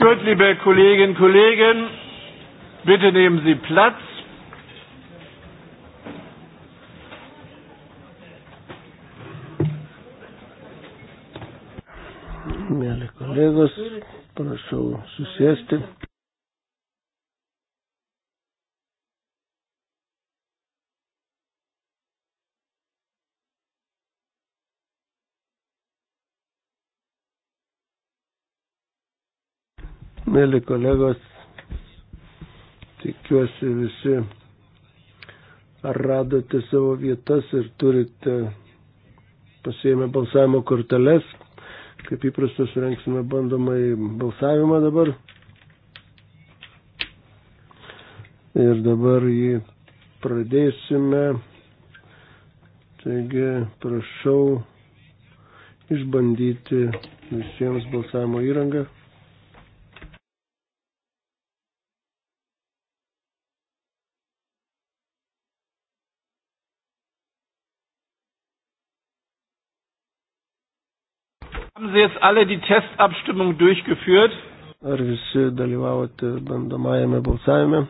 Gut, liebe Kolleginnen und Kollegen, bitte nehmen Sie Platz. Mėly kolegos, prašau susėsti. Mėly kolegos, tikiuosi visi ar radote savo vietas ir turite pasiėmę balsavimo korteles. Kaip įprasta, surenksime bandomai balsavimą dabar. Ir dabar jį pradėsime. Taigi prašau išbandyti visiems balsavimo įrangą. Sie jetzt alle die Testabstimmung durchgeführt? Ar visi dalyvavote bandomajame balsavime?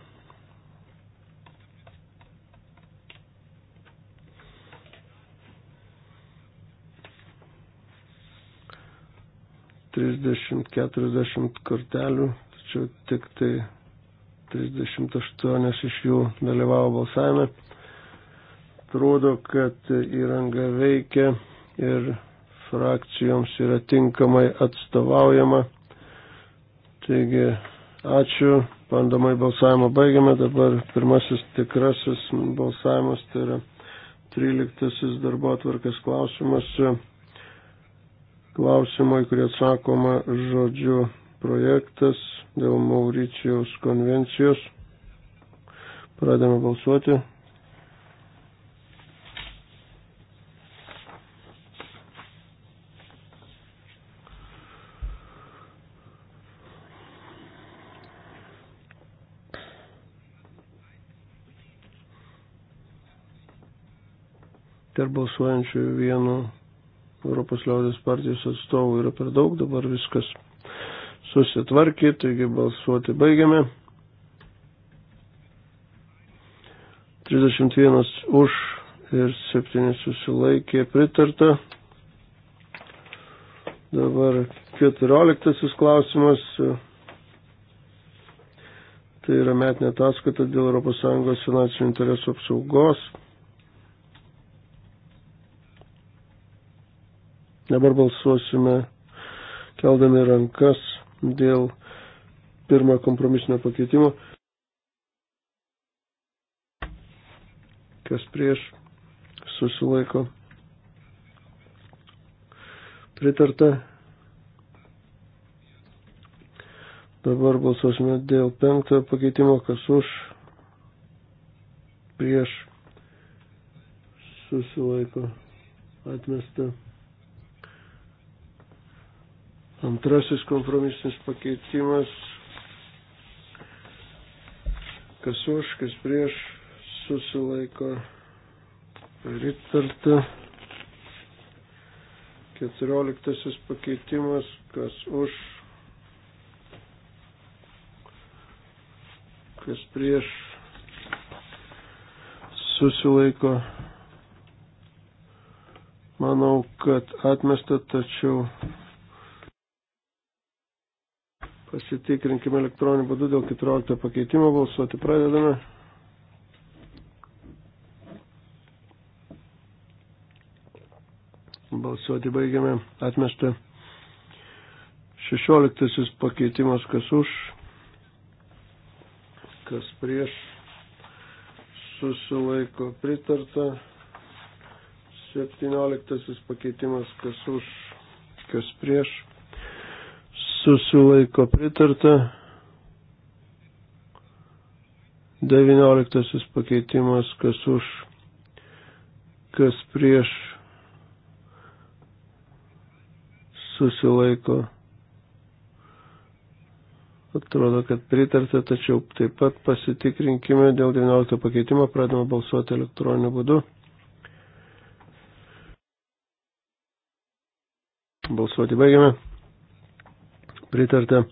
Trisdešimt, keturiasdešimt kortelių, tačiau tik tai 38 iš jų dalyvavo balsavime. Atrodo, kad įranga veikia ir frakcijoms yra tinkamai atstovaujama. Taigi, ačiū, bandomai balsavimą baigiame, dabar pirmasis tikrasis balsavimas, tai yra 13 darbo atvarkės klausimas, klausimai, kurie atsakoma žodžiu projektas dėl Mauricijos konvencijos. Pradėme balsuoti. tarp balsuojančių vienu Europos liaudės partijos atstovų yra per daug, dabar viskas susitvarkė, taigi balsuoti baigiame. 31 už ir 7 susilaikė pritarta. Dabar 14 klausimas. Tai yra metinė ataskaita dėl ES finansinių interesų apsaugos. Dabar balsuosime keldami rankas dėl pirmojo kompromisinio pakeitimo. Kas prieš susilaiko. Pritarta. Dabar balsuosime dėl penktojo pakeitimo, kas už prieš susilaiko atmesta. Antrasis kompromisinis pakeitimas. Kas už, kas prieš susilaiko pritarta. Keturioliktasis pakeitimas. Kas už, kas prieš susilaiko. Manau, kad atmesta, tačiau Pasitikrinkime elektroniniu būdu dėl 14 pakeitimo balsuoti. Pradedame. Balsuoti baigiame. Atmesta. 16 pakeitimas kas už, kas prieš. Susilaiko pritarta. 17 pakeitimas kas už, kas prieš susilaiko pritarta. 19 pakeitimas, kas už, kas prieš susilaiko. Atrodo, kad pritarta, tačiau taip pat pasitikrinkime dėl 19 pakeitimo, pradame balsuoti elektroniniu būdu. Balsuoti baigiame pritarta.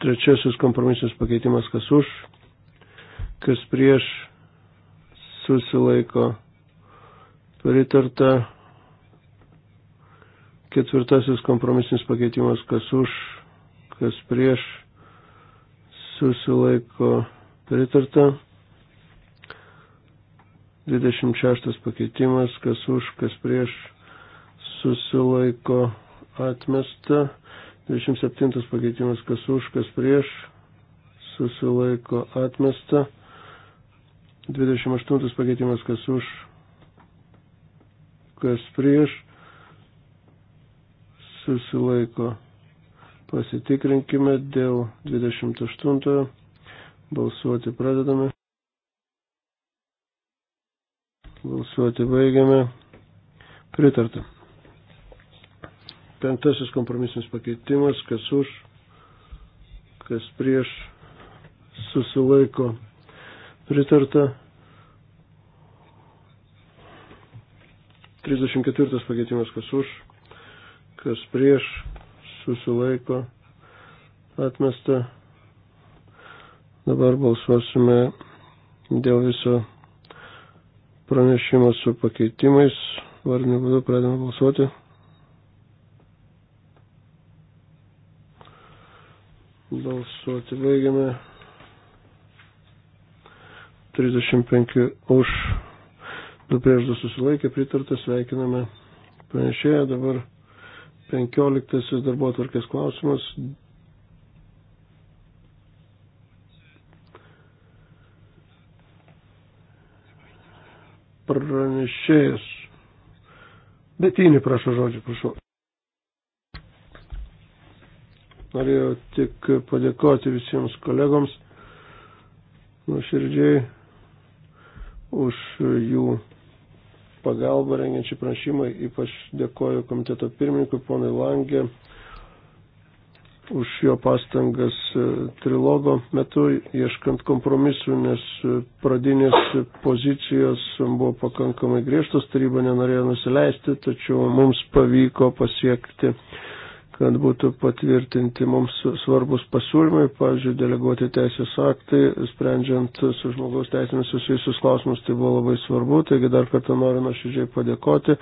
Trečiasis kompromisinis pakeitimas, kas už, kas prieš, susilaiko, pritarta. Ketvirtasis kompromisinis pakeitimas, kas už, kas prieš, susilaiko, pritarta. 26 pakeitimas, kas už, kas prieš, susilaiko atmesta. 27 pakeitimas kas už, kas prieš susilaiko atmesta. 28 pakeitimas kas už, kas prieš susilaiko. Pasitikrinkime dėl 28. Balsuoti pradedame. Balsuoti baigiame. Pritarta. Penktasis kompromisinis pakeitimas, kas už, kas prieš susilaiko pritarta. 34 pakeitimas, kas už, kas prieš susilaiko atmesta. Dabar balsuosime dėl viso pranešimo su pakeitimais. Varniu būdu pradėjome balsuoti. Balsuoti baigiame. 35 už, 2 prieš 2 susilaikė, pritarta, sveikiname pranešėją. Dabar 15 darbo atvarkės klausimas. Pranešėjas. Betinį prašo žodžiu, prašau. Norėjau tik padėkoti visiems kolegoms nuoširdžiai už jų pagalbą rengiančią prašymą. Ypač dėkoju komiteto pirmininkui ponai Langė už jo pastangas e, trilogo metu ieškant kompromisų, nes e, pradinės pozicijos buvo pakankamai griežtos, taryba nenorėjo nusileisti, tačiau mums pavyko pasiekti kad būtų patvirtinti mums svarbus pasiūlymai, pavyzdžiui, deleguoti teisės aktai, sprendžiant su žmogaus teisėmis susijusius klausimus, tai buvo labai svarbu, taigi dar kartą noriu nuoširdžiai padėkoti,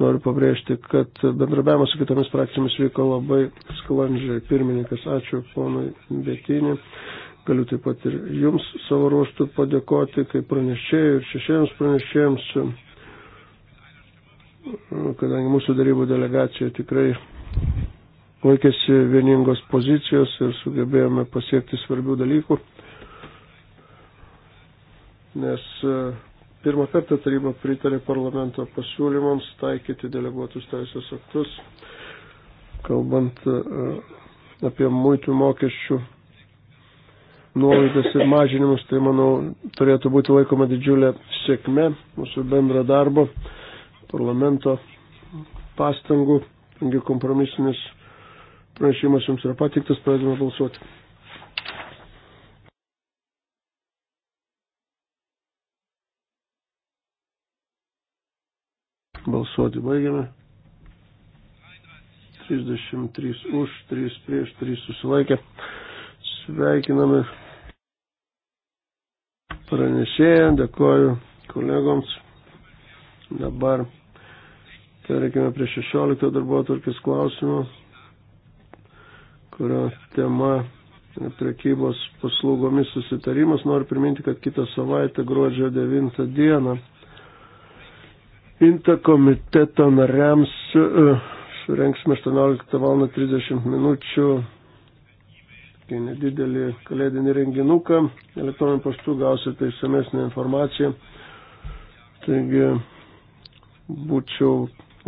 noriu pabrėžti, kad bendrabiavimas su kitomis praktijomis vyko labai sklandžiai. Pirmininkas, ačiū ponui Betinį. Galiu taip pat ir jums savo ruoštų padėkoti, kaip pranešėjai ir šešiems pranešėjams, kadangi mūsų darybų delegacija tikrai laikėsi vieningos pozicijos ir sugebėjome pasiekti svarbių dalykų, nes e, pirmą kartą taryba pritarė parlamento pasiūlymams taikyti deleguotus teisės aktus, kalbant e, apie muitų mokesčių nuolaidas ir mažinimus, tai manau turėtų būti laikoma didžiulė sėkme mūsų bendro darbo, parlamento pastangų, taigi kompromisinis prašymas jums yra patiktas, pradedame balsuoti. Balsuoti baigiame. 33 už, 3 prieš, 3 susilaikė. Sveikiname pranešėją, dėkoju kolegoms. Dabar perėkime prie 16 darbo atvarkės klausimo kurio tema prekybos paslaugomis susitarimas. Noriu priminti, kad kitą savaitę gruodžio 9 dieną Inta komiteto nariams e, surenksime 18 val. 30 minučių tokį nedidelį kalėdinį renginuką. Elektroniniu paštu gausite išsamesnį informaciją. Taigi būčiau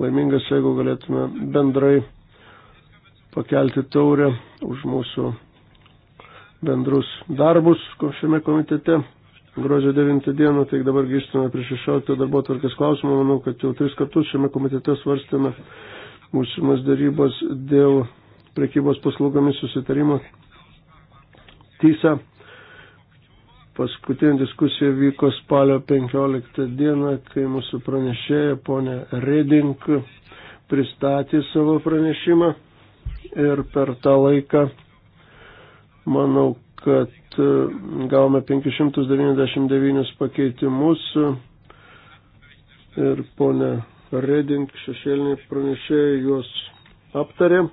laimingas, jeigu galėtume bendrai pakelti taurę už mūsų bendrus darbus šiame komitete. Gruodžio 9 dieną, tai dabar grįžtame prie 16 darbo tvarkės klausimą. Manau, kad jau tris kartus šiame komitete svarstėme būsimas darybas dėl prekybos paslaugomis susitarimo. Tysa. Paskutinė diskusija vyko spalio 15 dieną, kai mūsų pranešėja ponė Reding pristatė savo pranešimą ir per tą laiką manau, kad e, gavome 599 pakeitimus ir ponė Reding šešėliniai pranešėjai juos aptarė.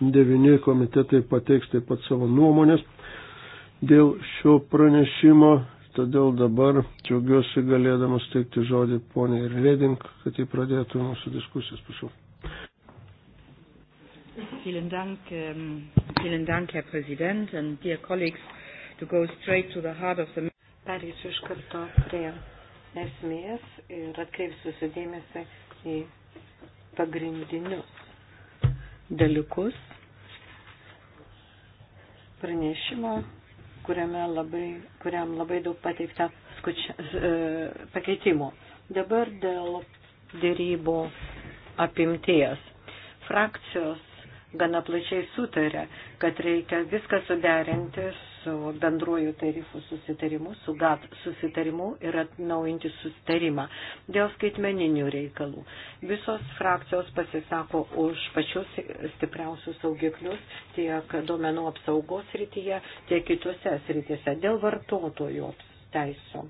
Devini komitetai pateiks taip pat savo nuomonės dėl šio pranešimo, todėl dabar džiaugiuosi galėdamas teikti žodį poniai Reding, kad jį pradėtų mūsų diskusijas. Prašau vielen Dank, ähm, vielen Dank, Herr Präsident and dear colleagues, to go straight to the heart of the. Pereisiu iš karto prie esmės ir atkreipsiu sudėmėsi į pagrindinius dalykus pranešimo, kuriame labai, kuriam labai daug pateikta skučia, e, pakeitimų. Dabar dėl dėrybų apimties. Frakcijos gana plačiai sutarė, kad reikia viską suderinti su bendruoju tarifų susitarimu, su GAT susitarimu ir atnaujinti susitarimą dėl skaitmeninių reikalų. Visos frakcijos pasisako už pačius stipriausius saugiklius tiek duomenų apsaugos rytyje, tiek kitose srityse dėl vartotojų teisų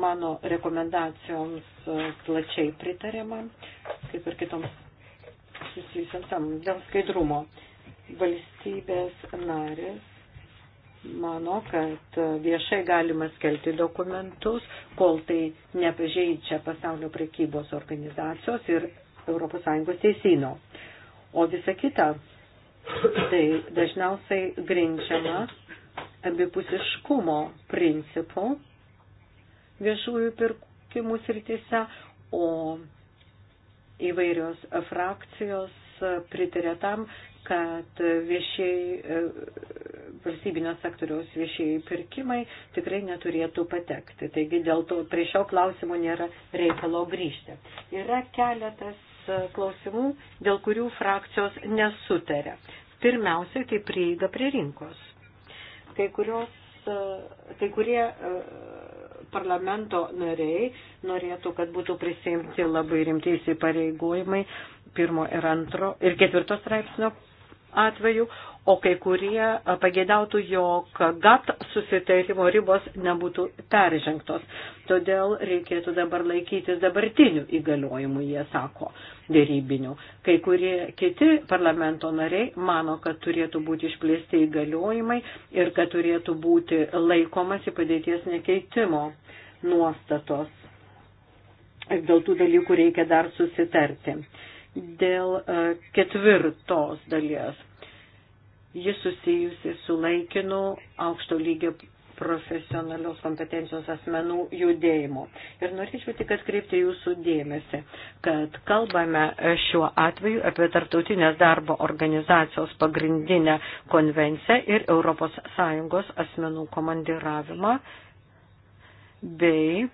mano rekomendacijoms plačiai pritariama, kaip ir kitoms susijusiam tam dėl skaidrumo. Valstybės narės mano, kad viešai galima skelbti dokumentus, kol tai nepažeidžia pasaulio prekybos organizacijos ir ES teisino. O visa kita, tai dažniausiai grinčiama abipusiškumo principu viešųjų pirkimų srityse, o įvairios frakcijos e, pritarė tam, kad viešiai, e, valstybinio sektoriaus viešieji pirkimai tikrai neturėtų patekti. Taigi dėl to prie šio klausimo nėra reikalo grįžti. Yra keletas e, klausimų, dėl kurių frakcijos nesutarė. Pirmiausia, tai prieiga prie rinkos. Kai, kurios, kai kurie parlamento nariai norėtų, kad būtų prisimti labai rimti įsipareigojimai pirmo ir antro ir ketvirto straipsnio atveju, o kai kurie pagėdautų, jog GATT susitarimo ribos nebūtų peržengtos. Todėl reikėtų dabar laikytis dabartinių įgaliojimų, jie sako, dėrybinių. Kai kurie kiti parlamento nariai mano, kad turėtų būti išplėsti įgaliojimai ir kad turėtų būti laikomasi padėties nekeitimo nuostatos. Ir dėl tų dalykų reikia dar susitarti. Dėl ketvirtos dalies Jis susijusi su laikinu aukšto lygio profesionalios kompetencijos asmenų judėjimu. Ir norėčiau tik atkreipti jūsų dėmesį, kad kalbame šiuo atveju apie Tartautinės darbo organizacijos pagrindinę konvenciją ir ES asmenų komandiravimą bei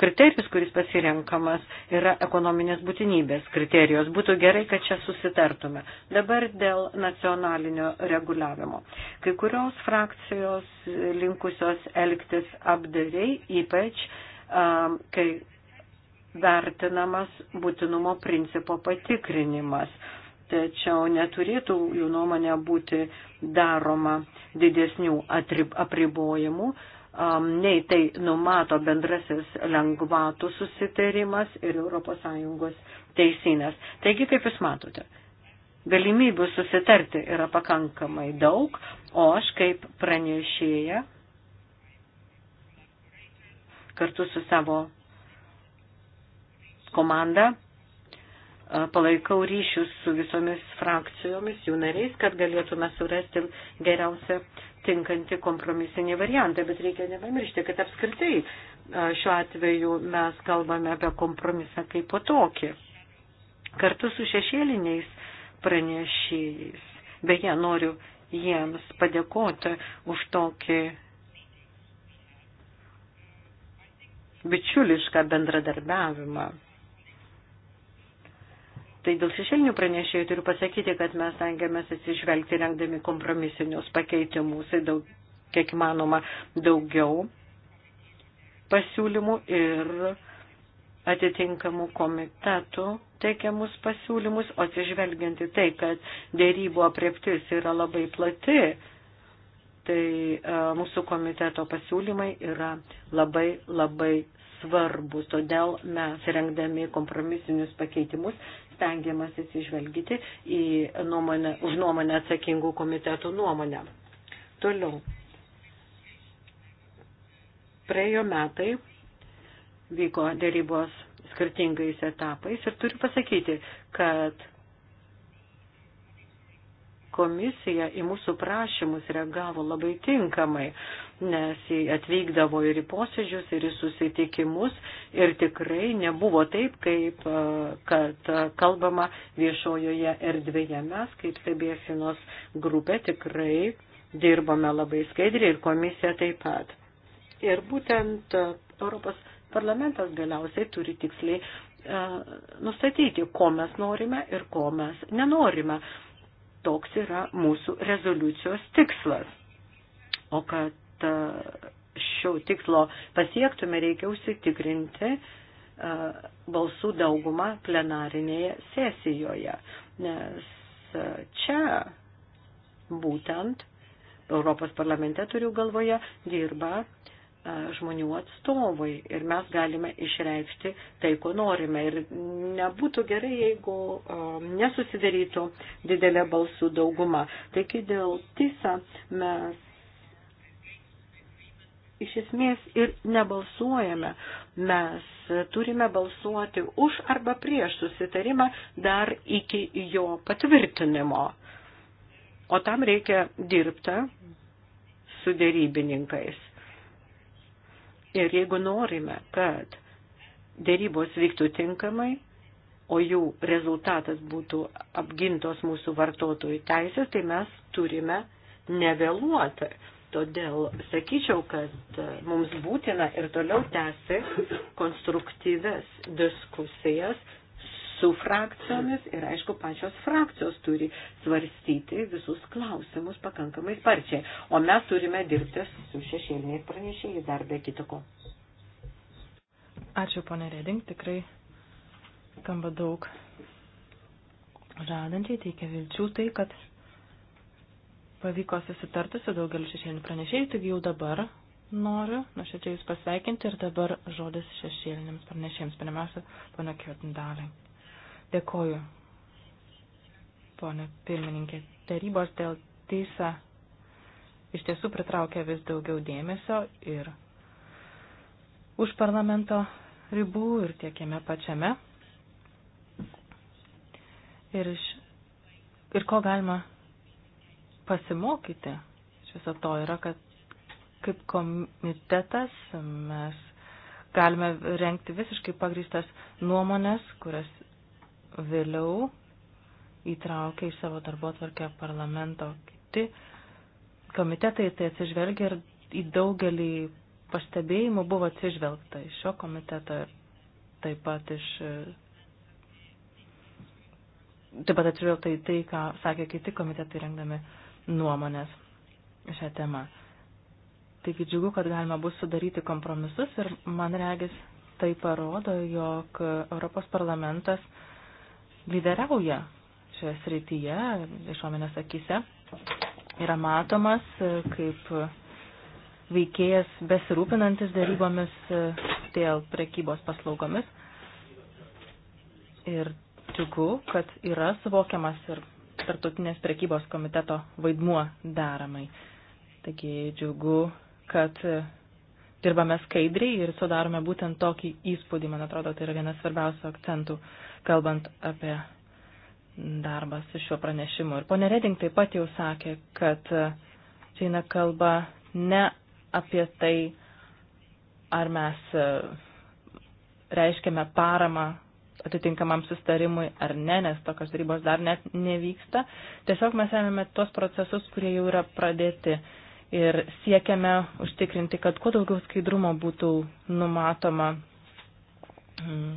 kriterijus, kuris pasirenkamas, yra ekonominės būtinybės kriterijos. Būtų gerai, kad čia susitartume. Dabar dėl nacionalinio reguliavimo. Kai kurios frakcijos linkusios elgtis apdariai, ypač um, kai vertinamas būtinumo principo patikrinimas. Tačiau neturėtų jų nuomonė būti daroma didesnių apribojimų, nei tai numato bendrasis lengvatų susitarimas ir ES teisinas. Taigi, kaip Jūs matote, galimybių susitarti yra pakankamai daug, o aš kaip pranešėja kartu su savo komanda palaikau ryšius su visomis frakcijomis, jų nariais, kad galėtume surasti geriausią tinkantį kompromisinį variantą, bet reikia nepamiršti, kad apskritai šiuo atveju mes kalbame apie kompromisą kaip po tokį. Kartu su šešėliniais pranešėjais. Beje, noriu jiems padėkoti už tokį bičiulišką bendradarbiavimą. Tai dėl šešėlinių pranešėjų turiu pasakyti, kad mes tengiamės atsižvelgti rengdami kompromisinius pakeitimus ir daug, kiek įmanoma daugiau pasiūlymų ir atitinkamų komitetų teikiamus pasiūlymus, o atsižvelgianti tai, kad dėrybo apreptis yra labai plati, tai a, e, mūsų komiteto pasiūlymai yra labai labai svarbus. Todėl mes rengdami kompromisinius pakeitimus stengiamas atsižvelgyti į nuomonę, už nuomonę atsakingų komitetų nuomonę. Toliau. Praėjo metai vyko dėrybos skirtingais etapais ir turiu pasakyti, kad komisija į mūsų prašymus reagavo labai tinkamai, nes jį atvykdavo ir į posėdžius, ir į susitikimus ir tikrai nebuvo taip, kaip kad kalbama viešojoje erdvėje. Mes, kaip stebėsinos grupė, tikrai dirbame labai skaidriai ir komisija taip pat. Ir būtent Europos parlamentas galiausiai turi tiksliai nustatyti, ko mes norime ir ko mes nenorime toks yra mūsų rezoliucijos tikslas. O kad e, šio tikslo pasiektume, reikia užsitikrinti e, balsų daugumą plenarinėje sesijoje, nes e, čia būtent Europos parlamente turiu galvoje dirba žmonių atstovai ir mes galime išreikšti tai, ko norime. Ir nebūtų gerai, jeigu nesusidarytų didelė balsų dauguma. Taigi dėl TISA mes iš esmės ir nebalsuojame. Mes turime balsuoti už arba prieš susitarimą dar iki jo patvirtinimo. O tam reikia dirbti su dėrybininkais. Ir jeigu norime, kad dėrybos vyktų tinkamai, o jų rezultatas būtų apgintos mūsų vartotojų teisės, tai mes turime nevėluoti. Todėl sakyčiau, kad mums būtina ir toliau tęsti konstruktyves diskusijas su frakcijomis ir aišku, pačios frakcijos turi svarstyti visus klausimus pakankamai sparčiai. O mes turime dirbti su šešėliniais pranešėjais dar be kitako. Ačiū, ponė Reding, tikrai skamba daug žadančiai, teikia vilčių tai, kad pavyko susitarti su daugeliu šešėlinių pranešėjų, taigi jau dabar noriu nuoširdžiai Jūs pasveikinti ir dabar žodis šešėliniams pranešėjams, pirmiausia, pana Kjotin Dalai. Dėkoju, ponė pirmininkė. Darybos dėl teisa iš tiesų pritraukia vis daugiau dėmesio ir už parlamento ribų ir tiekime pačiame. Ir, iš, ir ko galima pasimokyti iš viso to yra, kad kaip komitetas mes galime renkti visiškai pagristas nuomonės, kurias vėliau įtraukia į savo darbo atvarkę parlamento kiti komitetai, tai atsižvelgia ir į daugelį pastebėjimų buvo atsižvelgta iš šio komiteto ir taip pat iš taip pat atsižvelgta į tai, ką sakė kiti komitetai rengdami nuomonės šią temą. Taigi džiugu, kad galima bus sudaryti kompromisus ir man regis tai parodo, jog Europos parlamentas lyderiauja šioje srityje viešuomenės akise, yra matomas e, kaip veikėjas besirūpinantis darybomis e, dėl prekybos paslaugomis. Ir džiugu, kad yra suvokiamas ir tartutinės prekybos komiteto vaidmuo deramai. Taigi džiugu, kad e, dirbame skaidriai ir sudarome būtent tokį įspūdį, man atrodo, tai yra vienas svarbiausių akcentų kalbant apie darbą su šiuo pranešimu. Ir ponė Reding taip pat jau sakė, kad čia eina kalba ne apie tai, ar mes e, reiškiame paramą atitinkamam sustarimui ar ne, nes tokios darybos dar net nevyksta. Tiesiog mes ėmėme tos procesus, kurie jau yra pradėti ir siekiame užtikrinti, kad kuo daugiau skaidrumo būtų numatoma mm,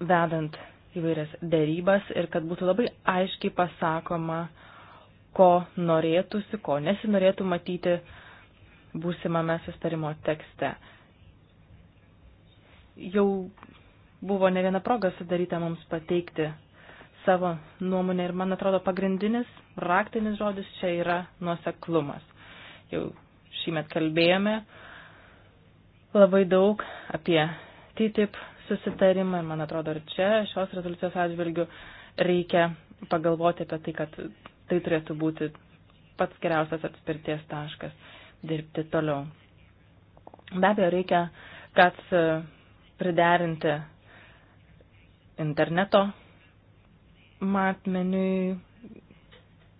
vedant įvairias dėrybas ir kad būtų labai aiškiai pasakoma, ko norėtųsi, ko nesinorėtų matyti būsimame sustarimo tekste. Jau buvo ne viena proga sudaryta mums pateikti savo nuomonę ir man atrodo pagrindinis raktinis žodis čia yra nuoseklumas. Jau šįmet kalbėjome labai daug apie TTIP susitarimą. Ir man atrodo, ir čia šios rezoliucijos atžvilgių reikia pagalvoti apie tai, kad tai turėtų būti pats geriausias atspirties taškas dirbti toliau. Be abejo, reikia, kad priderinti interneto matmeniui,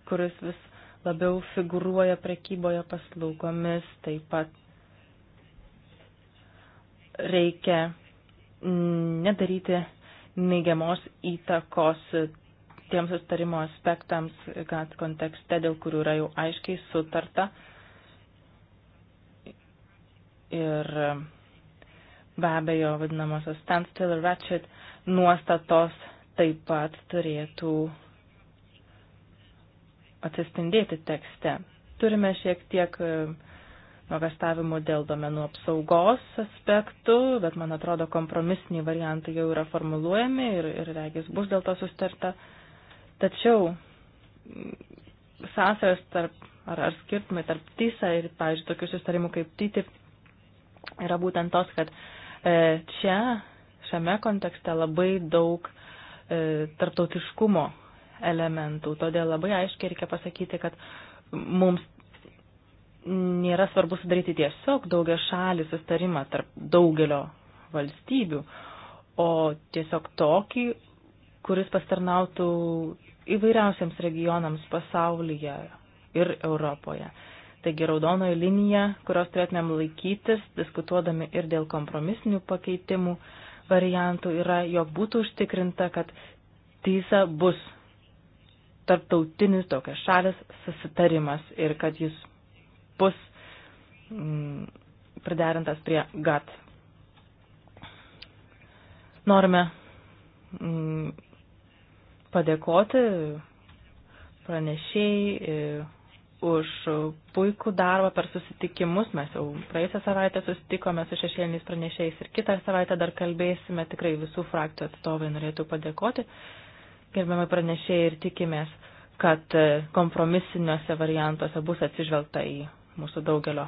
kuris vis labiau figuruoja prekyboje paslaugomis, taip pat reikia Mm, nedaryti neigiamos įtakos tiems sustarimo aspektams GATS kontekste, dėl kurių yra jau aiškiai sutarta. Ir be abejo, vadinamosios standstill ir ratchet nuostatos taip pat turėtų atsispindėti tekste. Turime šiek tiek uh, nuogastavimų dėl domenų apsaugos aspektų, bet man atrodo kompromisiniai variantai jau yra formuluojami ir, ir regis bus dėl to sustarta. Tačiau mm, sąsajas tarp ar, ar skirtumai tarp TISA ir, pavyzdžiui, tokių sustarimų kaip TTIP yra būtent tos, kad e, čia, šiame kontekste labai daug e, tarptautiškumo elementų. Todėl labai aiškiai reikia pasakyti, kad mums nėra svarbu sudaryti tiesiog daugia šalį sustarimą tarp daugelio valstybių, o tiesiog tokį, kuris pastarnautų įvairiausiams regionams pasaulyje ir Europoje. Taigi raudonoji linija, kurios turėtumėm laikytis, diskutuodami ir dėl kompromisinių pakeitimų variantų, yra, jog būtų užtikrinta, kad TISA bus tarptautinis tokias šalis susitarimas ir kad jis bus mm, priderintas prie GAT. Norime mm, padėkoti pranešiai e, už puikų darbą per susitikimus. Mes jau praėjusią savaitę susitikome su šešėliniais pranešėjais ir kitą savaitę dar kalbėsime. Tikrai visų frakcijų atstovai norėtų padėkoti. Gerbiamai pranešėjai ir tikimės, kad e, kompromisiniuose variantuose bus atsižvelgta į mūsų daugelio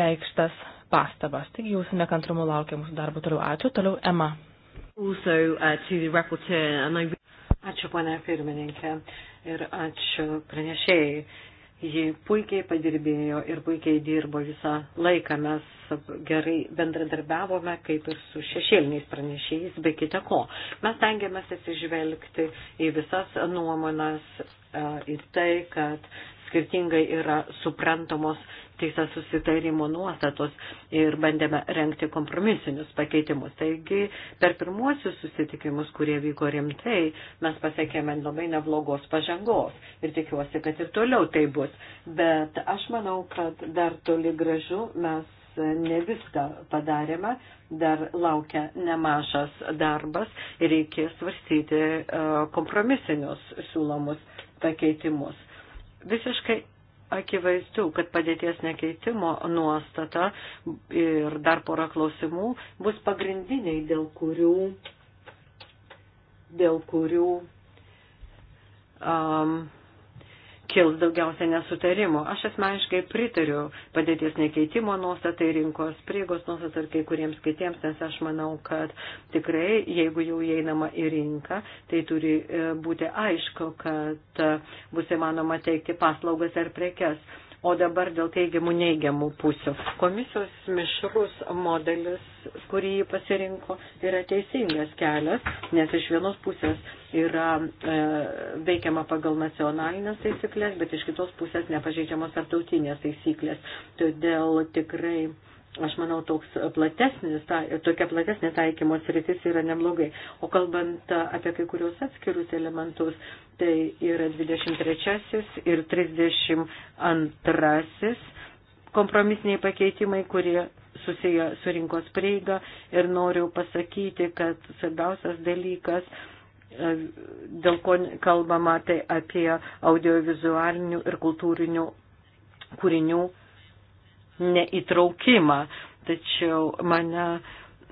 reikštas pastabas. Taigi jūsų nekantrumu laukia mūsų darbo toliau. Ačiū. Toliau Ema. Also, uh, Ačiū, ponė pirmininkė, ir ačiū pranešėjai. Ji puikiai padirbėjo ir puikiai dirbo visą laiką. Mes gerai bendradarbiavome, kaip ir su šešėliniais pranešėjais, be kita ko. Mes tengiamės atsižvelgti į visas nuomonas, uh, į tai, kad skirtingai yra suprantamos teisės susitarimo nuostatos ir bandėme renkti kompromisinius pakeitimus. Taigi per pirmuosius susitikimus, kurie vyko rimtai, mes pasiekėme labai neblogos pažangos ir tikiuosi, kad ir toliau tai bus. Bet aš manau, kad dar toli gražu mes ne viską padarėme, dar laukia nemažas darbas ir reikės svarstyti e, kompromisinius siūlomus pakeitimus visiškai akivaizdu, kad padėties nekeitimo nuostata ir dar pora klausimų bus pagrindiniai, dėl kurių, dėl kurių um, kils daugiausia nesutarimų. Aš asmeniškai pritariu padėties nekeitimo nuostatai, rinkos priegos nuostatai ir kai kuriems kitiems, nes aš manau, kad tikrai, jeigu jau einama į rinką, tai turi e, būti aišku, kad e, bus įmanoma teikti paslaugas ar prekes. O dabar dėl teigiamų neigiamų pusių. Komisijos mišrus modelis, kurį jį pasirinko, yra teisingas kelias, nes iš vienos pusės yra e, veikiama pagal nacionalinės taisyklės, bet iš kitos pusės nepažeidžiamos tarptautinės taisyklės. Todėl tikrai Aš manau, toks platesnis, ta, tokia platesnė taikymo sritis yra neblogai. O kalbant apie kai kurios atskirus elementus, tai yra 23 ir 32 kompromisiniai pakeitimai, kurie susiję su rinkos prieiga ir noriu pasakyti, kad svarbiausias dalykas, e, dėl ko kalbama, tai apie audiovizualinių ir kultūrinių kūrinių neįtraukimą. Tačiau mane,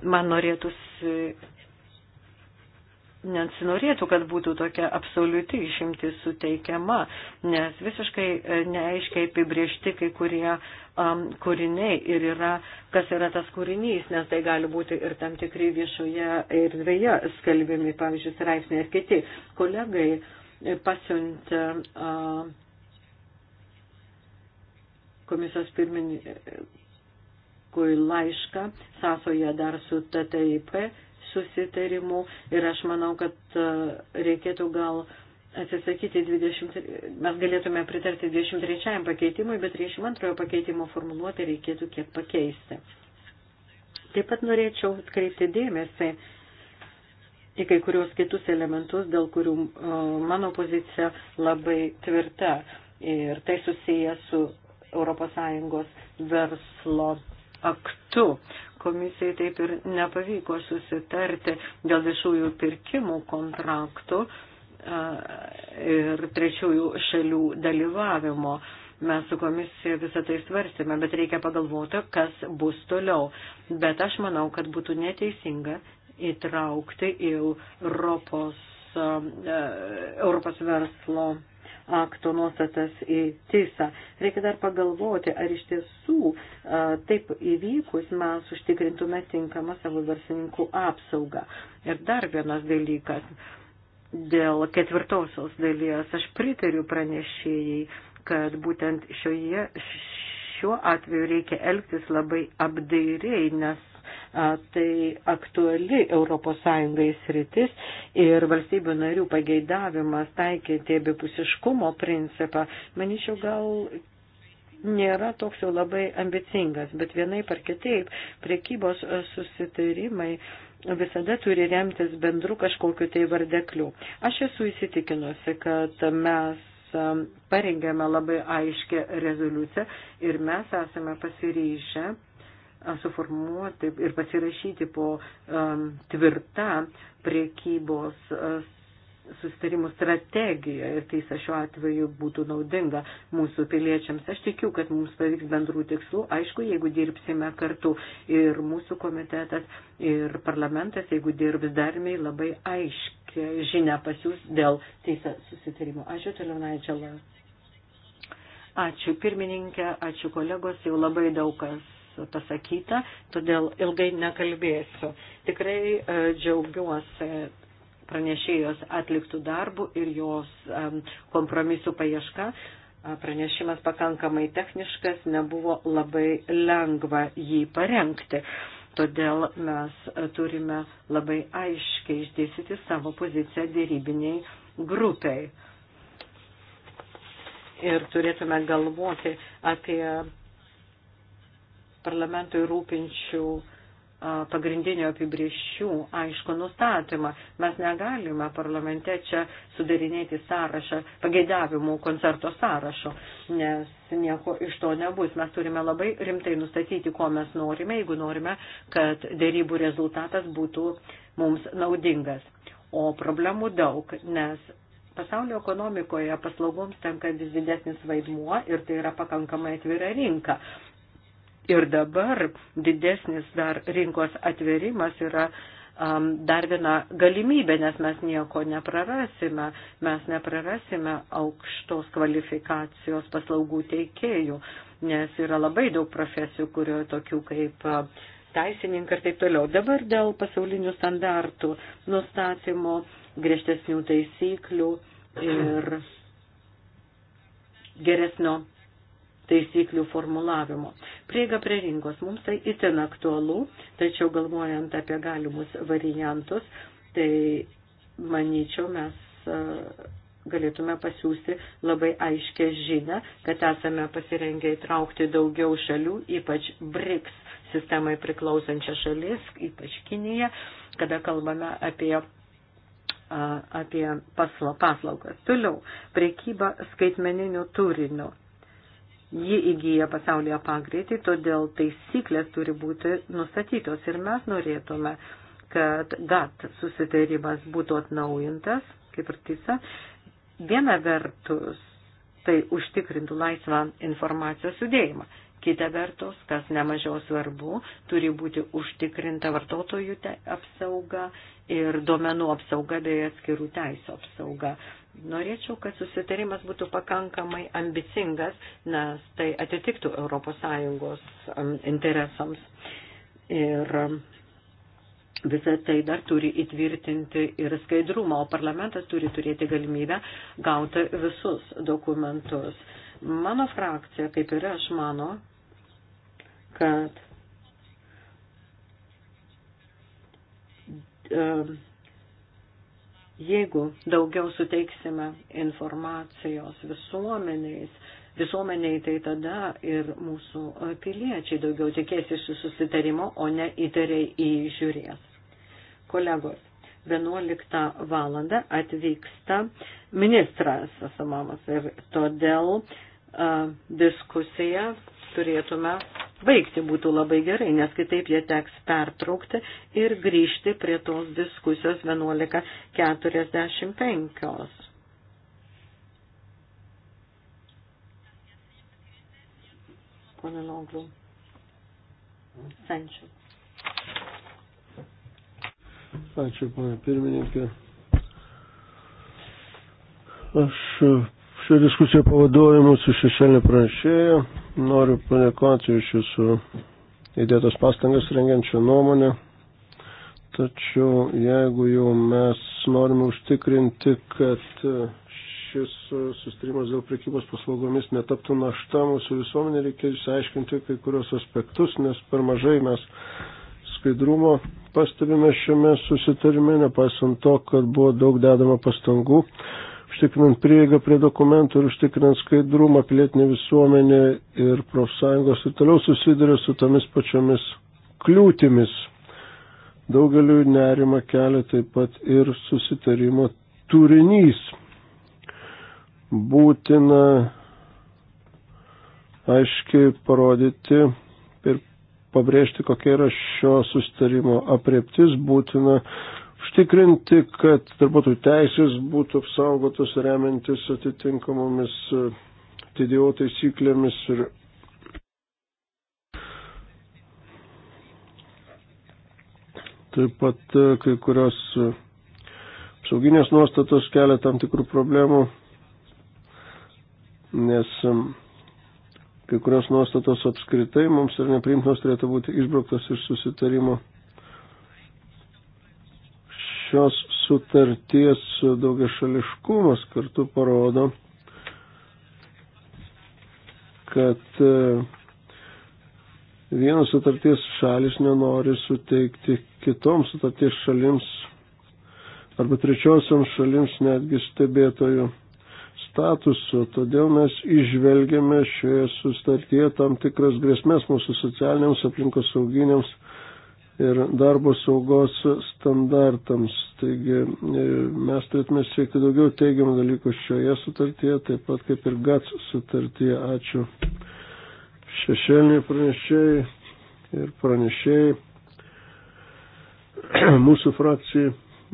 man norėtųsi, nesinorėtų, kad būtų tokia absoliuti išimtis suteikiama, nes visiškai e, neaiškiai apibriežti kai kurie um, kūriniai ir yra, kas yra tas kūrinys, nes tai gali būti ir tam tikri viešoje erdvėje skalbimi, pavyzdžiui, straipsniai ir kiti kolegai pasiuntė. Uh, komisijos pirmininkui laišką sąsoje dar su TTIP susitarimu ir aš manau, kad e, reikėtų gal atsisakyti 20, mes galėtume pritarti 23 pakeitimui, bet 32 pakeitimo formuluotę reikėtų kiek pakeisti. Taip pat norėčiau atkreipti dėmesį į kai kurios kitus elementus, dėl kurių e, mano pozicija labai tvirta ir tai susiję su ES verslo aktu. Komisijai taip ir nepavyko susitarti dėl viešųjų pirkimų kontraktų ir trečiųjų šalių dalyvavimo. Mes su komisija visą tai svarstėme, bet reikia pagalvoti, kas bus toliau. Bet aš manau, kad būtų neteisinga įtraukti į Europos, Europos verslo akto nuostatas į TISą. Reikia dar pagalvoti, ar iš tiesų taip įvykus mes užtikrintume tinkamą savo verslininkų apsaugą. Ir dar vienas dalykas. Dėl ketvirtosios dalies aš pritariu pranešėjai, kad būtent šioje, šiuo atveju reikia elgtis labai apdairiai, nes tai aktuali ES sritis ir valstybių narių pageidavimas taikyti abipusiškumo principą, manyčiau, gal nėra toks jau labai ambicingas, bet vienai par kitaip priekybos susitarimai visada turi remtis bendru kažkokiu tai vardekliu. Aš esu įsitikinusi, kad mes parengėme labai aiškę rezoliuciją ir mes esame pasiryžę suformuoti ir pasirašyti po um, tvirtą priekybos uh, sustarimų strategija ir tai šiuo atveju būtų naudinga mūsų piliečiams. Aš tikiu, kad mums pavyks bendrų tikslų, aišku, jeigu dirbsime kartu ir mūsų komitetas, ir parlamentas, jeigu dirbs darmiai, labai aiškia žinia pasiūs dėl teisę susitarimo. Ačiū, toliau Naidželą. Ačiū pirmininkė, ačiū kolegos, jau labai daug kas pasakyta, todėl ilgai nekalbėsiu. Tikrai e, džiaugiuosi pranešėjos atliktų darbų ir jos e, kompromisų paieška. E, pranešimas pakankamai techniškas, nebuvo labai lengva jį parengti. Todėl mes turime labai aiškiai išdėstyti savo poziciją dėrybiniai grupiai. Ir turėtume galvoti apie parlamentui rūpinčių pagrindinio apibrieščių aišku nustatymą. Mes negalime parlamente čia sudarinėti sąrašą, pageidavimų koncerto sąrašo, nes nieko iš to nebus. Mes turime labai rimtai nustatyti, ko mes norime, jeigu norime, kad dėrybų rezultatas būtų mums naudingas. O problemų daug, nes pasaulio ekonomikoje paslaugoms tenka vis didesnis vaidmuo ir tai yra pakankamai atvira rinka. Ir dabar didesnis dar rinkos atverimas yra um, dar viena galimybė, nes mes nieko neprarasime. Mes neprarasime aukštos kvalifikacijos paslaugų teikėjų, nes yra labai daug profesijų, kurio tokių kaip teisininkai ir taip toliau. Dabar dėl pasaulinių standartų nustatymo, griežtesnių taisyklių ir geresnio taisyklių formulavimo. Prieiga prie rinkos mums tai itin aktualu, tačiau galvojant apie galimus variantus, tai manyčiau mes e, galėtume pasiūsti labai aiškę žinę, kad esame pasirengę įtraukti daugiau šalių, ypač BRICS sistemai priklausančią šalis, ypač Kiniją, kada kalbame apie e, apie paslaugas. Toliau, priekyba skaitmeniniu turiniu ji įgyja pasaulyje pagreitį, todėl taisyklės turi būti nustatytos ir mes norėtume, kad GATT susitarimas būtų atnaujintas, kaip ir tisa, viena vertus tai užtikrintų laisvą informacijos judėjimą. Kita vertus, kas nemažiau svarbu, turi būti užtikrinta vartotojų apsauga ir duomenų apsauga bei atskirų teisų apsauga. Norėčiau, kad susitarimas būtų pakankamai ambicingas, nes tai atitiktų ES interesams. Ir visą tai dar turi įtvirtinti ir skaidrumą, o parlamentas turi turėti galimybę gauti visus dokumentus. Mano frakcija, kaip ir aš, mano, kad. Uh, Jeigu daugiau suteiksime informacijos visuomeniais, visuomeniai, tai tada ir mūsų piliečiai daugiau tikės iš susitarimo, o ne įtariai į žiūrės. Kolegos, 11 valandą atvyksta ministras Asamamas ir todėl uh, diskusiją turėtume baigti būtų labai gerai, nes kitaip jie teks pertraukti ir grįžti prie tos diskusijos 11.45. Pone Longlų. Sančiu. Ačiū, pana pirmininkė. Aš šią diskusiją pavaduoju mūsų šešėlį pranešėją. Noriu padėkoti iš jūsų įdėtas pastangas rengiančią nuomonę. Tačiau jeigu jau mes norime užtikrinti, kad šis sustarimas dėl prekybos paslaugomis netaptų našta mūsų visuomenė, reikia išsiaiškinti kai kurios aspektus, nes per mažai mes skaidrumo pastebime šiame susitarime, nepaisant to, kad buvo daug dedama pastangų užtikrinant prieigą prie dokumentų ir užtikrinant skaidrumą, pilietinė visuomenė ir profsąjungos ir toliau susiduria su tomis pačiomis kliūtimis. Daugeliu nerima kelia taip pat ir susitarimo turinys. Būtina aiškiai parodyti ir pabrėžti, kokia yra šio sustarimo apreptis, būtina užtikrinti, kad darbuotojų teisės būtų apsaugotos remiantis atitinkamomis e, TDO taisyklėmis ir taip pat e, kai kurios e, apsauginės nuostatos kelia tam tikrų problemų, nes kai kurios nuostatos apskritai mums ir neprimtinos turėtų būti išbrauktos iš susitarimo šios sutarties daugiašališkumas kartu parodo, kad e, vienos sutarties šalis nenori suteikti kitoms sutarties šalims arba trečiosiams šalims netgi stebėtojų statusu. Todėl mes išvelgiame šioje sutartyje tam tikras grėsmės mūsų socialiniams aplinkosauginiams ir darbo saugos standartams. Taigi e, mes turėtume siekti daugiau teigiamų dalykų šioje sutartyje, taip pat kaip ir GATS sutartyje. Ačiū šešėliniai pranešėjai ir pranešėjai. Mūsų frakcijai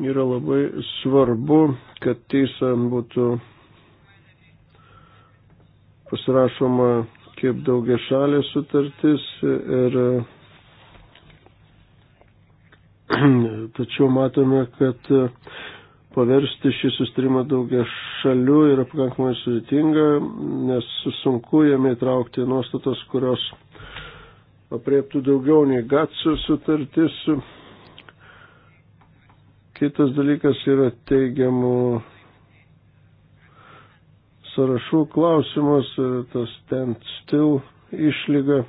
yra labai svarbu, kad teisė būtų pasirašoma kaip daugia šalė sutartis ir Tačiau matome, kad e, paversti šį sustrimą daugia šalių yra pakankamai sudėtinga, nes sunku jame įtraukti nuostatas, kurios apriektų daugiau nei GATS sutartis. Kitas dalykas yra teigiamų sąrašų klausimas, e, tas ten still išlyga.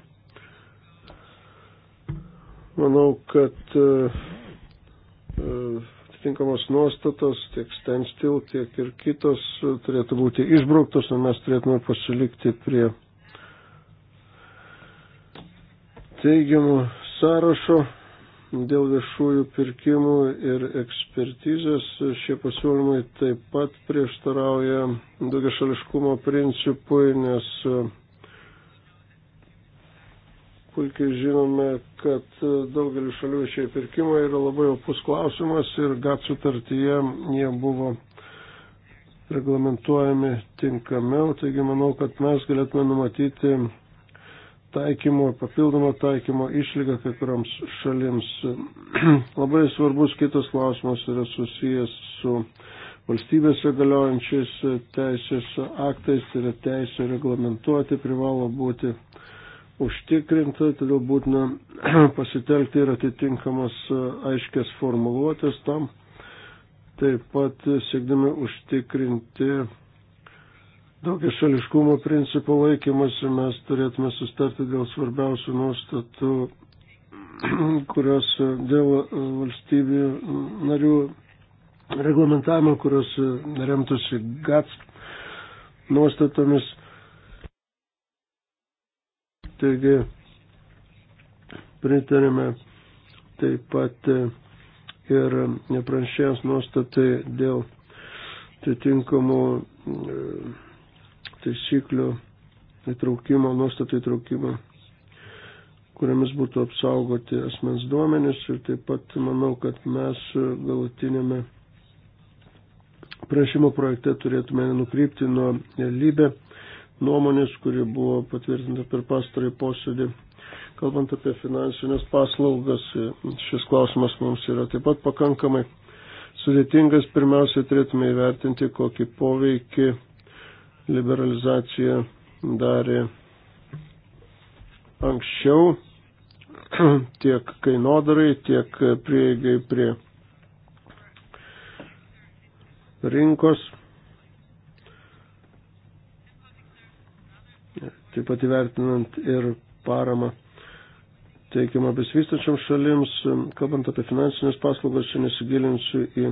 Manau, kad e, e, atitinkamos nuostatos, tiek standstill, tiek ir kitos e, turėtų būti išbrauktos, o mes turėtume pasilikti prie teigiamų sąrašo dėl viešųjų pirkimų ir ekspertizės. Šie pasiūlymai taip pat prieštarauja daugiašališkumo principui, nes puikiai žinome, kad daugelis šalių šiai pirkimai yra labai opus klausimas ir GAT sutartyje jie buvo reglamentuojami tinkamiau. Taigi manau, kad mes galėtume numatyti taikymo, papildomo taikymo išlygą kai kuriams šalims. labai svarbus kitas klausimas yra susijęs su valstybėse galiojančiais teisės aktais, tai yra teisė reglamentuoti privalo būti užtikrinta, todėl būtina pasitelkti ir atitinkamas e, aiškės formuluotės tam, taip pat e, siekdami užtikrinti daugia šališkumo principo laikymasi, mes turėtume sustarti dėl svarbiausių nuostatų, kurios e, dėl valstybių narių reglamentavimo, kurios remtųsi GATS nuostatomis Taigi pritarėme taip pat ir nepranšėjams nuostatai dėl atitinkamų e, taisyklių įtraukimo, nuostatų įtraukimo, kuriamis būtų apsaugoti asmens duomenis ir taip pat manau, kad mes galutinėme prašymo projekte turėtume nukrypti nuo lybę nuomonės, kuri buvo patvirtinta per pastarąjį posėdį. Kalbant apie finansinės paslaugas, šis klausimas mums yra taip pat pakankamai sudėtingas. Pirmiausia, turėtume įvertinti, kokį poveikį liberalizacija darė anksčiau tiek kainodarai, tiek prieigai prie rinkos taip pat įvertinant ir paramą teikiamą besivystačiam šalims. Kalbant apie finansinės paslaugas, čia nesigilinsiu į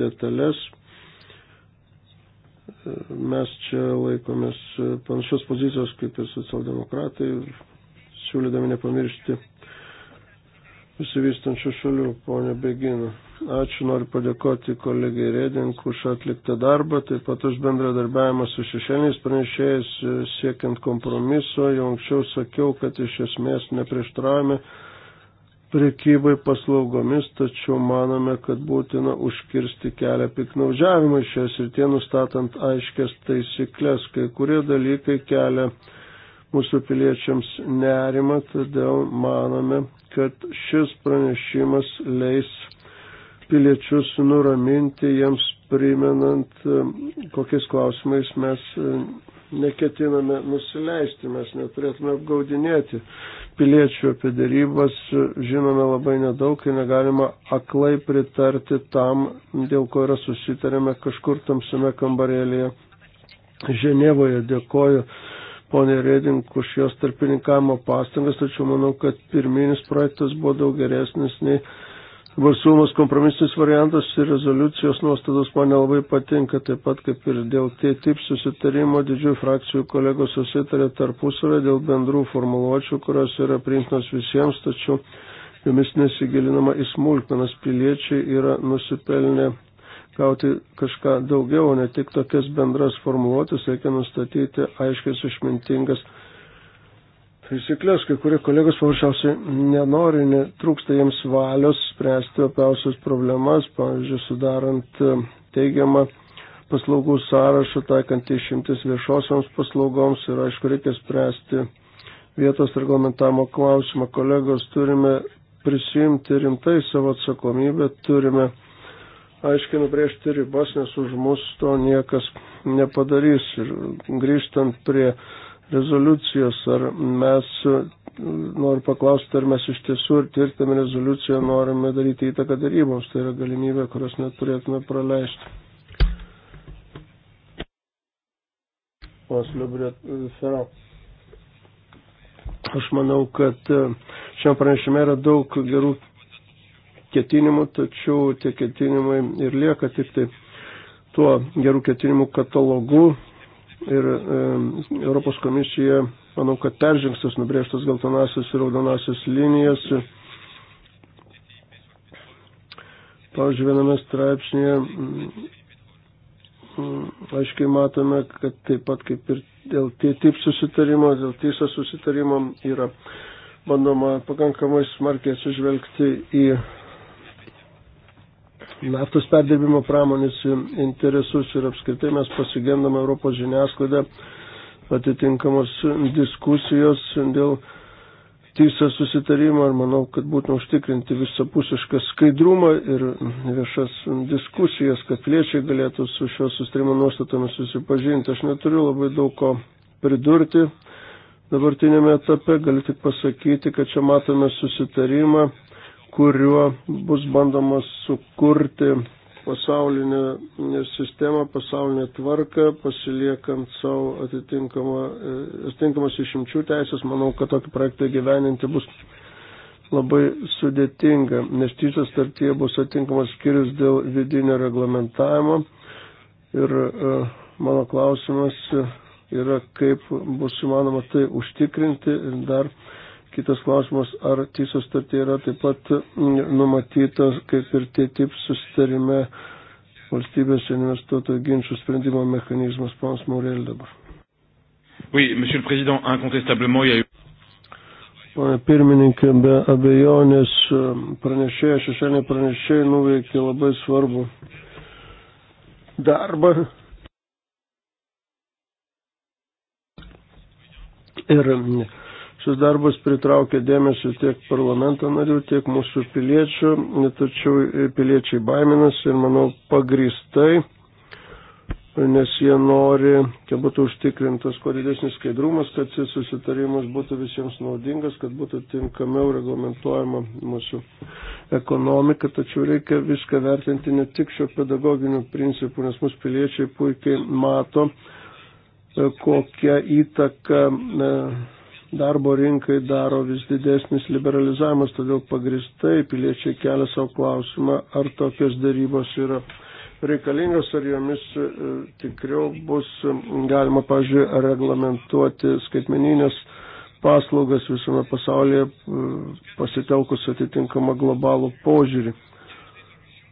detalės. Mes čia laikomės panašios pozicijos kaip ir socialdemokratai, siūlydami nepamiršti besivystančių šalių, ponė Begina. Ačiū, noriu padėkoti kolegai Redink už atliktą darbą, taip pat už bendradarbiavimą su šešėliais pranešėjais siekiant kompromiso. Jau anksčiau sakiau, kad iš esmės neprieštraujame priekybai paslaugomis, tačiau manome, kad būtina užkirsti kelią piknaudžiavimui šias ir tie nustatant aiškias taisyklės. Kai kurie dalykai kelia mūsų piliečiams nerimą, todėl manome, kad šis pranešimas leis piliečius nuraminti, jiems primenant, kokiais klausimais mes e, neketiname nusileisti, mes neturėtume apgaudinėti piliečių apie darybas, žinome labai nedaug ir negalima aklai pritarti tam, dėl ko yra susitarėme kažkur tamsiame kambarėlėje Ženevoje. Dėkoju ponė Redink už jos tarpininkavimo pastangas, tačiau manau, kad pirminis projektas buvo daug geresnis nei varsumas kompromisinis variantas ir rezoliucijos nuostatos man nelabai patinka, taip pat kaip ir dėl TTIP susitarimo didžiųjų frakcijų kolegos susitarė tarpusavę dėl bendrų formuluočių, kurios yra priimtinos visiems, tačiau jomis nesigilinama į smulkmenas piliečiai yra nusipelnę gauti kažką daugiau, ne tik tokias bendras formuluotės, reikia nustatyti aiškias išmintingas taisyklės, kai kurie kolegos paprasčiausiai nenori, netrūksta jiems valios spręsti opiausias problemas, pavyzdžiui, sudarant e, teigiamą paslaugų sąrašą, taikant išimtis viešosioms paslaugoms ir, aišku, reikia spręsti vietos reglamentavimo klausimą. Kolegos, turime prisimti rimtai savo atsakomybę, turime aiškiai nubrėžti ribas, nes už mus to niekas nepadarys. Ir grįžtant prie rezoliucijos, ar mes, noriu paklausti, ar mes iš tiesų ir tvirtame rezoliuciją norime daryti įtaką daryboms, tai yra galimybė, kurios neturėtume praleisti. E, Aš manau, kad e, šiam pranešime yra daug gerų ketinimų, tačiau tie ketinimai ir lieka tik tai tuo gerų ketinimų katalogu ir e, Europos komisija, manau, kad peržingstas nubrėžtas geltonasis ir raudonasis linijas. Pavyzdžiui, viename straipsnėje mm, mm, aiškiai matome, kad taip pat kaip ir dėl TTIP susitarimo, dėl TISA susitarimo yra bandoma pakankamai smarkiai atsižvelgti į naftos perdirbimo pramonės interesus ir apskritai mes pasigendame Europos žiniasklaidą atitinkamos diskusijos dėl tysio susitarimo ir manau, kad būtina užtikrinti visapusišką skaidrumą ir viešas diskusijas, kad piliečiai galėtų su šio sustarimo nuostatomis susipažinti. Aš neturiu labai daug ko pridurti. Dabartinėme etape galiu tik pasakyti, kad čia matome susitarimą kuriuo bus bandomas sukurti pasaulinę sistemą, pasaulinę tvarką, pasiliekant savo e, atitinkamas išimčių teisės. Manau, kad tokį projektą gyveninti bus labai sudėtinga, nes tyčia startyje bus atitinkamas skirius dėl vidinio reglamentavimo. Ir e, mano klausimas yra, kaip bus įmanoma tai užtikrinti ir dar Kitas klausimas, ar TISO sutartė yra taip pat numatytas, kaip ir TTIP sustarime valstybės investuotojų ginčių sprendimo mechanizmas, panas Maurėl dabar. Oui, monsieur le président, incontestablement, il y a eu. Pane pirmininkė, be abejonės pranešėjai, šešėlė pranešėjai nuveikė labai svarbu darbą. Ir Šis darbas pritraukia dėmesį tiek parlamento narių, tiek mūsų piliečių, tačiau piliečiai baiminasi ir, manau, pagristai, nes jie nori, kad būtų užtikrintas kuo didesnis skaidrumas, kad šis susitarimas būtų visiems naudingas, kad būtų tinkamiau reglamentuojama mūsų ekonomika, tačiau reikia viską vertinti ne tik šio pedagoginių principų, nes mūsų piliečiai puikiai mato, kokią įtaką e, darbo rinkai daro vis didesnis liberalizavimas, todėl pagristai piliečiai kelia savo klausimą, ar tokios darybos yra reikalingos, ar jomis e, tikriau bus galima, pažiūrėjau, reglamentuoti skaitmeninės paslaugas visame pasaulyje pasitelkus atitinkamą globalų požiūrį.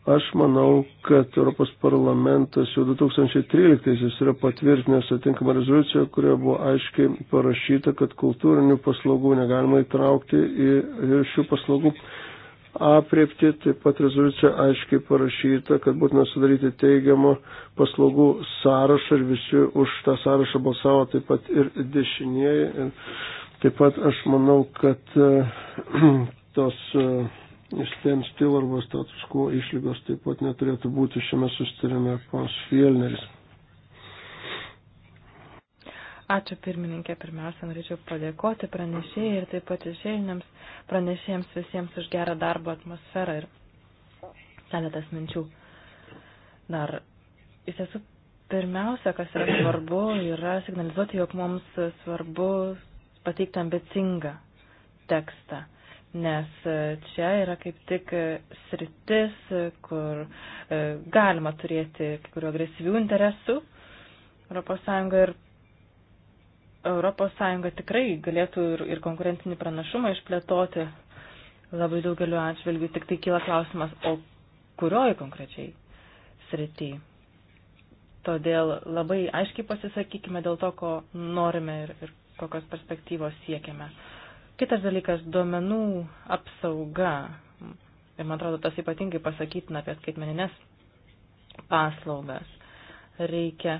Aš manau, kad Europos parlamentas jau 2013-aisiais yra patvirtinęs atinkamą rezoliuciją, kurioje buvo aiškiai parašyta, kad kultūrinių paslaugų negalima įtraukti į šių paslaugų apriepti. Taip pat rezoliucija aiškiai parašyta, kad būtina sudaryti teigiamą paslaugų sąrašą ir visi už tą sąrašą balsavo taip pat ir dešinieji. Taip pat aš manau, kad tos stand still arba status quo išlygos taip pat neturėtų būti šiame sustarime pons Fielneris. Ačiū pirmininkė. Pirmiausia, norėčiau padėkoti pranešėjai ir taip pat išėjiniams pranešėjams visiems už gerą darbo atmosferą ir keletas minčių. Dar iš tiesų pirmiausia, kas yra svarbu, yra signalizuoti, jog mums svarbu pateikti ambicingą tekstą nes e, čia yra kaip tik e, sritis, e, kur galima turėti kai kurių agresyvių interesų ES ir ES tikrai galėtų ir, ir konkurencinį pranašumą išplėtoti labai daugeliu atžvilgių, tik tai kyla klausimas, o kurioj konkrečiai srity. Todėl labai aiškiai pasisakykime dėl to, ko norime ir, ir kokios perspektyvos siekiame. Uh, Kitas dalykas - duomenų apsauga. Ir man atrodo, tas ypatingai pasakytina apie skaitmeninės paslaugas. Reikia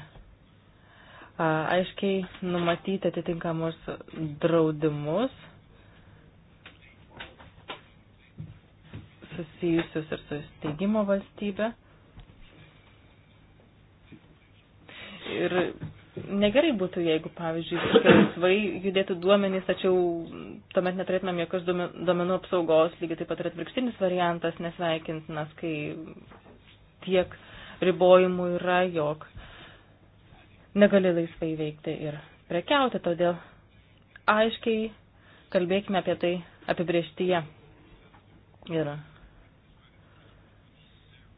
aiškiai numatyti atitinkamus draudimus susijusius ir su steigimo valstybė. Ir negerai būtų, jeigu, pavyzdžiui, laisvai judėtų duomenys, tačiau tuomet neturėtumėm jokios duomenų apsaugos, lygiai taip pat ir atvirkštinis variantas nesveikintinas, kai tiek ribojimų yra, jog negali laisvai veikti ir prekiauti, todėl aiškiai kalbėkime apie tai apibrieštyje. Ir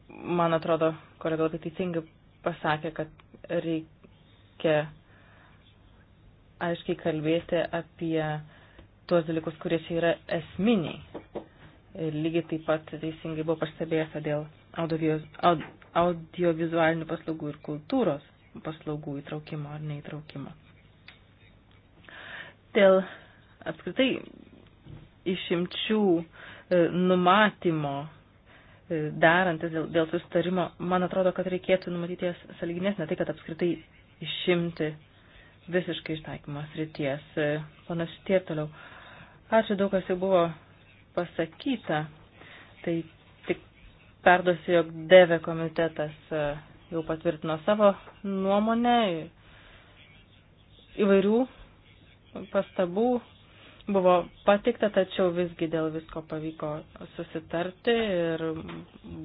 man atrodo, kolega labai teisingai pasakė, kad reikia reikia aiškiai kalbėti apie tuos dalykus, kurie čia yra esminiai. Ir lygiai taip pat teisingai buvo pastebėjęs dėl audiovizualinių audio paslaugų ir kultūros paslaugų įtraukimo ar neįtraukimo. Dėl apskritai išimčių e, numatymo e, darantis dėl, dėl sustarimo, man atrodo, kad reikėtų numatyti jas saliginės, ne tai, kad apskritai išimti visiškai ištaikymos ryties. Panašiai tiek toliau. Ačiū daug, kas jau buvo pasakyta. Tai tik perduosiu, jog DV komitetas e, jau patvirtino savo nuomonę įvairių pastabų buvo patikta, tačiau visgi dėl visko pavyko susitarti ir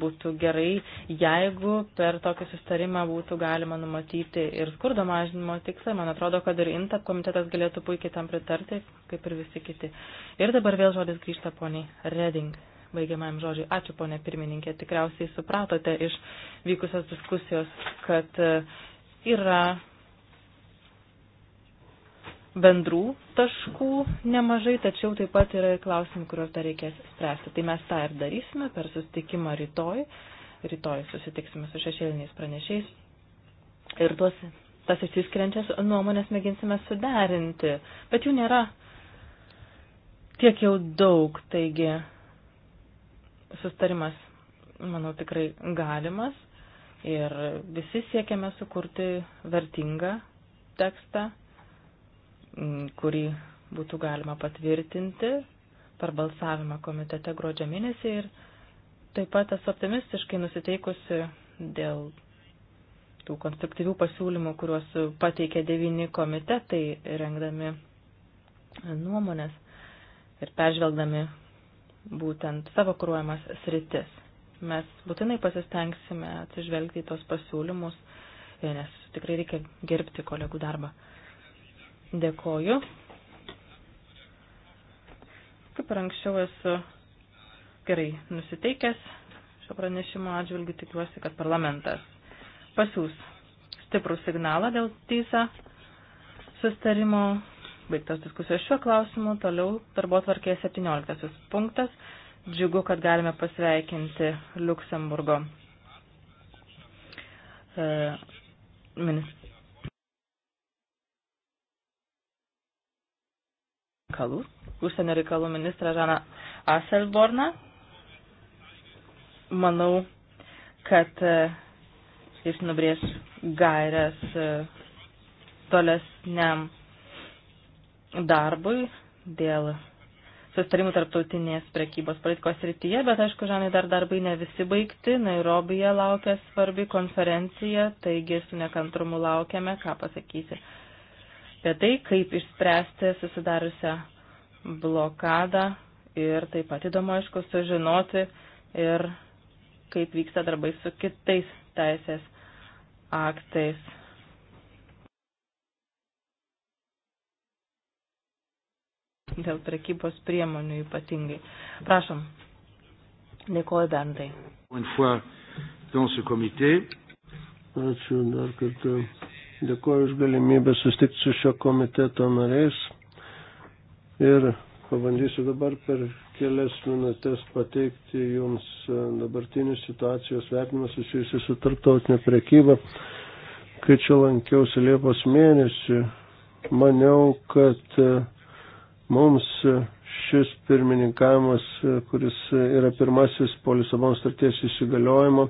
būtų gerai, jeigu per tokį sustarimą būtų galima numatyti ir skurdo mažinimo tikslą. Man atrodo, kad ir INTA komitetas galėtų puikiai tam pritarti, kaip ir visi kiti. Ir dabar vėl žodis grįžta poniai Reding. Baigiamajam žodžiui, ačiū ponė pirmininkė, tikriausiai supratote iš vykusios diskusijos, kad yra bendrų taškų nemažai, tačiau taip pat yra ir klausimų, kuriuos dar reikės spręsti. Tai mes tą ir darysime per susitikimą rytoj. Rytoj susitiksime su šešėliniais pranešiais ir tuos, tas išsiskiriančias nuomonės mėginsime suderinti, bet jų nėra tiek jau daug, taigi sustarimas, manau, tikrai galimas ir visi siekiame sukurti vertingą tekstą kurį būtų galima patvirtinti per balsavimą komitete gruodžio mėnesį ir taip pat esu optimistiškai nusiteikusi dėl tų konstruktyvių pasiūlymų, kuriuos pateikė devyni komitetai rengdami nuomonės ir peržvelgdami būtent savo kruojamas sritis. Mes būtinai pasistengsime atsižvelgti į tos pasiūlymus, nes tikrai reikia gerbti kolegų darbą. Dėkoju. Kaip ir anksčiau esu gerai nusiteikęs šio pranešimo atžvilgiu, tikiuosi, kad parlamentas pasiūs stiprų signalą dėl teisą sustarimo. Baigtos diskusijos šiuo klausimu. Toliau darbo tvarkėje 17 punktas. Džiugu, kad galime pasveikinti Luksemburgo e, ministrą reikalų, užsienio reikalų ministrą Žaną Aselborną. Manau, kad e, jis nubrėž gairias e, tolesniam darbui dėl sustarimų tarptautinės prekybos politikos rytyje, bet aišku, Žanai, dar darbai ne visi baigti. Nairobija laukia svarbi konferencija, taigi su nekantrumu laukiame, ką pasakysi apie tai, kaip išspręsti susidariusią blokadą ir taip pat įdomu, aišku, sužinoti ir kaip vyksta darbai su kitais teisės aktais. Dėl prekybos priemonių ypatingai. Prašom. Dėkuoju bendrai. Ačiū dar kartą Dėkuoju už galimybę sustikti su šio komiteto nariais ir pabandysiu dabar per kelias minutės pateikti jums e, dabartinį situacijos vertinimą susijusi su tarptautinė prekyba. Kai čia lankiausi Liepos mėnesį, maniau, kad e, mums šis pirmininkavimas, e, kuris yra pirmasis po Lisabono starties įsigaliojimo,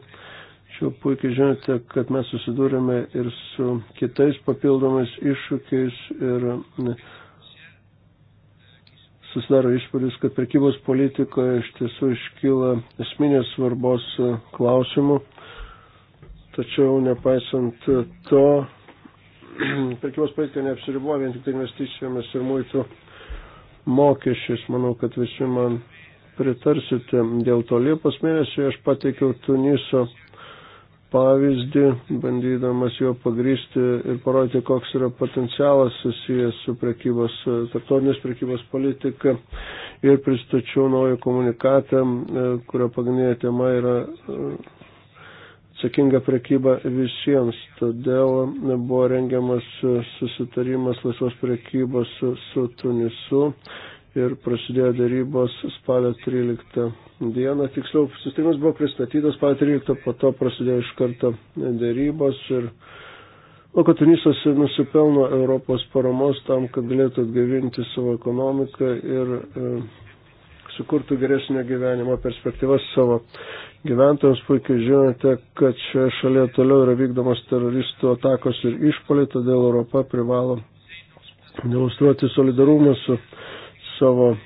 Tačiau puikiai žinote, kad mes susidūrėme ir su kitais papildomais iššūkiais ir susidaro įspūdis, kad prekybos politikoje iš tiesų iškyla esminės svarbos e, klausimų. Tačiau nepaisant to, prekybos politika neapsiribuoja vien tik tai investicijomis ir muitų mokesčiais. Manau, kad visi man pritarsite. Dėl to Liepos mėnesio aš pateikiau Tuniso pavyzdį, bandydamas jo pagrysti ir parodyti, koks yra potencialas susijęs su prekybos, tarptautinės prekybos politika. Ir pristačiau naują komunikatą, e, kurio pagrindinė tema yra e, atsakinga prekyba visiems. Todėl buvo rengiamas susitarimas laisvos prekybos su, su Tunisu ir prasidėjo darybos spalio 13 dieną. Tiksliau, sustarimas buvo pristatytas spalio 13, po to prasidėjo iš karto darybos ir o kad Tunisas nusipelno Europos paramos tam, kad galėtų atgaivinti savo ekonomiką ir e, sukurtų geresnio gyvenimo perspektyvas savo gyventojams. Puikiai žinote, kad šioje šalyje toliau yra vykdomas teroristų atakos ir išpoliai, todėl Europa privalo demonstruoti solidarumą su savo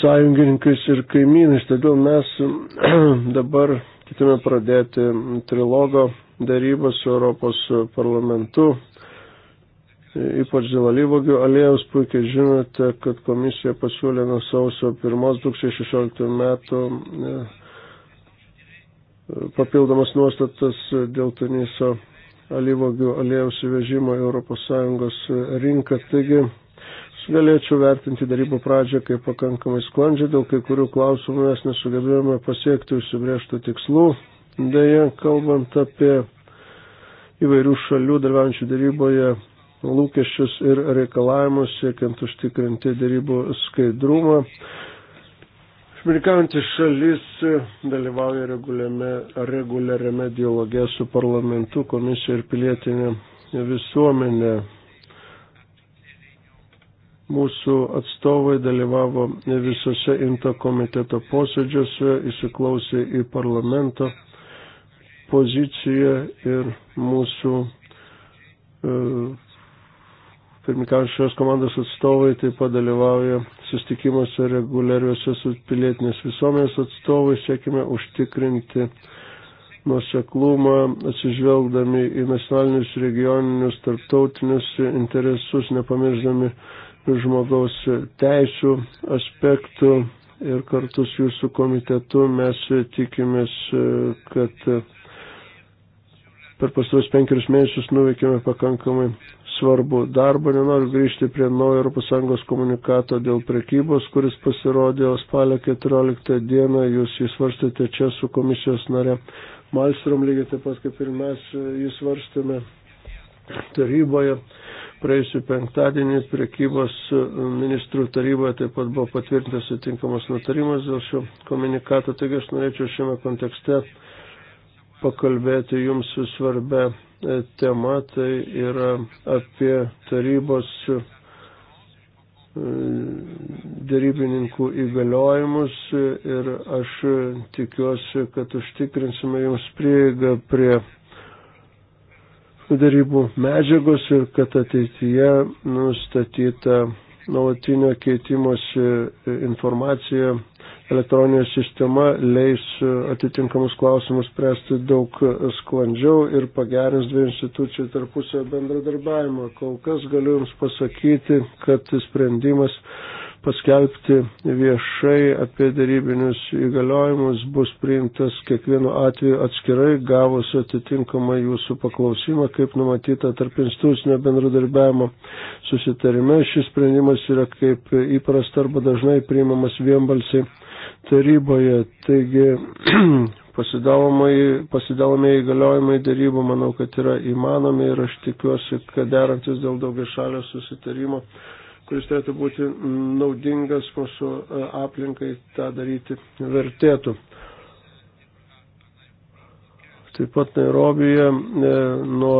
sąjungininkais ir kaimynais. Todėl mes dabar kitame pradėti trilogo darybą su Europos parlamentu. Ypač dėl alyvogių aliejaus puikiai žinote, kad komisija pasiūlė nuo sausio 1-2016 metų e, papildomas nuostatas dėl Tuniso alyvogių aliejaus įvežimo Europos Sąjungos rinką. Taigi, galėčiau vertinti darybų pradžią kaip pakankamai sklandžią, dėl kai kurių klausimų mes nesugebėjome pasiekti užsibrieštų tikslų. Deja, kalbant apie įvairių šalių dalyvaujančių daryboje lūkesčius ir reikalavimus, siekiant užtikrinti darybų skaidrumą. Šmirikaujantis šalis dalyvauja reguliariame dialoge su parlamentu, komisija ir pilietinė visuomenė Mūsų atstovai dalyvavo visose INTA komiteto posėdžiuose, įsiklausė į parlamento poziciją ir mūsų e, pirmikaujančios komandos atstovai taip pat dalyvauja sustikimuose reguliariuose su pilietinės visuomenės atstovai, siekime užtikrinti nuoseklumą, atsižvelgdami į nacionalinius, regioninius, tarptautinius interesus, nepamirždami žmogaus teisų aspektų ir kartu su jūsų komitetu mes tikimės, kad per pastarus penkerius mėnesius nuveikėme pakankamai svarbu darbą. Nenoriu grįžti prie naujo ES komunikato dėl prekybos, kuris pasirodė spalio 14 dieną. Jūs jį svarstėte čia su komisijos nare Malstrom, lygiai taip pat kaip ir mes jį svarstėme taryboje. Praėjusiu penktadienį priekybos ministrų taryboje taip pat buvo patvirtintas atitinkamas nutarimas dėl šio komunikato, taigi aš norėčiau šiame kontekste pakalbėti jums su svarbia e, tema, tai yra apie tarybos e, dėrybininkų įgaliojimus e, ir aš tikiuosi, kad užtikrinsime jums prieigą prie darybų medžiagos ir kad ateityje nustatyta nuolatinio keitimosi informacija elektroninė sistema leis atitinkamus klausimus spręsti daug sklandžiau ir pagerins dvi institucijų tarpusio bendradarbiavimą. Kol kas galiu Jums pasakyti, kad sprendimas paskelbti viešai apie darybinius įgaliojimus bus priimtas kiekvienu atveju atskirai, gavus atitinkamą jūsų paklausimą, kaip numatyta tarp institucinio bendradarbiavimo susitarime. Šis sprendimas yra kaip įprasta arba dažnai priimamas vienbalsiai taryboje. Taigi pasidalomai įgaliojimai darybų, manau, kad yra įmanomi ir aš tikiuosi, kad derantis dėl daugia šalio susitarimo kuris turėtų būti mm, naudingas mūsų e, aplinkai, tą daryti vertėtų. Taip pat Nairobija e, nuo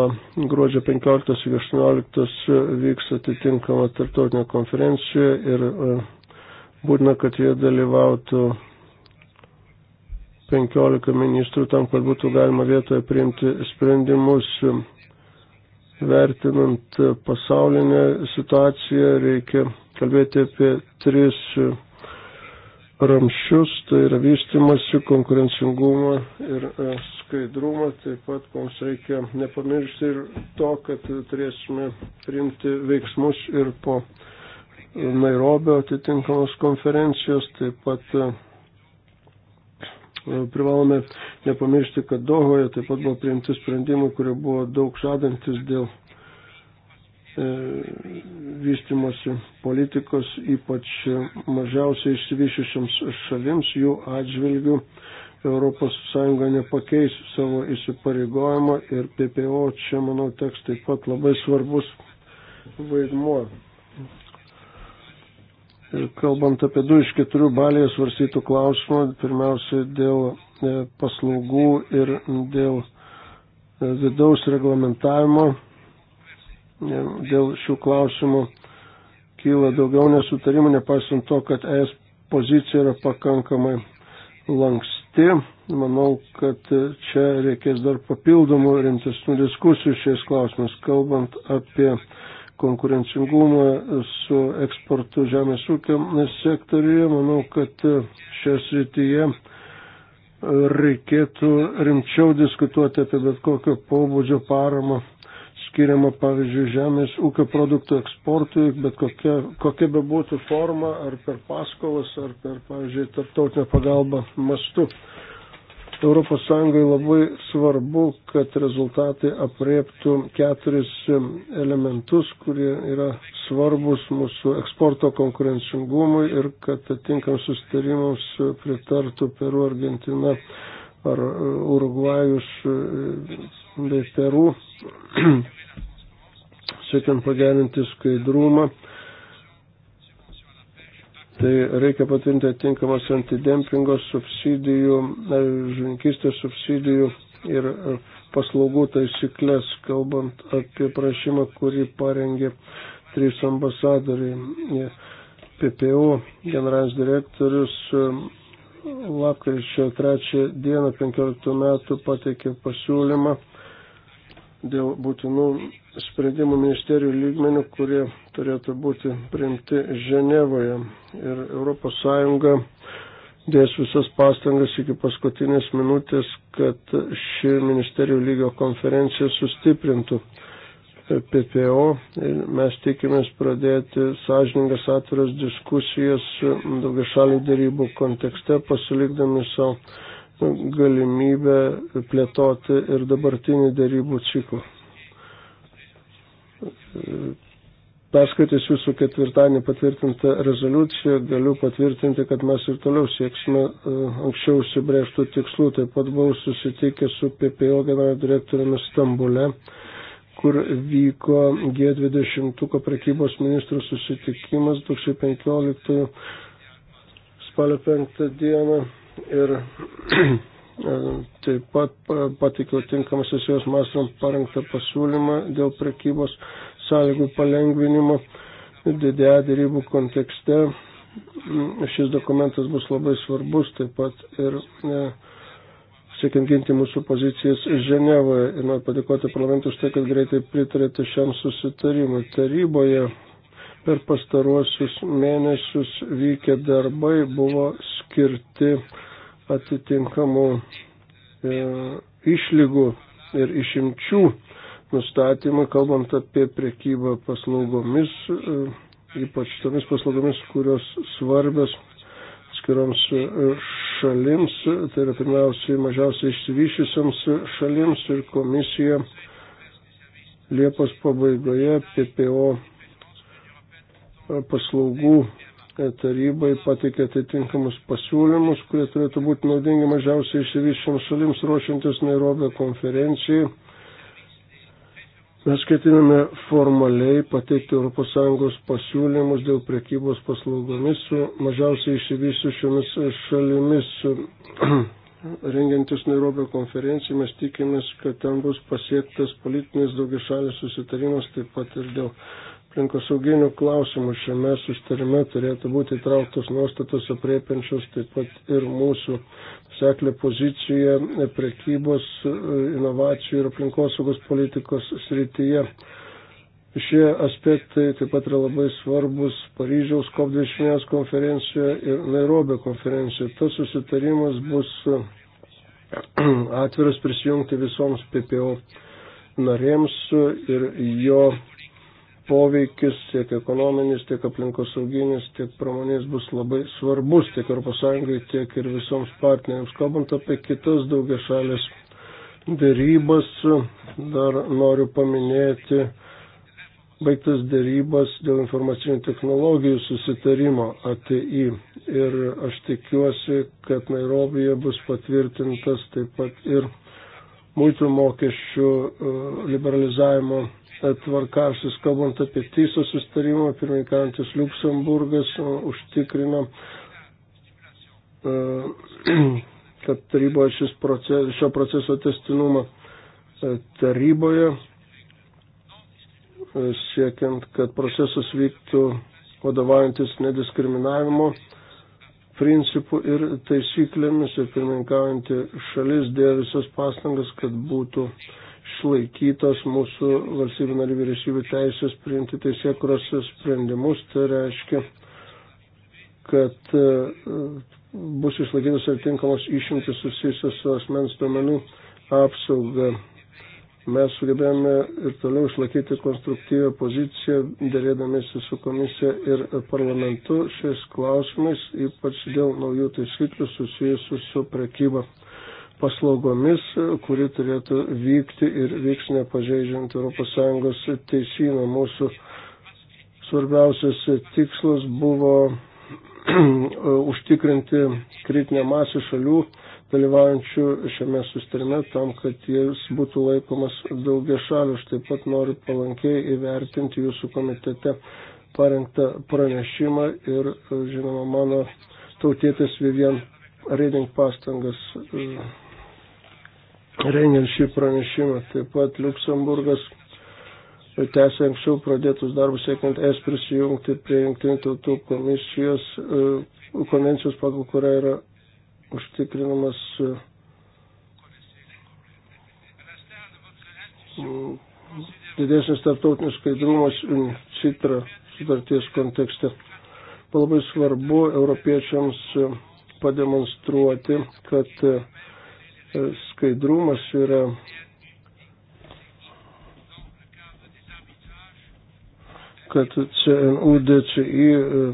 gruodžio 15 iki 18 e, vyks atitinkama tarptautinė konferencija ir būtina, kad jie dalyvautų 15 ministrų tam, kad būtų galima vietoje priimti sprendimus vertinant pasaulinę situaciją, reikia kalbėti apie tris ramščius, tai yra vystimasi, konkurencingumą ir e, skaidrumą. Taip pat mums reikia nepamiršti ir to, kad turėsime priimti veiksmus ir po Nairobio atitinkamos konferencijos, taip pat e, E, privalome nepamiršti, kad Dohoje taip pat buvo priimti sprendimai, kurie buvo daug žadantis dėl e, vystimosi politikos, ypač mažiausiai išsivyšiušiams šalims jų atžvilgių. ES nepakeis savo įsipareigojimo ir PPO čia, manau, teks taip pat labai svarbus vaidmuo. Kalbant apie du iš keturių balėje svarstytų klausimų, pirmiausiai dėl e, paslaugų ir dėl e, vidaus reglamentavimo, e, dėl šių klausimų kyla daugiau nesutarimų, nepaisant to, kad ES pozicija yra pakankamai lanksti. Manau, kad čia reikės dar papildomų rimtesnių diskusijų šiais klausimais, kalbant apie konkurencingumą su eksportu žemės ūkio sektoriuje. Manau, kad šią srityje reikėtų rimčiau diskutuoti apie bet kokio pobūdžio paramą skiriama, pavyzdžiui, žemės ūkio produktų eksportui, bet kokia, kokia be būtų forma, ar per paskolas, ar per, pavyzdžiui, tarptautinę pagalbą mastu. ES labai svarbu, kad rezultatai apriektų keturis elementus, kurie yra svarbus mūsų eksporto konkurencingumui ir kad atinkam sustarimams pritartų Peru, Argentina ar e, Urugvajus e, bei Peru, siekiant pagerinti skaidrumą tai reikia patvirtinti atitinkamas antidempingo subsidijų, e, žvinkistės subsidijų ir e, paslaugų taisyklės, kalbant apie prašymą, kurį parengė trys ambasadoriai. E, PPO generalinis direktorius lapkričio 3 dieną 15 metų pateikė pasiūlymą dėl būtinų sprendimų ministerijų lygmenių, kurie turėtų būti priimti Ženevoje. Ir ES dės visas pastangas iki paskutinės minutės, kad ši ministerijų lygio konferencija sustiprintų PPO ir mes tikimės pradėti sąžiningas atviras diskusijas daugia šalių dėrybų kontekste, pasilikdami savo galimybę plėtoti ir dabartinį darybų ciklą. Perskaitęs jūsų ketvirtadienį patvirtintą rezoliuciją, galiu patvirtinti, kad mes ir toliau sieksime e, anksčiau užsibrėžtų tikslų. Taip pat buvau susitikęs su PPO generalinio direktoriumi Stambule, kur vyko G20 prekybos ministrų susitikimas 2015 spalio 5 dieną ir taip pat patikiu tinkamą sesijos masrom parengtą pasiūlymą dėl prekybos sąlygų palengvinimo didėja dėrybų kontekste. Šis dokumentas bus labai svarbus taip pat ir ne, siekiant ginti mūsų pozicijas Ženevoje. Ir noriu padėkoti parlamentui už tai, kad greitai pritarėte šiam susitarimui. Taryboje per pastaruosius mėnesius vykę darbai buvo skirti atitinkamų e, išlygų ir išimčių nustatymą, kalbant apie priekybą paslaugomis, e, ypač tomis paslaugomis, kurios svarbios atskiroms e, šalims, tai yra pirmiausiai mažiausiai išsivyšiusiams šalims ir komisija Liepos pabaigoje PPO paslaugų e, tarybai pateikė atitinkamus pasiūlymus, kurie turėtų būti naudingi mažiausiai išsivyščiams šalims ruošiantis Nairobio konferencijai. Mes ketiname formaliai pateikti ES pasiūlymus dėl prekybos paslaugomis su mažiausiai išsivyščiomis šalimis. Rengiantis Nairobio konferencijai mes tikimės, kad ten bus pasiektas politinis daugišalis susitarimas taip pat ir dėl aplinkosauginių klausimų šiame sustarime turėtų būti trauktos nuostatos apriepiančios taip pat ir mūsų seklę poziciją prekybos, inovacijų ir aplinkosaugos politikos srityje. Šie aspektai taip pat yra labai svarbus Paryžiaus COP21 konferencijoje ir Nairobio konferencijoje. Tas susitarimas bus atviras prisijungti visoms PPO narėms ir jo poveikis tiek ekonominis, tiek aplinkosauginis, tiek pramoninis bus labai svarbus tiek ES, tiek ir visoms partneriams. Kalbant apie kitas daugia šalės dėrybas, dar noriu paminėti baigtas dėrybas dėl informacinių technologijų susitarimo ATI. Ir aš tikiuosi, kad Nairobija bus patvirtintas taip pat ir mūtų mokesčių e, liberalizavimo tvarkaštis, kalbant apie teiso sustarimą, pirmininkantis Luxemburgas užtikrino, e, kad taryboje proces, šio proceso testinumą e, taryboje, e, siekiant, kad procesas vyktų vadovaujantis nediskriminavimo principų ir taisyklėmis ir pirmininkaujantį šalis dėjo visas pastangas, kad būtų uh, išlaikytos mūsų valstybių narių vyriausybių teisės priimti teisėkuros sprendimus. Tai reiškia, kad e, bus išlaikytos atitinkamos išimtis susijusios su asmens duomenų apsauga. Mes sugebėjome ir toliau išlaikyti konstruktyvę poziciją, dėrėdamėsi su komisija ir parlamentu šiais klausimais, ypač dėl naujų taisyklių susijusių su prekyba paslaugomis, kuri turėtų vykti ir vyks nepažeidžiant ES teisyną. Mūsų svarbiausias tikslas buvo užtikrinti kritinę masę šalių dalyvaujančių šiame sustarime tam, kad jis būtų laikomas daugia šalių. Aš taip pat noriu palankiai įvertinti jūsų komitete parengtą pranešimą ir, žinoma, mano tautietės Vivian Reding pastangas rengiant šį pranešimą. Taip pat Luksemburgas tęsė anksčiau pradėtus darbus siekiant es prisijungti prie jungtinių tautų komisijos, e, konvencijos, pagal kurią yra užtikrinamas e, didesnis tarptautinis skaidrumas citra sutarties kontekste. Labai svarbu europiečiams e, pademonstruoti, kad Skaidrumas yra kad CNUDCI e,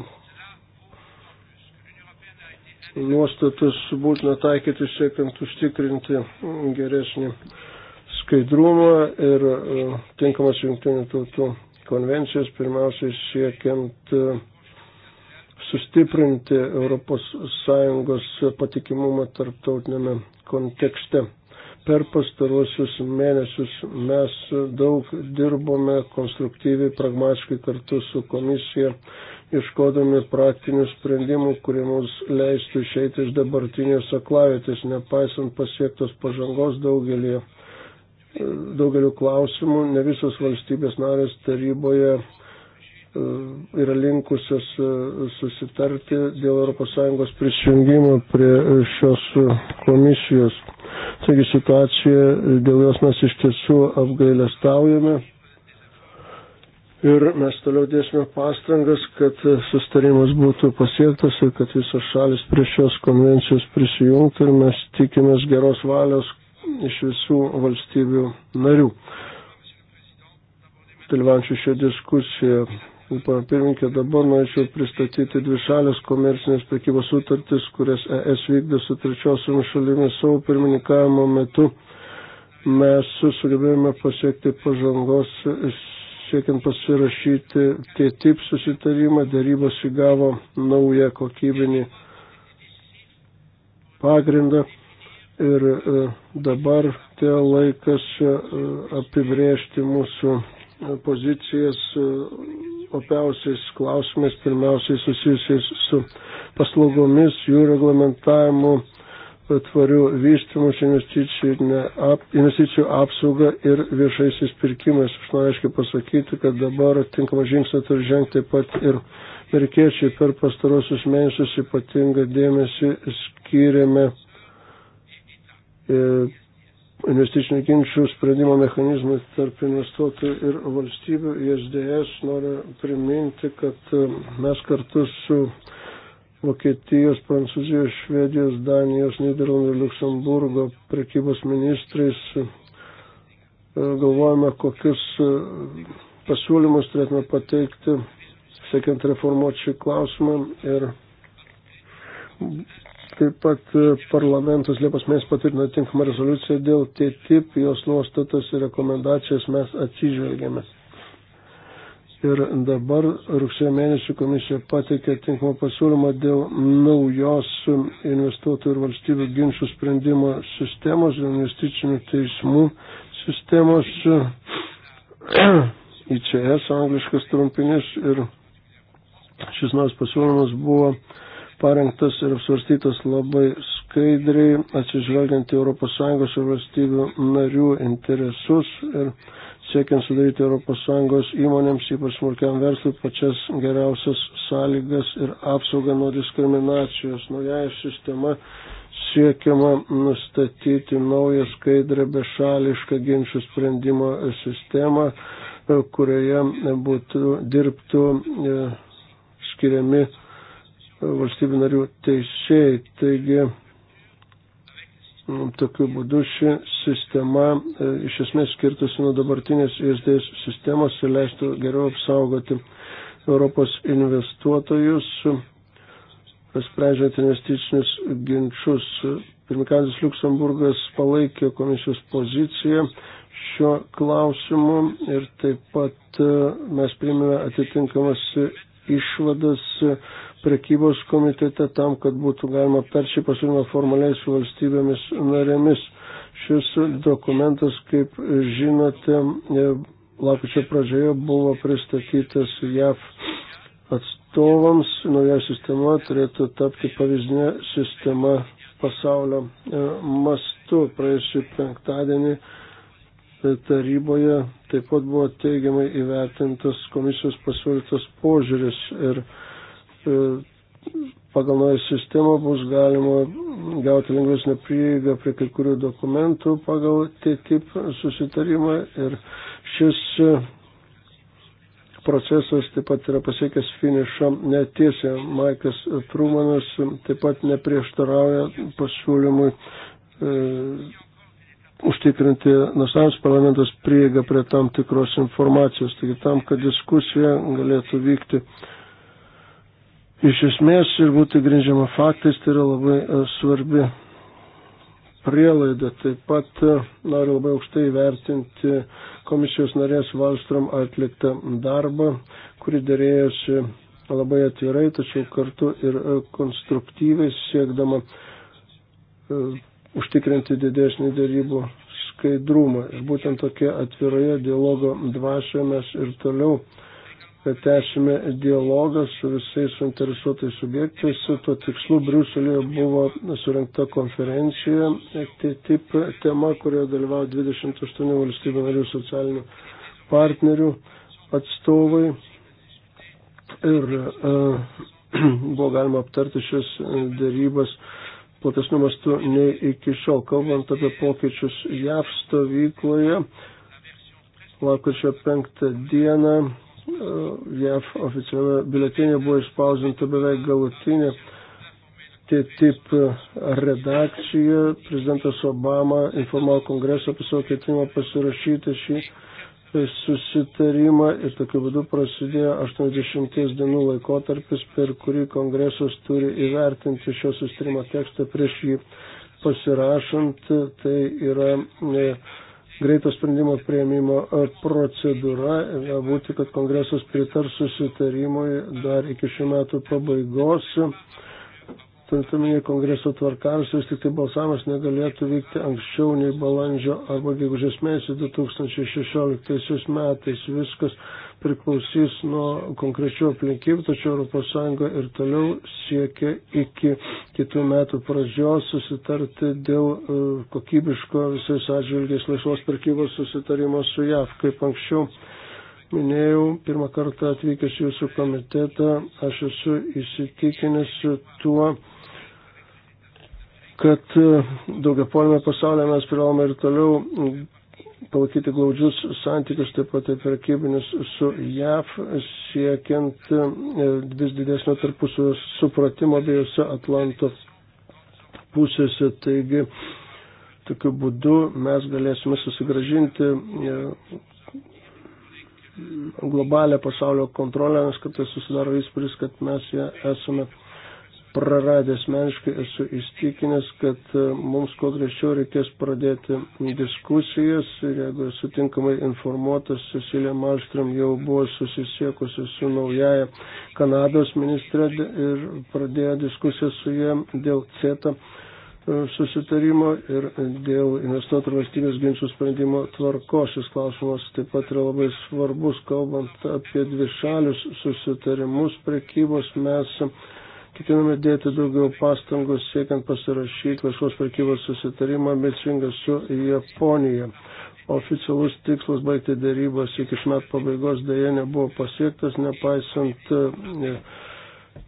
nuostatas būtina taikyti siekiant užtikrinti geresnį skaidrumą ir e, tinkamas jungtinių tautų konvencijos, pirmiausiai siekiant e, sustiprinti ES patikimumą tarptautinėme kontekste. Per pastaruosius mėnesius mes daug dirbome konstruktyviai, pragmatiškai kartu su komisija, iškodami praktinių sprendimų, kurie mums leistų išeiti iš dabartinės aklavietės, nepaisant pasiektos pažangos daugelį, daugeliu klausimų. Ne visos valstybės narės taryboje E, yra linkusios e, susitarti dėl ES prisijungimo prie šios komisijos. Taigi situacija, dėl jos mes iš tiesų apgailestaujame ir mes toliau dėsime pastangas, kad sustarimas būtų pasiektas ir kad visos šalis prie šios konvencijos prisijungtų ir mes tikimės geros valios iš visų valstybių narių dalyvančių šioje diskusijoje. Pana pirminkė, dabar norėčiau pristatyti dvišalės komercinės prekybos sutartis, kurias ES vykdė su trečiosiomis šalimis savo pirmininkavimo metu. Mes sugebėjome pasiekti pažangos, siekiant pasirašyti TTIP susitarimą, dėrybos įgavo naują kokybinį pagrindą. Ir e, dabar tie laikas e, apibrėžti mūsų pozicijas e, opiausiais klausimais, pirmiausiai susijusiais su paslaugomis, jų reglamentavimu, tvarių vystimų, investicijų, ap, investicijų apsauga ir viešaisiais pirkimais. Aš noriu aiškiai pasakyti, kad dabar tinkamą žingsnį turi žengti taip pat ir amerikiečiai per pastarosius mėnesius ypatingą dėmesį skiriame. E, investicinių ginčių sprendimo mechanizmai tarp investuotojų ir valstybių. ISDS noriu priminti, kad um, mes kartu su Vokietijos, Prancūzijos, Švedijos, Danijos, Niderlandų ir Luksemburgo prekybos ministrais uh, galvojame, kokius uh, pasiūlymus turėtume pateikti, siekiant reformuoti šį klausimą ir Taip pat e, parlamentas Liepos mėnesį patvirtino tinkamą rezoliuciją dėl TTIP, jos nuostatas ir rekomendacijas mes atsižvelgėme. Ir dabar rugsėjo mėnesį komisija pateikė tinkamą pasiūlymą dėl naujos investuotojų ir valstybių ginčių sprendimo sistemos, investicinių teismų sistemos, ICS angliškas trumpinis ir šis nors pasiūlymas buvo parengtas ir apsvarstytas labai skaidriai, atsižvelgiant į ES ir valstybių narių interesus ir siekiant sudaryti ES įmonėms, ypač smulkiam verslui, pačias geriausias sąlygas ir apsaugą nuo diskriminacijos. Naujaja sistema siekiama nustatyti naują skaidrę bešališką ginčių sprendimo sistemą, kurioje būtų dirbtų e, skiriami valstybių narių teisėjai. Taigi, tokiu būdu ši sistema e, iš esmės skirtusi nuo dabartinės ISDS sistemos ir leistų geriau apsaugoti Europos investuotojus, sprendžiant investicinius ginčius. Pirmikantis Luksemburgas palaikė komisijos poziciją šiuo klausimu ir taip pat e, mes priimėme atitinkamas išvadas prekybos komitete tam, kad būtų galima aptarti šį pasiūlymą formaliai su valstybėmis narėmis. Šis dokumentas, kaip žinote, e, lakučio pradžioje buvo pristatytas JAV atstovams. Nauja sistema turėtų tapti pavyzdinė sistema pasaulio e, mastu. Praėjusį penktadienį taryboje taip pat buvo teigiamai įvertintas komisijos pasiūlytas požiūris ir E, pagal naują sistemą bus galima gauti lengvesnę prieigą prie kai kurių dokumentų pagal TTIP susitarimą ir šis e, procesas taip pat yra pasiekęs finišą netiesę. Maikas Trumanas taip pat neprieštarauja pasiūlymui e, užtikrinti nacionalinis parlamentas prieigą prie tam tikros informacijos. Taigi tam, kad diskusija galėtų vykti iš esmės ir būti grindžiama faktais, tai yra labai e, svarbi prielaida. Taip pat e, noriu labai aukštai vertinti komisijos narės Valstrom atliktą darbą, kuri dėrėjosi labai atvirai, tačiau kartu ir e, konstruktyviai siekdama užtikrinti didesnį dėrybų skaidrumą. Ir būtent tokia atviroje dialogo dvasioje mes ir toliau kad tęsime dialogą su visais suinteresuotais subjektais. Su tuo tikslu Briuselėje buvo surinkta konferencija, TTIP tai tema, kurioje dalyvavo 28 valstybių narių socialinių partnerių atstovai. Ir uh, buvo galima aptarti šias dėrybas platesniu mastu nei iki šiol. Kalbant apie pokyčius JAV stovykloje, lakučio penktą dieną JAV oficialiame biuletinė buvo išspausinta beveik galutinė TTIP redakcija. Prezidentas Obama informavo kongresą apie savo ketinimą pasirašyti šį susitarimą ir tokiu būdu prasidėjo 80 dienų laikotarpis, per kurį kongresas turi įvertinti šio susitarimo tekstą prieš jį pasirašant. Tai yra ne, greito sprendimo prieimimo procedūra. Galbūt, kad kongresas pritars susitarimui dar iki šių metų pabaigos. Turintuminė kongreso tvarkaraštis vis tik tai balsavimas negalėtų vykti anksčiau nei balandžio arba gegužės mėnesį 2016 metais. Viskas priklausys nuo konkrečių aplinkybių, tačiau ES ir toliau siekia iki kitų metų pradžios susitarti dėl e, kokybiško visais atžvilgiais laisvos prekybos susitarimo su JAV, kaip anksčiau. Minėjau, pirmą kartą atvykęs jūsų komitetą, aš esu įsitikinęs tuo, kad e, daugiapolime pasaulyje mes privalome ir toliau palaikyti glaudžius santykius, taip pat ir prekybinius su JAV, siekiant e, vis didesnio tarpusavio supratimo abiejose Atlanto pusėse. Taigi, tokiu būdu mes galėsime susigražinti e, globalę pasaulio kontrolę, nes kartais susidaro įspūdis, kad mes ją esame praradę asmeniškai esu įstikinęs, kad e, mums kuo greičiau reikės pradėti diskusijas ir jeigu esu tinkamai informuotas, Cecilija Malstrom jau buvo susisiekusi su naujaja Kanados ministrė ir pradėjo diskusiją su jie dėl CETA e, susitarimo ir dėl investuotojų valstybės ginčių sprendimo tvarkos. Šis klausimas taip pat yra labai svarbus, kalbant apie dvišalius susitarimus prekybos. Mes ketiname dėti daugiau pastangų siekiant pasirašyti laisvos prekybos susitarimą ambicingą su Japonija. Oficialus tikslas baigti dėrybas iki metų pabaigos dėje nebuvo pasiektas, nepaisant e,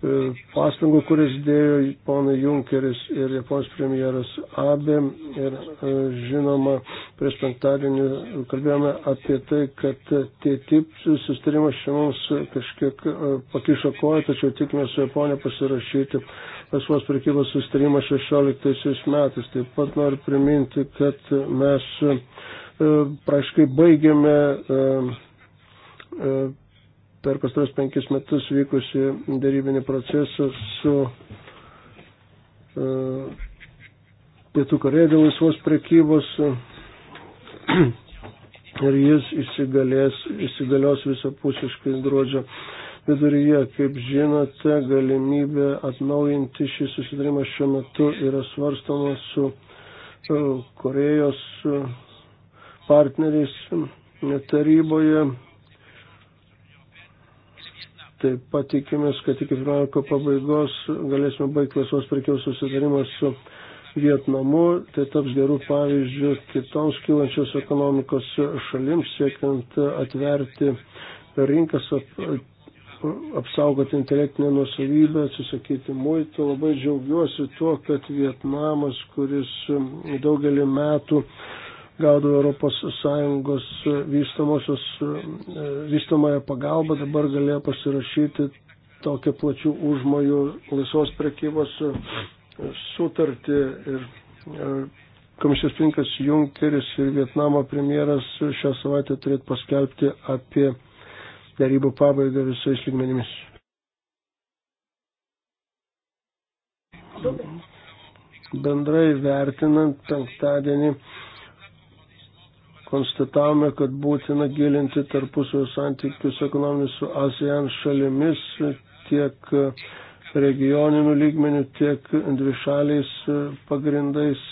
E, pastangų, kuris dėjo ponai Junkeris ir Japonijos premjeras Abe. Ir e, žinoma, prieš penktadienį kalbėjome apie tai, kad tie tip sustarimas čia mums kažkiek e, pakišo koją, tačiau tikime su Japonija pasirašyti laisvos prekybos sustarimą 16 metais. Taip pat noriu priminti, kad mes praškai baigėme per pastarus penkis metus vykusi darybinį procesą su e, Pietų Koreja dėl laisvos prekybos ir jis įsigalės, įsigalios visapusiškai gruodžio viduryje. Kaip žinote, galimybė atnaujinti šį susidarimą šiuo metu yra svarstama su e, Korejos e, partneriais taryboje Taip pat tikimės, kad iki Franko pabaigos galėsime baigti laisvos prekiaus susitarimą su Vietnamu. Tai taps gerų pavyzdžių kitoms kylančios ekonomikos šalims, siekiant atverti rinkas, ap, apsaugoti intelektinę nusavybę, atsisakyti muitų. Labai džiaugiuosi tuo, kad Vietnamas, kuris daugelį metų gaudavo ES vystamąją e, pagalbą, dabar galėjo pasirašyti tokią plačių užmojų laisvos prekybos e, sutartį. Ir, ir e, komisijos pinkas Junkeris ir Vietnamo premjeras šią savaitę turėtų paskelbti apie darybų pabaigą visais lygmenimis. Bendrai vertinant penktadienį konstatavome, kad būtina gilinti tarpusavio santykius ekonominius su ASEAN šalimis tiek regioninių lygmenių, tiek dvišaliais pasirindais,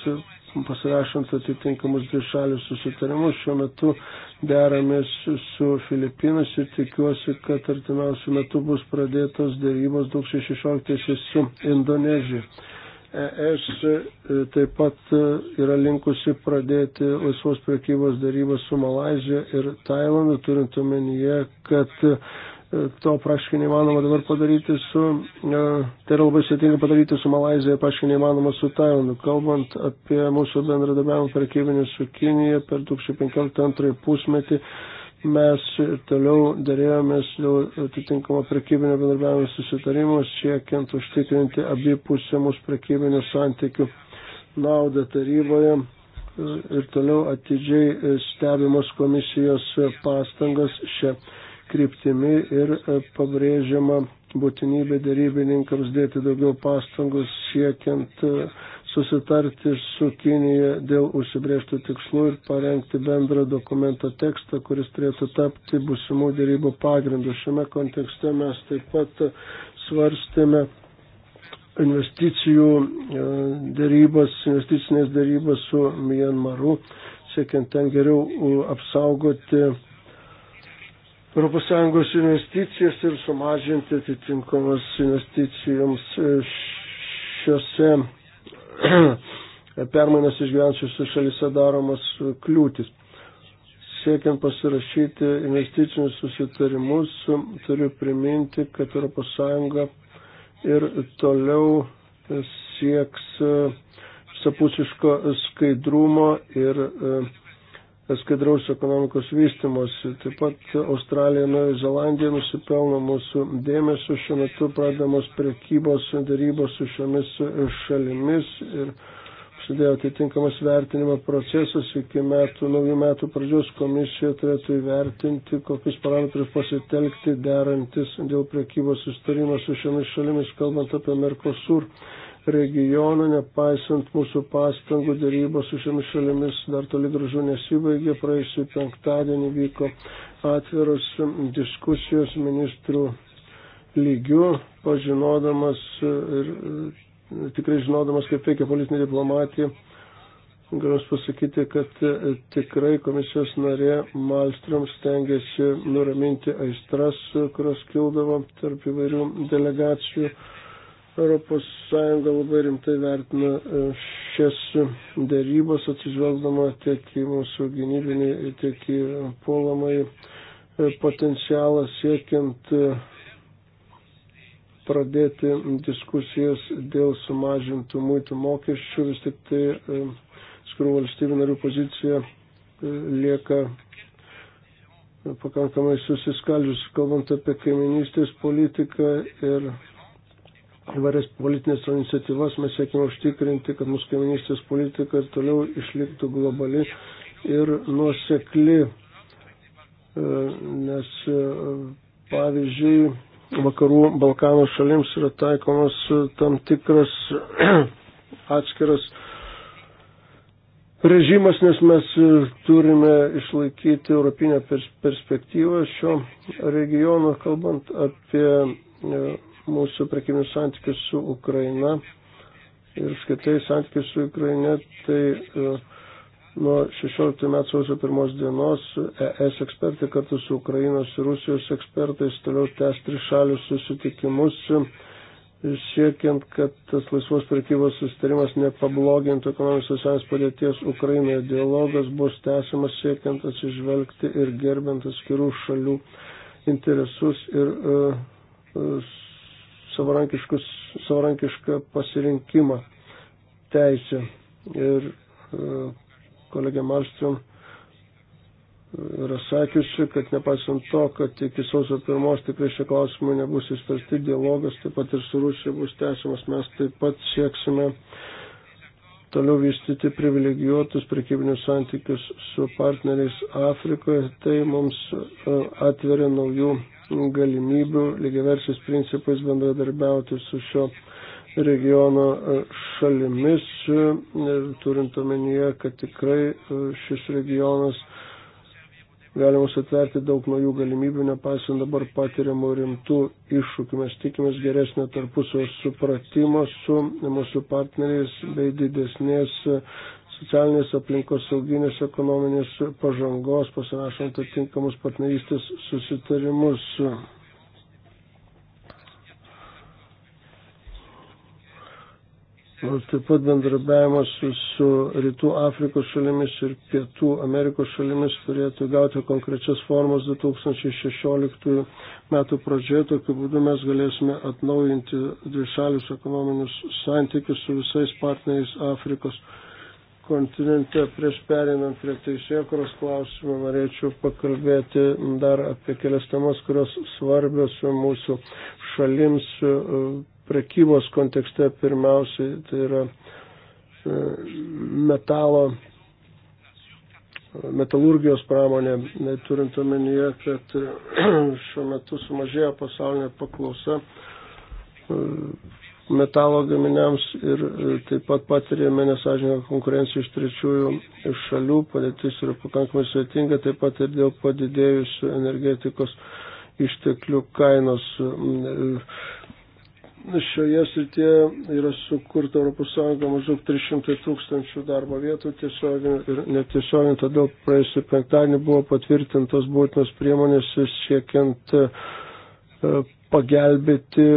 pasirašant atitinkamus dvišalius susitarimus. Šiuo metu deramės su Filipinas ir tikiuosi, kad artimiausių metų bus pradėtos dėrybos 2016 su Indonezija. ES e, taip pat e, yra linkusi pradėti laisvos prekybos darybas su Malazija ir Tailandu, turint omenyje, kad e, to praškai neįmanoma dabar padaryti su, tai yra labai sėtinga padaryti su Malazija, praškai neįmanoma su Tailandu. Kalbant apie mūsų bendradarbiavimą prekybinį su Kinija per 2015 pusmetį, mes ir toliau darėjomės dėl atitinkamo prekybinio bendradarbiavimo susitarimo, siekiant užtikrinti abipusę mūsų prekybinių santykių naudą taryboje ir toliau atidžiai stebimos komisijos pastangos šią kryptimį ir pabrėžiama būtinybė darybininkams dėti daugiau pastangų siekiant susitarti su Kinija dėl užsibrėžtų tikslų ir parengti bendrą dokumento tekstą, kuris turėtų tapti būsimų dėrybų pagrindu. Šiame kontekste mes taip pat svarstėme investicijų e, dėrybas, investicinės dėrybas su Myanmaru, siekiant ten geriau apsaugoti ES investicijas ir sumažinti atitinkamas investicijoms e, šiuose permainas išgyvenčiuose šalyse daromas kliūtis. Siekiant pasirašyti investicinius susitarimus, turiu priminti, kad ES ir toliau sieks visapusiško skaidrumo ir uh, skaidraus ekonomikos vystimosi. Taip pat Australija ir Naujoji Zelandija nusipelno mūsų dėmesio šiuo metu pradamos prekybos darybos su šiomis šalimis ir prasidėjo atitinkamas vertinimo procesas iki metų, naujų metų pradžios komisija turėtų įvertinti, kokius parametrus pasitelkti derantis dėl prekybos sustarimo su šiomis šalimis, kalbant apie Merkosur regioną, nepaisant mūsų pastangų dėrybos su šiomis šalimis, dar toli gražu nesibaigė. Praėjusį penktadienį vyko atviros diskusijos ministrų lygių, pažinodamas ir e, tikrai žinodamas, kaip veikia politinė diplomatija. Galiu pasakyti, kad e, tikrai komisijos narė Malstrom stengiasi nuraminti aistras, kurios kildavo tarp įvairių delegacijų Europos Sąjunga labai rimtai vertina e, šias dėrybas, atsižvelgdama tiek į mūsų gynybinį, tiek į puolamąjį e, potencialą siekiant e, pradėti diskusijas dėl sumažintų muitų mokesčių, vis tik tai skrų valstybių narių pozicija lieka pakankamai susiskaldžius, kalbant apie kaiminystės politiką ir įvairias politinės iniciatyvas mes siekime užtikrinti, kad mūsų kaiminystės politika ir toliau išliktų globali ir nuosekli. E, nes e, pavyzdžiui, vakarų Balkanų šalims yra taikomas e, tam tikras atskiras režimas, nes mes turime išlaikyti europinę perspektyvą šio regiono, kalbant apie mūsų prekybinius santykius su Ukraina ir skaitai santykius su Ukraina, tai e, nuo 16 metų sausio pirmos dienos ES ekspertai kartu su Ukrainos ir Rusijos ekspertais toliau tęs trišalius susitikimus siekiant, kad tas laisvos prekybos sustarimas nepablogintų ekonomikos socialinės padėties Ukrainoje. Dialogas bus tęsiamas siekiant atsižvelgti ir gerbent atskirų šalių interesus ir uh, uh, savarankišką pasirinkimą teisę. Ir e, kolegė Malstrom e, yra sakiusi, kad nepaisant to, kad iki sausio pirmos tikrai šie klausimai nebus įstarti, dialogas taip pat ir su Rusija bus tęsiamas, mes taip pat sieksime toliau vystyti privilegijuotus prekybinius santykius su partneriais Afrikoje, tai mums e, atveria naujų galimybių lygiaversius principus bendradarbiauti su šio regiono e, šalimis, e, turint omenyje, kad tikrai e, šis regionas galima sutverti daug naujų galimybių, nepaisant dabar patiriamų rimtų iššūkių. Mes tikimės geresnio tarpusio supratimo su mūsų partneriais bei didesnės socialinės aplinkos sauginės ekonominės pažangos, pasirašant atitinkamus partnerystės susitarimus. Taip pat bendrabiavimas su Rytų Afrikos šalimis ir Pietų Amerikos šalimis turėtų gauti konkrečias formas 2016 metų pradžioje. Tokiu būdu mes galėsime atnaujinti dvišalius ekonominius santykius su visais partneriais Afrikos šalimis kontinente prieš perinant prie teisėkuros klausimų norėčiau pakalbėti dar apie kelias temas, kurios svarbios mūsų šalims e, prekybos kontekste pirmiausiai, tai yra e, metalo, metalurgijos pramonė, tai turint omenyje, kad e, šiuo metu sumažėjo pasaulinė paklausa metalo gaminiams ir e, taip pat patirėme nesažininką konkurenciją iš trečiųjų šalių, padėtis yra pakankamai sveitinga, taip pat ir dėl padidėjusių energetikos išteklių kainos. E, šioje srityje yra sukurta ES maždaug 300 tūkstančių darbo vietų tiesioginių ir netiesioginių, todėl praėjusiu penktadienį buvo patvirtintos būtinos priemonės siekiant e, pagelbėti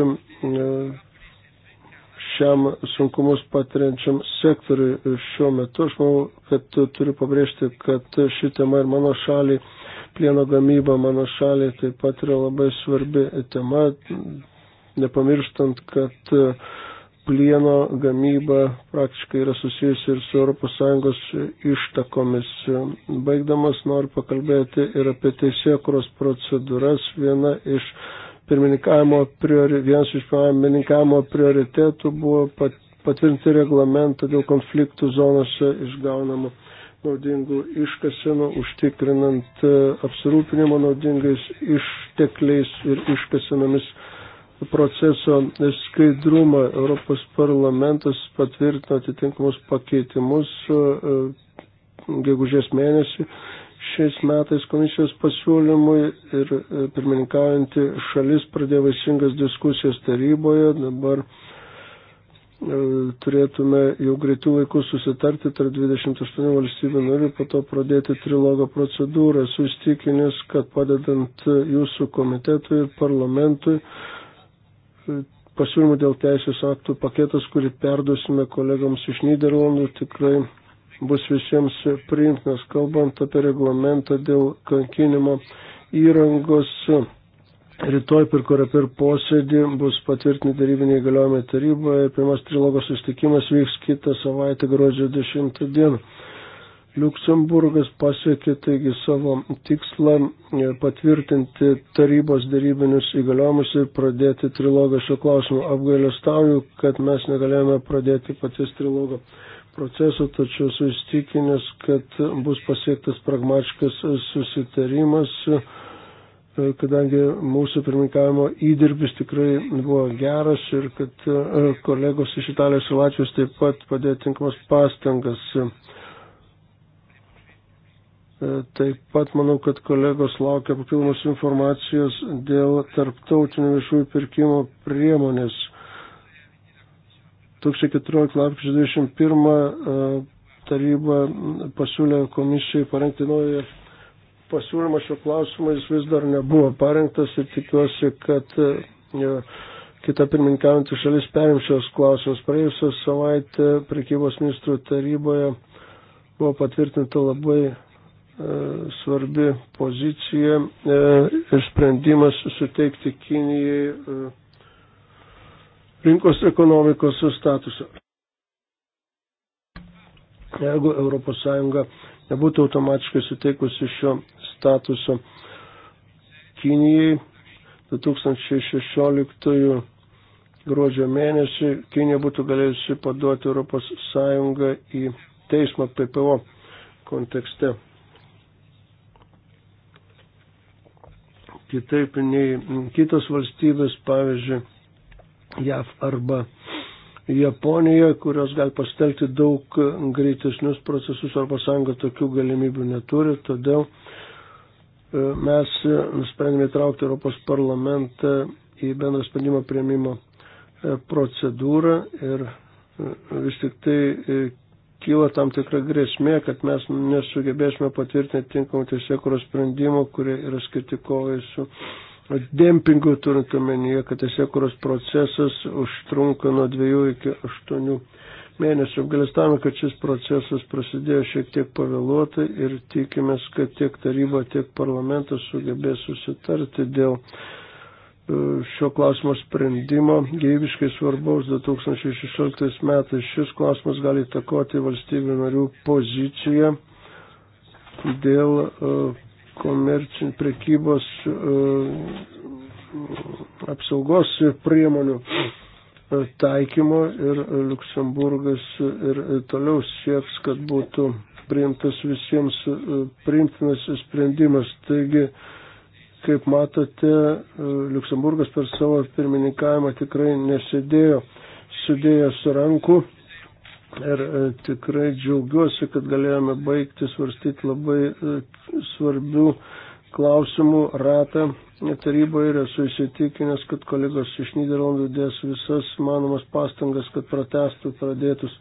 šiam sunkumus patiriančiam sektoriui šiuo metu. Aš manau, kad turiu pabrėžti, kad ši tema ir mano šaliai, plieno gamyba mano šaliai taip pat yra labai svarbi tema, nepamirštant, kad plieno gamyba praktiškai yra susijusi ir su ES ištakomis. Baigdamas noriu pakalbėti ir apie teisėkuros procedūras. Viena iš pirmininkavimo priori, vienas iš pirmininkavimo prioritėtų buvo pat, patvirtinti reglamentą dėl konfliktų zonose išgaunamų naudingų iškasenų, užtikrinant e, apsirūpinimo naudingais ištekliais ir iškasenomis proceso skaidrumą. Europos parlamentas patvirtino atitinkamus pakeitimus e, e, gegužės mėnesį šiais metais komisijos pasiūlymui ir e, pirmininkaujantį šalis pradėjo vaisingas diskusijos taryboje. Dabar e, turėtume jau greitų laikų susitarti tarp 28 valstybių narių, po to pradėti trilogo procedūrą. Esu įstikinęs, kad padedant jūsų komitetui ir parlamentui, e, pasiūlymų dėl teisės aktų paketas, kurį perduosime kolegams iš Niderlandų, tikrai bus visiems priimtinas, kalbant apie reglamentą dėl kankinimo įrangos. Rytoj per kurą per posėdį bus patvirtinti darybiniai galiojimai taryboje ir pirmas trilogos sustikimas vyks kitą savaitę gruodžio 10 dieną. Liuksemburgas pasiekė taigi savo tikslą e, patvirtinti tarybos darybinius įgaliojimus ir pradėti trilogą šio klausimu. Apgailestauju, kad mes negalėjome pradėti paties trilogo procesu, tačiau esu įstikinęs, kad bus pasiektas pragmatiškas susitarimas, kadangi mūsų pirmininkavimo įdirbis tikrai buvo geras ir kad kolegos iš Italijos ir Latvijos taip pat padėjo tinkamas pastangas. Taip pat manau, kad kolegos laukia papildomos informacijos dėl tarptautinių viešųjų pirkimo priemonės 2014 lapkričio 21 e, taryba pasiūlė komisijai parengti naują pasiūlymą šio klausimą, jis vis dar nebuvo parengtas ir tikiuosi, kad e, kita pirmininkaujantys šalis perims šios klausimus. Praėjusią savaitę prekybos ministrų taryboje buvo patvirtinta labai e, svarbi pozicija ir sprendimas suteikti Kinijai rinkos ekonomikos statusą. Jeigu ES nebūtų automatiškai suteikusi šio statuso Kinijai, 2016 gruodžio mėnesį Kinija būtų galėjusi paduoti ES į teismą PPO kontekste. Kitaip nei kitos valstybės, pavyzdžiui, JAV arba Japonijoje, kurios gali pastelti daug greitesnius procesus, arba sąjunga tokių galimybių neturi, todėl e, mes nusprendėme įtraukti Europos parlamentą į bendrą sprendimo prieimimo e, procedūrą ir e, vis tik tai kyla tam tikra grėsmė, kad mes nesugebėsime patvirtinti tinkamų teisėkuros sprendimų, kurie yra skirti kovai su dempingų, turint omenyje, kad tiesiekuros procesas užtrunka nuo dviejų iki aštuonių mėnesių. Apgalėstame, kad šis procesas prasidėjo šiek tiek pavėluotai ir tikimės, kad tiek taryba, tiek parlamentas sugebės susitarti dėl e, šio klausimo sprendimo gyvybiškai svarbaus 2016 metais. Šis klausimas gali įtakoti valstybių narių poziciją dėl uh, komercinės prekybos e, apsaugos priemonių e, taikymo ir Luksemburgas ir e, toliau sieks, kad būtų priimtas visiems priimtinas sprendimas. Taigi, kaip matote, Luksemburgas per savo pirmininkavimą tikrai nesėdėjo sudėjęs rankų Ir e, tikrai džiaugiuosi, kad galėjome baigti svarstyti labai e, svarbių klausimų ratą taryboje ir esu įsitikinęs, kad kolegos iš Niderlandų dės visas manomas pastangas, kad pratestų pradėtus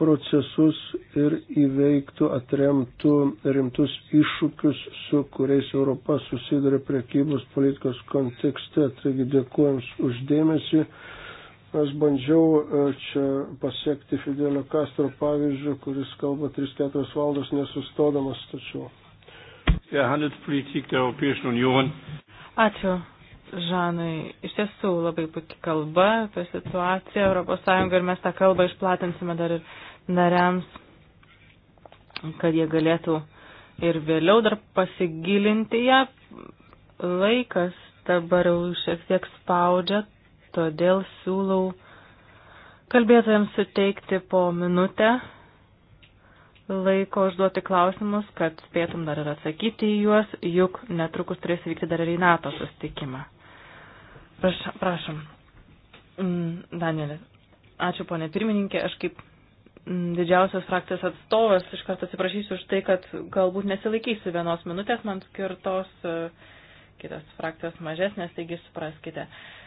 procesus ir įveiktų, atremtų rimtus iššūkius, su kuriais Europa susiduria priekybos politikos kontekste. Taigi dėkuojams uždėmesi. Aš bandžiau e, čia pasiekti Fidelio Castro pavyzdžių, kuris kalba 3-4 valandos nesustodamas, tačiau. Ačiū, Žanai. Iš tiesų labai puikia kalba apie situaciją ES ir mes tą kalbą išplatinsime dar ir nariams, kad jie galėtų ir vėliau dar pasigilinti ją. Laikas dabar jau šiek tiek spaudžia, todėl siūlau kalbėtojams suteikti po minutę laiko užduoti klausimus, kad spėtum dar ir atsakyti į juos, juk netrukus turės vykti dar ir į NATO sustikimą. Prašom. prašom. Mm, Danielis. Ačiū, ponė pirmininkė. Aš kaip mm, didžiausios frakcijos atstovas iš karto atsiprašysiu už tai, kad galbūt nesilaikysiu vienos minutės man skirtos, e, kitas frakcijos mažesnės, taigi supraskite. Uh,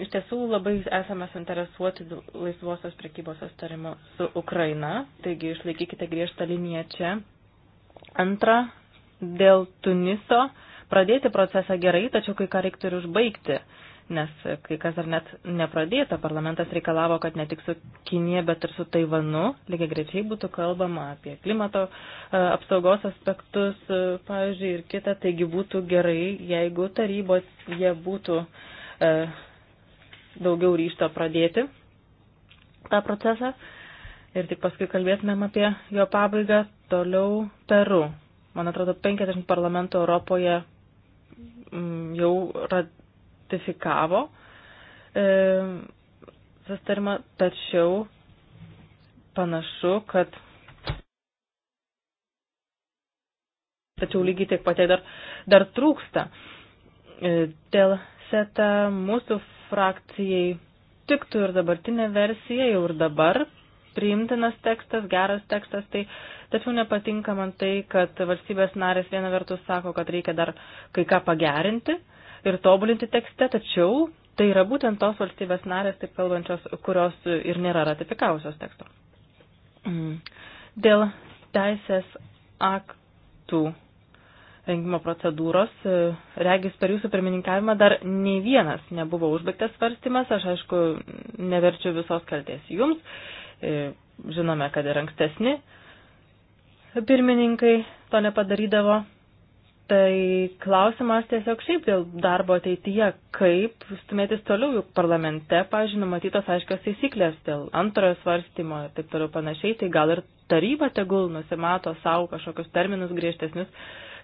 iš tiesų labai esame suinteresuoti laisvosios prekybos sustarimu su Ukraina, taigi išlaikykite griežtą liniją čia. Antra, dėl Tuniso pradėti procesą gerai, tačiau kai ką reiktų ir užbaigti, nes kai kas dar net nepradėta, parlamentas reikalavo, kad ne tik su Kinė, bet ir su Taivanu lygiai grečiai būtų kalbama apie klimato e, apsaugos aspektus, e, pavyzdžiui, ir kitą, taigi būtų gerai, jeigu tarybos jie būtų. Uh, daugiau ryšto pradėti tą procesą. Ir tik paskui kalbėtumėm apie jo pabaigą toliau Peru. Man atrodo, 50 parlamentų Europoje mm, jau ratifikavo e, sustarimą, tačiau panašu, kad tačiau lygiai tiek patiek dar, dar trūksta. E, dėl seta mūsų frakcijai tiktų ir dabartinė versija, jau ir dabar priimtinas tekstas, geras tekstas, tai tačiau nepatinka man tai, kad valstybės narės viena vertus sako, kad reikia dar kai ką pagerinti ir tobulinti tekste, tačiau tai yra būtent tos valstybės narės, taip kalbančios, kurios ir nėra ratifikavusios teksto. Mm. Dėl teisės aktų rengimo procedūros. E, regis per jūsų pirmininkavimą dar nei vienas nebuvo užbaigtas svarstymas. Aš aišku, neverčiu visos kalties jums. E, žinome, kad ir ankstesni pirmininkai to nepadarydavo. Tai klausimas tiesiog šiaip dėl darbo ateityje, kaip stumėtis toliau juk parlamente, pažiūrėjau, matytos aiškios taisyklės dėl antrojo svarstymo ir taip toliau panašiai, tai gal ir taryba tegul nusimato savo kažkokius terminus griežtesnius,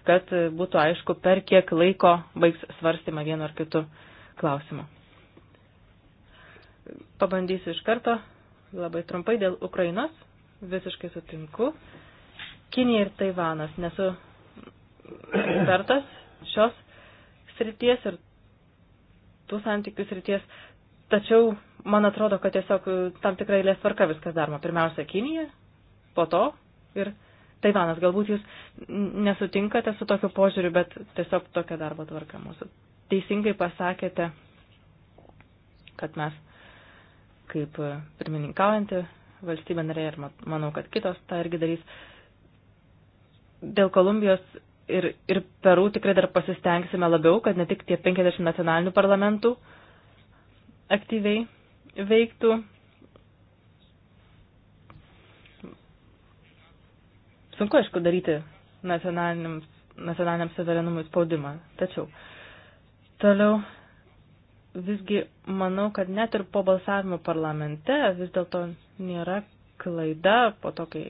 kad būtų aišku, per kiek laiko baigs svarstymą vienu ar kitu klausimu. Pabandysiu iš karto labai trumpai dėl Ukrainos. Visiškai sutinku. Kinija ir Taivanas. Nesu ekspertas šios srities ir tų santykių srities. Tačiau man atrodo, kad tiesiog tam tikrai lės tvarka viskas daroma. Pirmiausia Kinija, po to ir Taivanas Taivanas. Galbūt jūs nesutinkate su tokiu požiūriu, bet tiesiog tokia darbo tvarka mūsų. Teisingai pasakėte, kad mes kaip pirmininkaujantį valstybę narė ir manau, kad kitos tą irgi darys. Dėl Kolumbijos ir, ir Peru tikrai dar pasistengsime labiau, kad ne tik tie 50 nacionalinių parlamentų aktyviai veiktų Sunku, aišku, daryti nacionaliniam, nacionaliniam suverenumui spaudimą. Tačiau toliau visgi manau, kad net ir po balsavimo parlamente vis dėlto nėra klaida po to, kai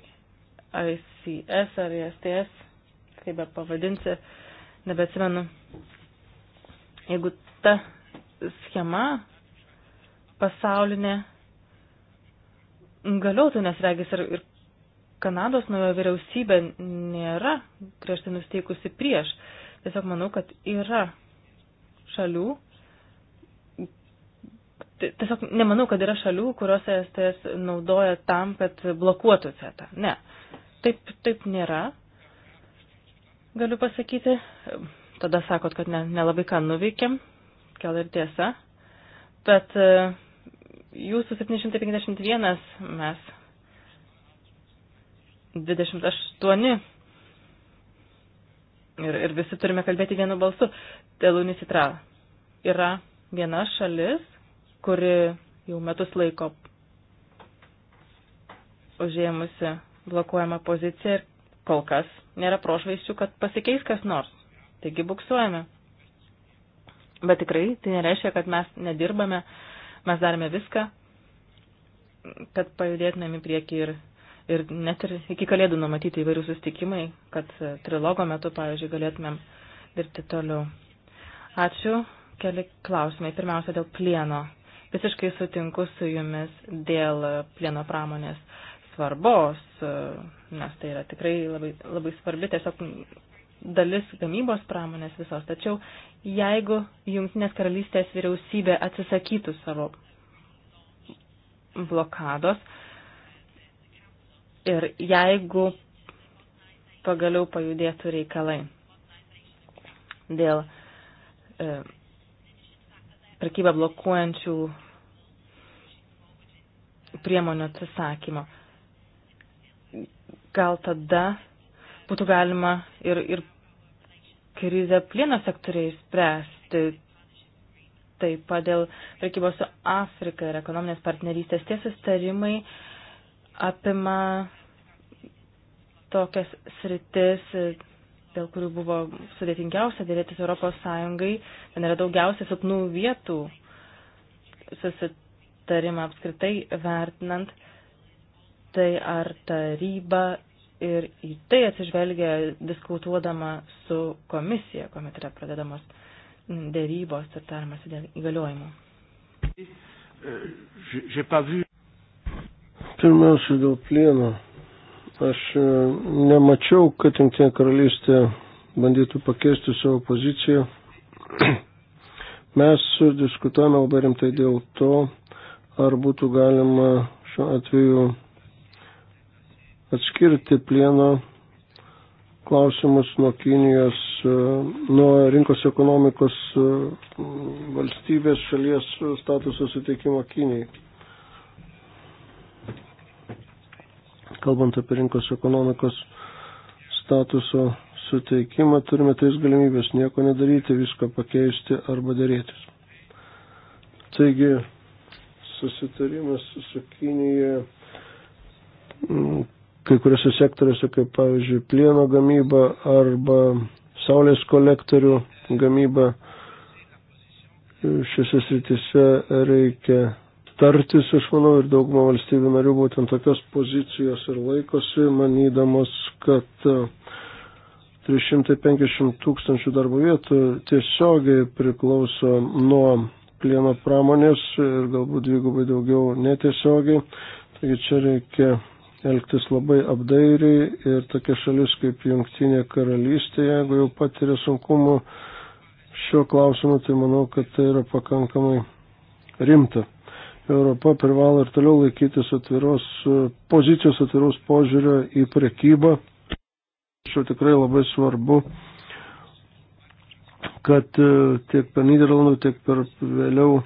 ICS ar ISTS, kaip be pavadinsi, nebeatsimenu. Jeigu ta schema pasaulinė galiotų, nes regis ir, ir Kanados nauja vyriausybė nėra griežtai nusteikusi prieš. Tiesiog manau, kad yra šalių, tiesiog nemanau, kad yra šalių, kurios STS naudoja tam, kad blokuotų CETA. Ne, taip, taip nėra, galiu pasakyti. Tada sakot, kad ne, nelabai ką nuveikėm, gal ir tiesa, bet e, jūsų 751 mes 28 ir, ir visi turime kalbėti vienu balsu. Dėl Unicitra yra viena šalis, kuri jau metus laiko užėmusi blokuojama pozicija ir kol kas nėra prošvaisčių, kad pasikeis kas nors. Taigi buksuojame. Bet tikrai tai nereiškia, kad mes nedirbame, mes darome viską, kad pajudėtumėm į priekį ir ir net ir iki kalėdų numatyti įvairių sustikimai, kad trilogo metu, pavyzdžiui, galėtumėm dirbti toliau. Ačiū. Keli klausimai. Pirmiausia, dėl plieno. Visiškai sutinku su jumis dėl plieno pramonės svarbos, nes tai yra tikrai labai, labai svarbi tiesiog dalis gamybos pramonės visos. Tačiau jeigu Junktinės karalystės vyriausybė atsisakytų savo blokados, ir jeigu pagaliau pajudėtų reikalai dėl e, prekybą blokuojančių priemonių atsisakymo. Gal tada būtų galima ir, ir krizę plieno sektoriai spręsti. Taip pat dėl prekybos su Afrika ir ekonominės partnerystės tie sustarimai apima tokias sritis, dėl kurių buvo sudėtingiausia dėrėtis Europos Sąjungai, ten yra daugiausia silpnų vietų susitarimą apskritai vertinant, tai ar taryba ir į tai atsižvelgia diskutuodama su komisija, kuomet yra pradedamos dėrybos ir tariamasi dėl įgaliojimų. Pirmiausia, dėl plieno. Aš e, nemačiau, kad Junktinė karalystė bandytų pakeisti savo poziciją. Mes diskutuojame labai rimtai dėl to, ar būtų galima šiuo atveju atskirti plieno klausimus nuo Kinijos, e, nuo rinkos ekonomikos e, valstybės šalies statuso suteikimo Kinijai. Kalbant apie rinkos ekonomikos statuso suteikimą, turime tris galimybės - nieko nedaryti, viską pakeisti arba dėrėtis. Taigi, susitarimas su Kinija mm, kai kuriuose sektoriuose, kaip pavyzdžiui, plieno gamyba arba saulės kolektorių gamyba, šiuose sritise reikia tartis, aš manau, ir dauguma valstybių narių būtent tokios pozicijos ir laikosi, manydamos, kad 350 e, tūkstančių darbo vietų tiesiogiai priklauso nuo plieno pramonės ir galbūt dvigubai daugiau netiesiogiai. Taigi čia reikia elgtis labai apdairiai ir tokia šalis kaip Junktinė karalystė, jeigu jau patiria sunkumų šiuo klausimu, tai manau, kad tai yra pakankamai rimta. Europa privalo ir toliau laikytis atviros e, pozicijos, atviros požiūrio į prekybą. Šiuo tikrai labai svarbu, kad e, tiek per Niderlandų, tiek per vėliau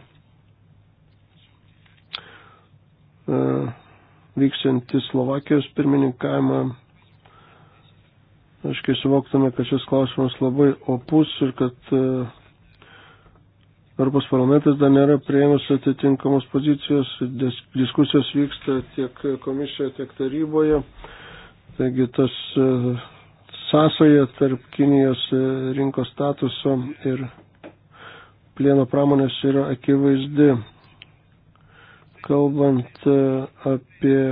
e, vyksianti Slovakijos pirmininkavimą. Aiškiai suvoktume, kad šis klausimas labai opus ir kad Europos parlamentas dar nėra prieimęs atitinkamos pozicijos, diskusijos vyksta tiek komisijoje, tiek taryboje. Taigi tas e, sąsoja tarp Kinijos e, rinkos statuso ir plieno pramonės yra akivaizdi. Kalbant e, apie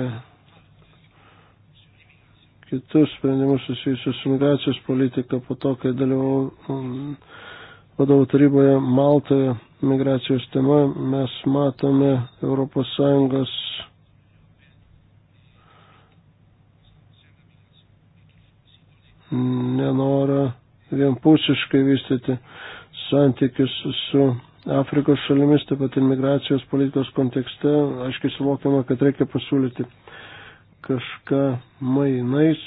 kitus sprendimus susijusius su migracijos politika, po to, kai dalyvau vadovų taryboje Maltoje migracijos tema mes matome ES nenorą vienpusiškai vystyti santykius su Afrikos šalimis, taip pat ir migracijos politikos kontekste, aiškiai suvokiama, kad reikia pasiūlyti kažką mainais.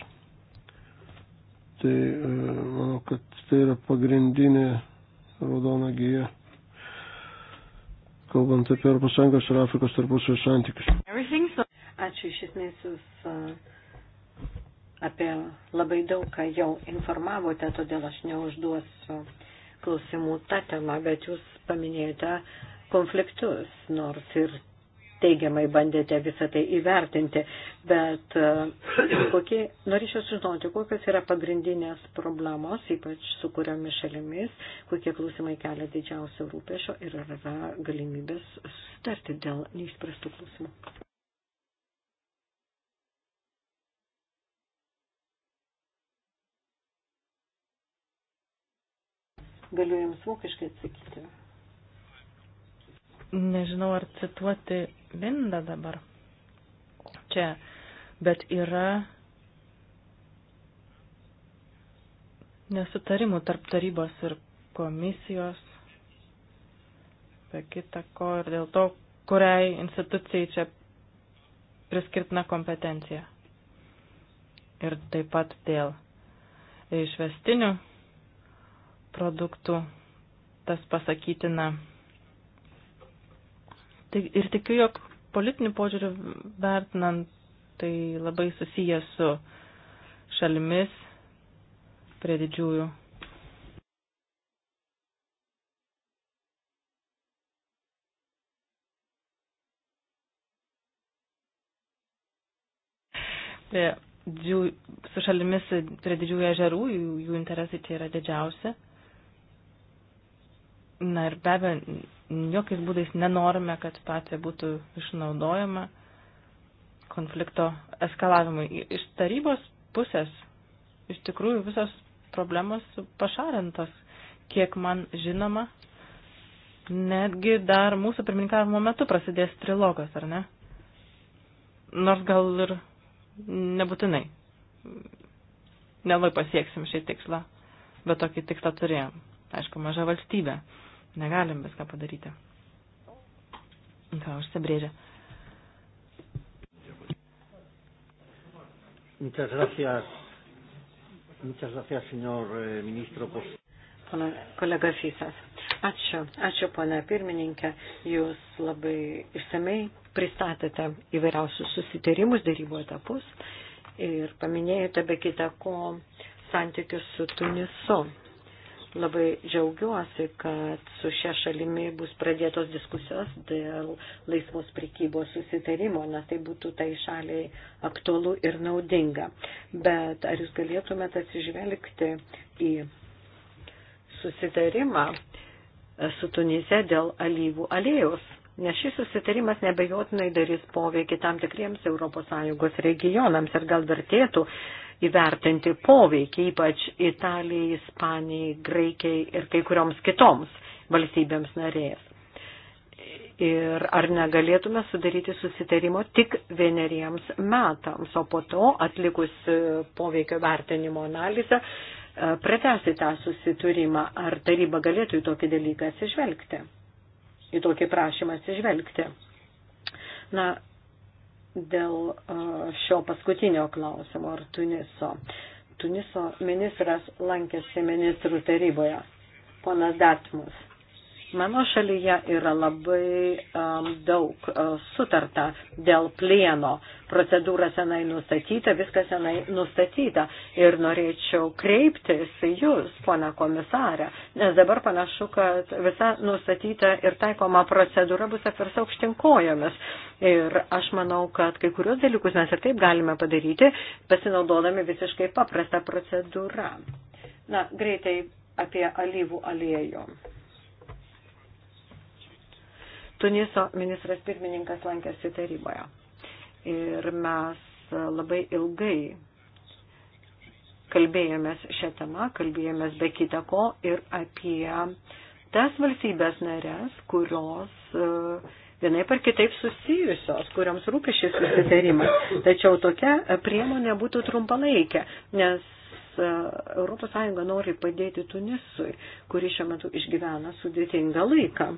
Tai e, manau, kad tai yra pagrindinė raudona gyja, kalbant apie Europos Sąjungos ir Afrikos tarpusavio santykius. Ačiū iš esmės jūs apie labai daug ką jau informavote, todėl aš neužduosiu klausimų tą temą, bet jūs paminėjote konfliktus, nors ir teigiamai bandėte visą tai įvertinti, bet e, kokie, norėčiau sužinoti, kokios yra pagrindinės problemos, ypač su kuriomis šalimis, kokie klausimai kelia didžiausio rūpešio ir ar yra galimybės susitarti dėl neišspręstų klausimų. Galiu jums vokiškai atsakyti nežinau ar cituoti Lindą dabar čia, bet yra nesutarimų tarp tarybos ir komisijos, be kita ko ir dėl to, kuriai institucijai čia priskirtina kompetencija. Ir taip pat dėl išvestinių produktų tas pasakytina Ir tikiu, jog politinių požiūrių vertinant tai labai susiję su šalimis prie didžiųjų. Prie džių, su šalimis prie didžiųjų ežerų, jų, jų interesai čia yra didžiausi. Na ir be abejo, jokiais būdais nenorime, kad situacija būtų išnaudojama konflikto eskalavimui. Iš tarybos pusės iš tikrųjų visos problemos pašalintos, kiek man žinoma. Netgi dar mūsų pirmininkavimo metu prasidės trilogas, ar ne? Nors gal ir nebūtinai. Nelai pasieksim šį tikslą, bet tokį tikslą turėjom. Aišku, maža valstybė. Negalim viską padaryti. Ką užsibrėžia. Muchas gracias. Muchas gracias, señor eh, ministro. Por... Pana, kolega Fisas. Ačiū, ačiū pana pirmininkė. Jūs labai išsamei pristatėte įvairiausius susitarimus, darybų etapus ir paminėjote be kita ko santykius su Tunisu. Labai džiaugiuosi, kad su šia šalimi bus pradėtos diskusijos dėl laisvos prikybos susitarimo, nes tai būtų tai šaliai aktualu ir naudinga. Bet ar jūs galėtumėte atsižvelgti į susitarimą su Tunise dėl alyvų aliejus? nes šis susitarimas nebejotinai darys poveikį tam tikriems ES regionams ir gal vertėtų įvertinti poveikį, ypač Italijai, Ispanijai, Graikijai ir kai kurioms kitoms valstybėms narės. Ir ar negalėtume sudaryti susitarimo tik vieneriems metams, o po to atlikus e, poveikio vertinimo analizę e, pratesti tą susiturimą, ar taryba galėtų į tokį dalyką atsižvelgti, į tokį prašymą atsižvelgti. Na, dėl šio paskutinio klausimo ar Tuniso. Tuniso ministras lankėsi ministrų taryboje, ponas Dartmus. Mano šalyje yra labai um, daug uh, sutarta dėl plieno. Procedūra senai nustatyta, viskas senai nustatyta. Ir norėčiau kreiptis į Jūs, pona komisarė, nes dabar panašu, kad visa nustatyta ir taikoma procedūra bus apvirsa aukštinkojomis. Ir aš manau, kad kai kurios dalykus mes ir taip galime padaryti, pasinaudodami visiškai paprastą procedūrą. Na, greitai apie alyvų aliejų. Tuniso ministras pirmininkas lankėsi taryboje. Ir mes labai ilgai kalbėjomės šią temą, kalbėjomės be kita ko ir apie tas valstybės narės, kurios e, vienai par kitaip susijusios, kuriams rūpi šis susitarimas. Tačiau tokia priemonė būtų trumpalaikė, nes ES nori padėti Tunisui, kuris šiuo metu išgyvena sudėtingą laiką.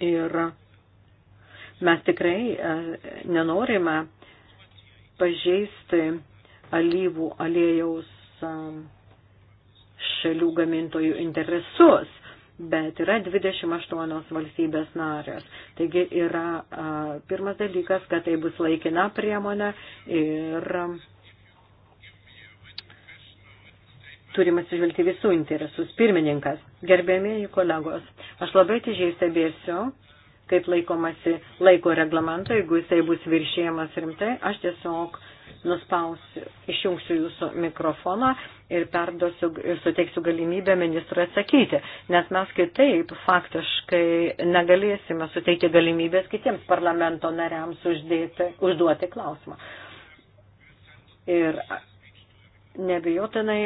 Ir mes tikrai e, nenorime pažeisti alyvų aliejaus e, šalių gamintojų interesus, bet yra 28 valstybės narės. Taigi yra e, pirmas dalykas, kad tai bus laikina priemonė ir turime atsižvelgti visų interesus. Pirmininkas, gerbėmėjai kolegos, aš labai atidžiai stebėsiu, kaip laikomasi laiko reglamento, jeigu jisai bus viršėjamas rimtai, aš tiesiog nuspausiu, išjungsiu jūsų mikrofoną ir perduosiu ir suteiksiu galimybę ministrui atsakyti, nes mes kitaip faktiškai negalėsime suteikti galimybės kitiems parlamento nariams uždėti, užduoti klausimą. Ir Nebijotinai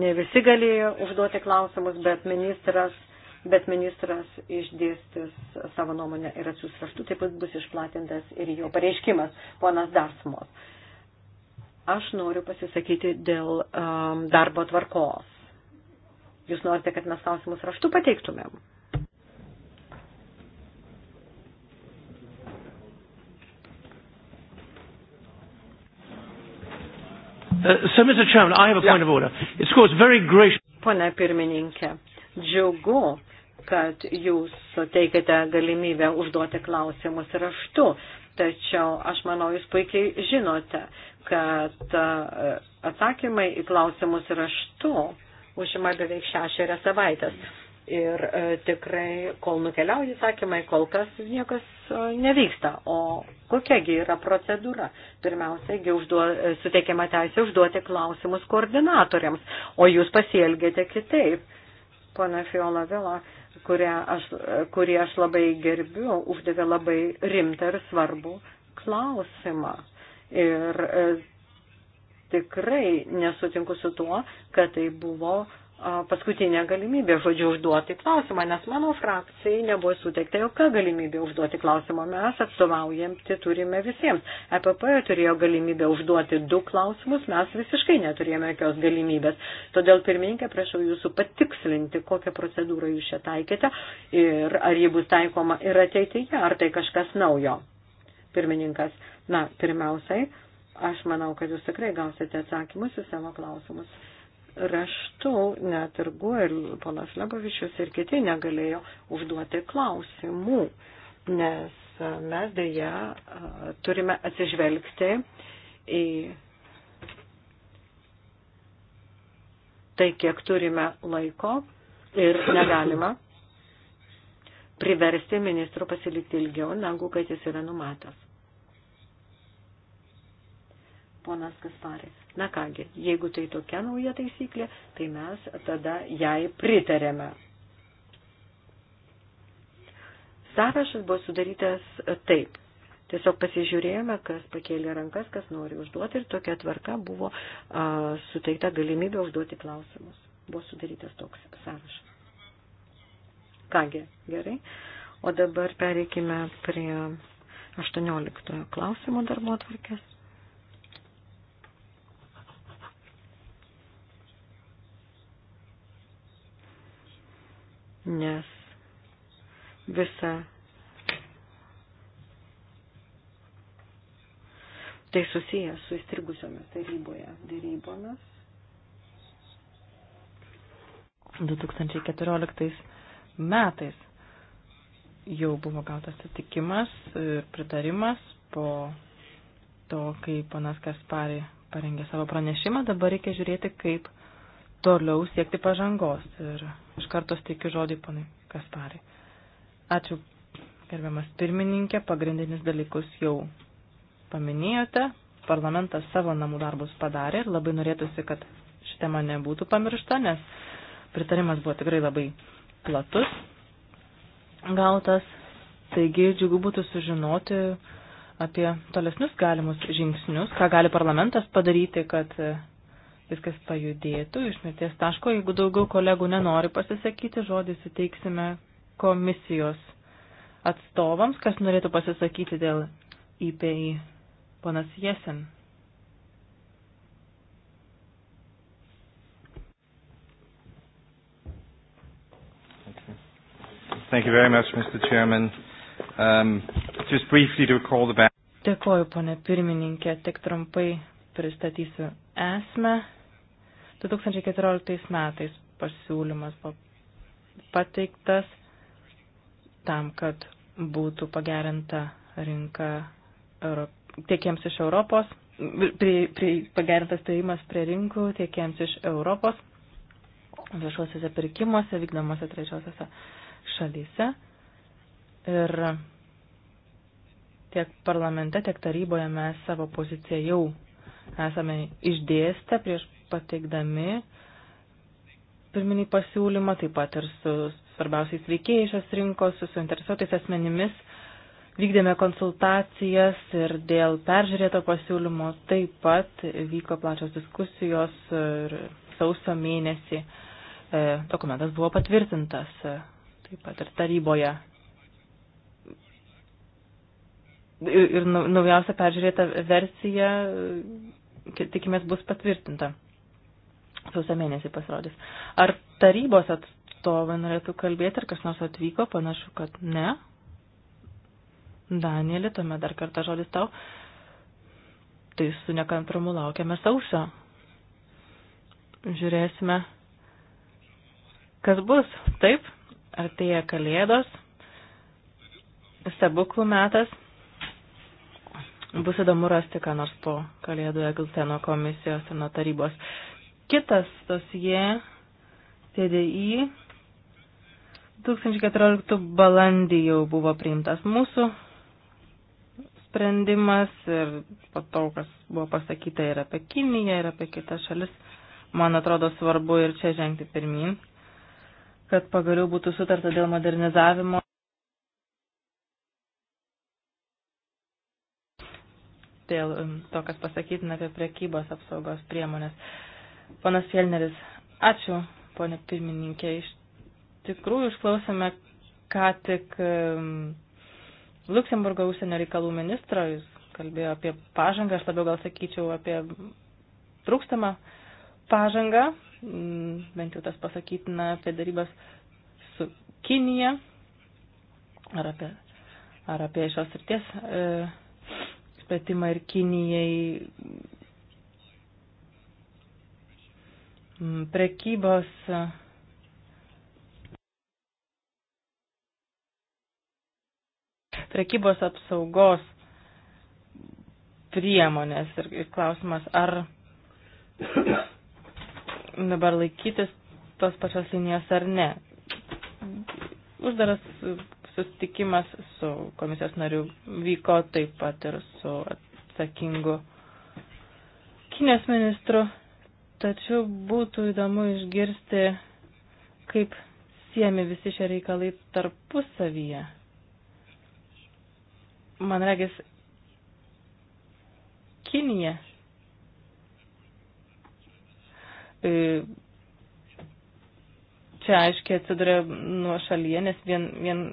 ne visi galėjo užduoti klausimus, bet ministras, bet ministras išdėstis savo nuomonę ir atsiūs raštu, taip pat bus išplatintas ir jo pareiškimas, ponas Darsmos. Aš noriu pasisakyti dėl um, darbo tvarkos. Jūs norite, kad mes klausimus raštu pateiktumėm? Uh, so, Mr. Chairman, I have a point yeah. of order. It's, of course, very gracious. Pone pirmininkė, džiugu, kad jūs teikite galimybę užduoti klausimus raštu, tačiau aš manau, jūs puikiai žinote, kad uh, atsakymai į klausimus raštu užima beveik šešerias savaitės. Ir e, tikrai, kol nukeliauja įsakymai, kol kas niekas e, nevyksta. O kokiagi yra procedūra? Pirmiausiagi užduo, e, suteikiama teisė užduoti klausimus koordinatoriams, o jūs pasielgėte kitaip. Pana Fiola Vila, aš, kurį aš labai gerbiu, uždavė labai rimtą ir svarbų klausimą. Ir tikrai nesutinku su tuo, kad tai buvo paskutinė galimybė, žodžiu, užduoti klausimą, nes mano frakcijai nebuvo suteikta jokia galimybė užduoti klausimą. Mes atstovaujantį turime visiems. EPP turėjo galimybę užduoti du klausimus, mes visiškai neturėjome jokios galimybės. Todėl, pirmininkė, prašau jūsų patikslinti, kokią procedūrą jūs čia taikėte ir ar ji bus taikoma ir ateityje, ar tai kažkas naujo. Pirmininkas, na, pirmiausiai, aš manau, kad jūs tikrai gausite atsakymus į savo klausimus raštu net ir Guel, ponas Lebovičius ir kiti negalėjo užduoti klausimų, nes e, mes dėja e, turime atsižvelgti į tai, kiek turime laiko ir negalima priversti ministro pasilikti ilgiau, negu kad jis yra numatęs. Ponas Kasparis. Na kągi, jeigu tai tokia nauja taisyklė, tai mes tada jai pritarėme. Sąrašas buvo sudarytas taip. Tiesiog pasižiūrėjome, kas pakėlė rankas, kas nori užduoti ir tokia tvarka buvo a, suteikta galimybė užduoti klausimus. Buvo sudarytas toks sąrašas. Kągi, gerai. O dabar pereikime prie 18 klausimo darbo atvarkės. nes visa tai susijęs su įstrigusiomis taryboje dėrybomis. 2014 metais jau buvo gautas sutikimas ir pritarimas po to, kai panas Kaspari parengė savo pranešimą, dabar reikia žiūrėti, kaip toliau siekti pažangos. Ir iš karto steikiu žodį panai Kasparai. Ačiū, gerbiamas pirmininkė, pagrindinis dalykus jau paminėjote. Parlamentas savo namų darbus padarė ir labai norėtųsi, kad ši tema nebūtų pamiršta, nes pritarimas buvo tikrai labai platus gautas. Taigi džiugu būtų sužinoti apie tolesnius galimus žingsnius, ką gali parlamentas padaryti, kad viskas pajudėtų iš mirties taško. Jeigu daugiau kolegų nenori pasisakyti, žodį suteiksime komisijos atstovams, kas norėtų pasisakyti dėl IPI. Ponas Jesen. Thank you very much, Mr. Chairman. Um, just briefly to recall the back. Dėkoju, ponė pirmininkė, tik trumpai pristatysiu esmę 2014 metais pasiūlymas buvo pateiktas tam, kad būtų pagerinta rinka Europ... tiekiems iš Europos, prie, prie, pagerintas prieimas prie rinkų tiekiems iš Europos viešuosiuose pirkimuose, vykdomuose trečiosiuose šalyse. Ir tiek parlamente, tiek taryboje mes savo poziciją jau esame išdėstę prieš pateikdami pirminį pasiūlymą, taip pat ir su svarbiausiais veikėjais šios rinkos, su suinteresuotais asmenimis. Vykdėme konsultacijas ir dėl peržiūrėto pasiūlymo taip pat vyko plačios diskusijos ir sausio mėnesį e, dokumentas buvo patvirtintas e, taip pat ir taryboje. Ir naujausia peržiūrėta versija, e, tikimės, bus patvirtinta sausio mėnesį pasirodys. Ar tarybos atstovai norėtų kalbėti, ar kas nors atvyko, panašu, kad ne. Danielį, tuomet dar kartą žodis tau. Tai su nekantrumu laukiame sausio. Žiūrėsime, kas bus. Taip, artėja kalėdos, stebuklų metas. Bus įdomu rasti, ką nors po kalėdų Eglteno komisijos ir nuo tarybos. Kitas dosie TDI 2014 balandį jau buvo priimtas mūsų sprendimas ir po to, kas buvo pasakyta ir apie Kiniją, ir apie kitas šalis, man atrodo svarbu ir čia žengti pirmin, kad pagaliau būtų sutarta dėl modernizavimo. Dėl um, to, kas pasakytina apie prekybos apsaugos priemonės. Panas Jelneris, ačiū, ponė pirmininkė. Iš tikrųjų, išklausėme ką tik Luksemburgo užsienio reikalų ministro, jis kalbėjo apie pažangą, aš labiau gal sakyčiau apie trūkstamą pažangą, bent jau tas pasakytina apie darybas su Kinija ar apie, ar apie šios srities e, spėtimą ir Kinijai Mm, prekybos e, prekybos apsaugos priemonės ir, ir klausimas, ar dabar laikytis tos pačios linijos ar ne. Uždaras susitikimas su komisijos nariu vyko taip pat ir su atsakingu Kinijos ministru Tačiau būtų įdomu išgirsti, kaip siemi visi šie reikalai tarpusavyje. Man regis, Kinija e, čia aiškiai atsiduria nuo šalyje, nes vien, vien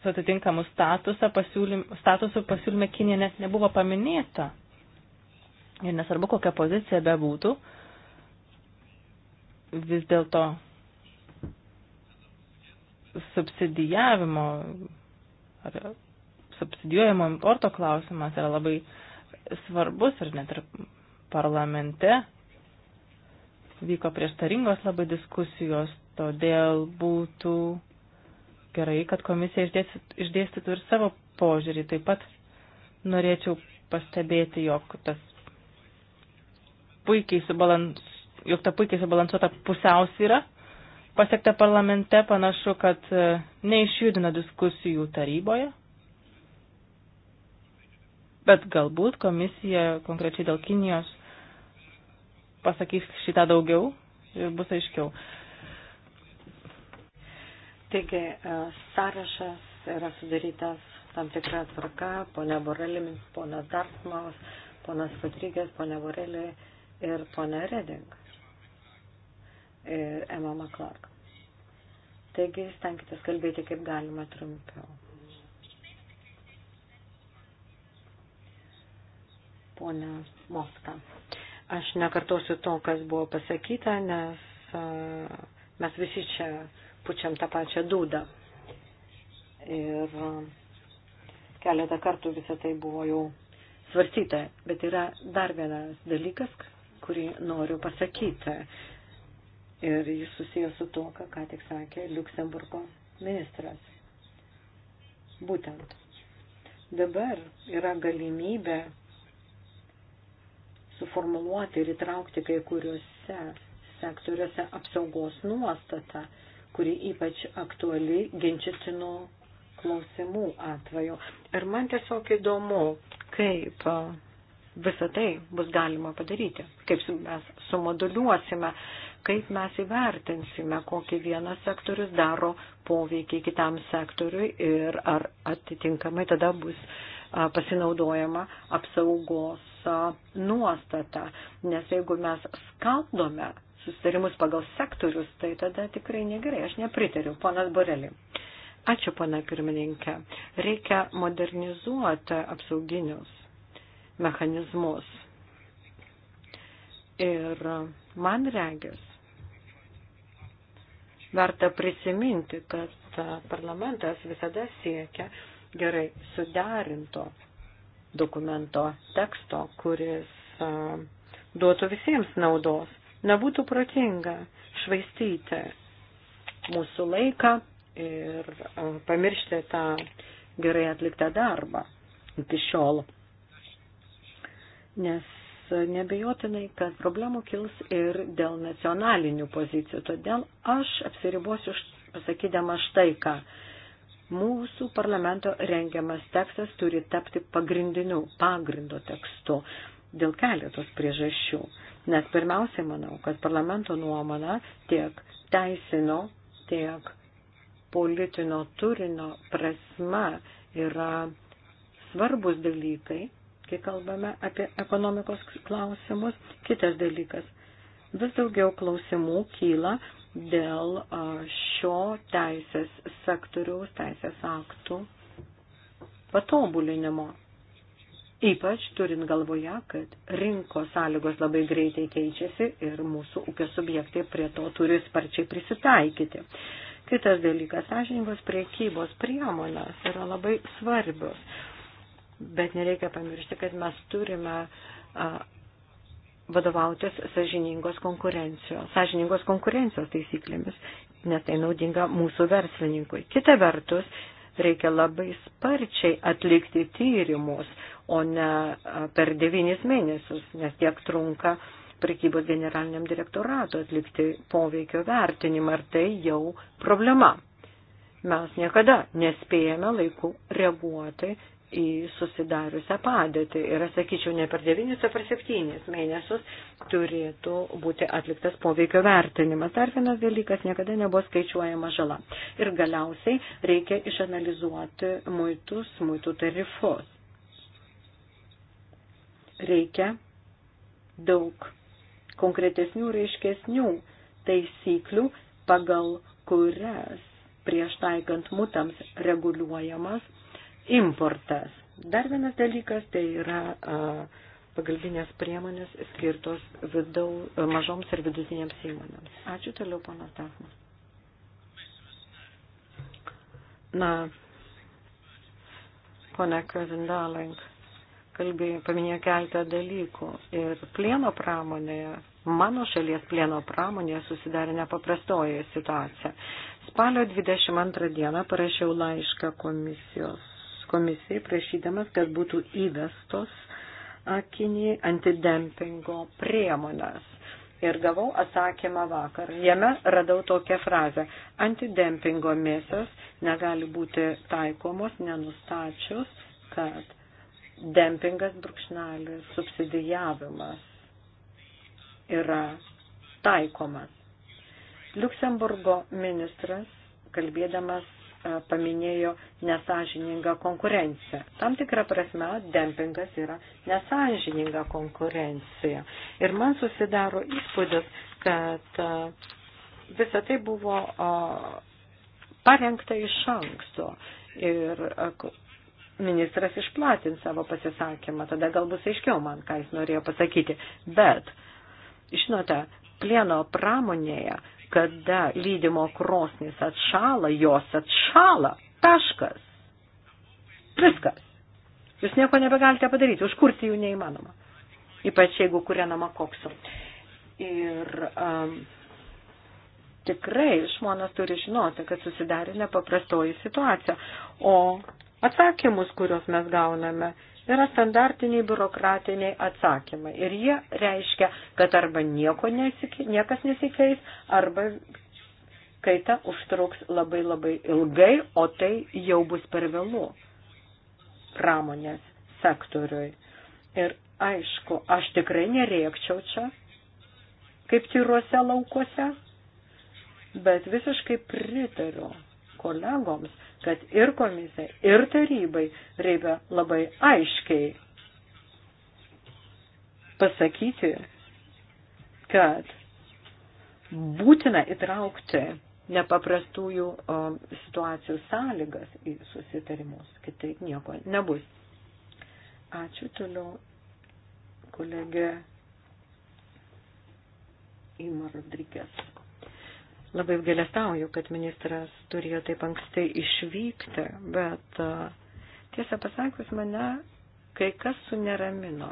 su atitinkamu statusą pasiūlym, statusu pasiūlyme Kinija net nebuvo paminėta. Ir nesvarbu, kokia pozicija bebūtų, vis dėlto subsidijavimo ar subsidijuojamo importo klausimas yra labai svarbus ir net ir parlamente vyko prieštaringos labai diskusijos, todėl būtų gerai, kad komisija išdėstytų ir savo požiūrį. Taip pat norėčiau pastebėti, jog tas puikiai subalans, jog ta puikiai subalansuota pusiausvyra pasiekta parlamente panašu, kad e, neišjudina diskusijų taryboje. Bet galbūt komisija konkrečiai dėl Kinijos pasakys šitą daugiau ir bus aiškiau. Taigi, e, sąrašas yra sudarytas tam tikrą tvarką, ponia Borelė, ponas Dartmaus, ponas Rodrygės, ponia Borelė, ir ponia Reding ir Emma McClark. Taigi, stenkitės kalbėti kaip galima trumpiau. Pone Mofta, aš nekartosiu to, kas buvo pasakyta, nes uh, mes visi čia pučiam tą pačią dūdą. Ir uh, keletą kartų visą tai buvo jau svarstyta, bet yra dar vienas dalykas, kurį noriu pasakyti. Ir jis susijęs su to, ką, ką tik sakė Luksemburgo ministras. Būtent. Dabar yra galimybė suformuluoti ir įtraukti kai kuriuose sektoriuose apsaugos nuostatą, kuri ypač aktuali ginčytinų klausimų atveju. Ir man tiesiog įdomu, kaip visą tai bus galima padaryti, kaip mes sumoduliuosime, kaip mes įvertinsime, kokį vienas sektorius daro poveikį kitam sektoriui ir ar atitinkamai tada bus pasinaudojama apsaugos nuostata. Nes jeigu mes skaldome susitarimus pagal sektorius, tai tada tikrai negerai. Aš nepritariu, ponas Borelį. Ačiū, pana pirmininkė. Reikia modernizuoti apsauginius mechanizmus. Ir man regis, verta prisiminti, kad parlamentas visada siekia gerai suderinto dokumento teksto, kuris duotų visiems naudos. Nebūtų protinga švaistyti mūsų laiką ir pamiršti tą gerai atliktą darbą iki šiol nes nebejotinai, kad problemų kils ir dėl nacionalinių pozicijų. Todėl aš apsiribosiu pasakydama štai ką. Mūsų parlamento rengiamas tekstas turi tapti pagrindiniu pagrindo tekstu dėl keletos priežasčių. Nes pirmiausiai manau, kad parlamento nuomona tiek teisino, tiek politinio turinio prasme yra svarbus dalykai, kai kalbame apie ekonomikos klausimus. Kitas dalykas. Vis daugiau klausimų kyla dėl šio teisės sektoriaus, teisės aktų patobulinimo. Ypač turint galvoje, kad rinkos sąlygos labai greitai keičiasi ir mūsų ūkio subjektai prie to turi sparčiai prisitaikyti. Kitas dalykas, sąžiningos priekybos priemonės yra labai svarbios bet nereikia pamiršti, kad mes turime vadovautis sąžiningos konkurencijos, sąžiningos konkurencijos taisyklėmis, nes tai naudinga mūsų verslininkui. Kita vertus, reikia labai sparčiai atlikti tyrimus, o ne per devynis mėnesius, nes tiek trunka prekybos generaliniam direktoratu atlikti poveikio vertinimą, ar tai jau problema. Mes niekada nespėjame laiku reaguoti į susidariusią padėtį. Ir aš sakyčiau, ne per 9, o per 7 mėnesius turėtų būti atliktas poveikio vertinimas. Dar vienas dalykas, niekada nebuvo skaičiuojama žala. Ir galiausiai reikia išanalizuoti muitus, muitų tarifus. Reikia daug konkretesnių ir aiškesnių taisyklių, pagal kurias prieš taikant mutams reguliuojamas importas. Dar vienas dalykas tai yra a, pagalbinės priemonės skirtos vidau, mažoms ir vidutinėms įmonėms. Ačiū toliau, ponas Dafmas. Na, ponia Kazindalink kalbėjo, paminėjo keltą dalykų ir plieno pramonėje, mano šalies plieno pramonėje susidarė nepaprastoji situacija. Spalio 22 dieną parašiau laišką komisijos komisijai prašydamas, kad būtų įvestos akiniai antidempingo priemonės. Ir gavau atsakymą vakar. Jame radau tokią frazę. Antidempingo mėsas negali būti taikomos nenustačius, kad dempingas brūkšnelis, subsidijavimas yra taikomas. Luksemburgo ministras, kalbėdamas E, paminėjo nesažiningą konkurenciją. Tam tikrą prasme, dempingas yra nesažininga konkurencija. Ir man susidaro įspūdis, kad e, visa tai buvo e, parengta iš anksto. Ir ministras išplatins savo pasisakymą, tada galbūt aiškiau man, ką jis norėjo pasakyti. Bet, žinote, plieno pramonėje kada lydimo krosnis atšala, jos atšala. Taškas. Viskas. Jūs nieko nebegalite padaryti, užkurti jų neįmanoma. Ypač jeigu kurianama koksu. Ir um, tikrai žmonės turi žinoti, kad susidarė nepaprastoji situacija. O atsakymus, kuriuos mes gauname, uh, yra standartiniai biurokratiniai atsakymai. Ir jie reiškia, kad arba nieko nesike, niekas nesikeis, arba kaita užtruks labai labai ilgai, o tai jau bus per vėlų pramonės sektoriui. Ir aišku, aš tikrai nerėkčiau čia, kaip tyruose laukuose, bet visiškai pritariu kolegoms, kad ir komisija, ir tarybai reikia labai aiškiai pasakyti, kad būtina įtraukti nepaprastųjų o, situacijų sąlygas į susitarimus, kitaip nieko nebus. Ačiū toliau, kolegė Ima Rodrikės. Labai gėlestauju, kad ministras turėjo taip anksti išvykti, bet tiesą pasakius mane kai kas suneramino.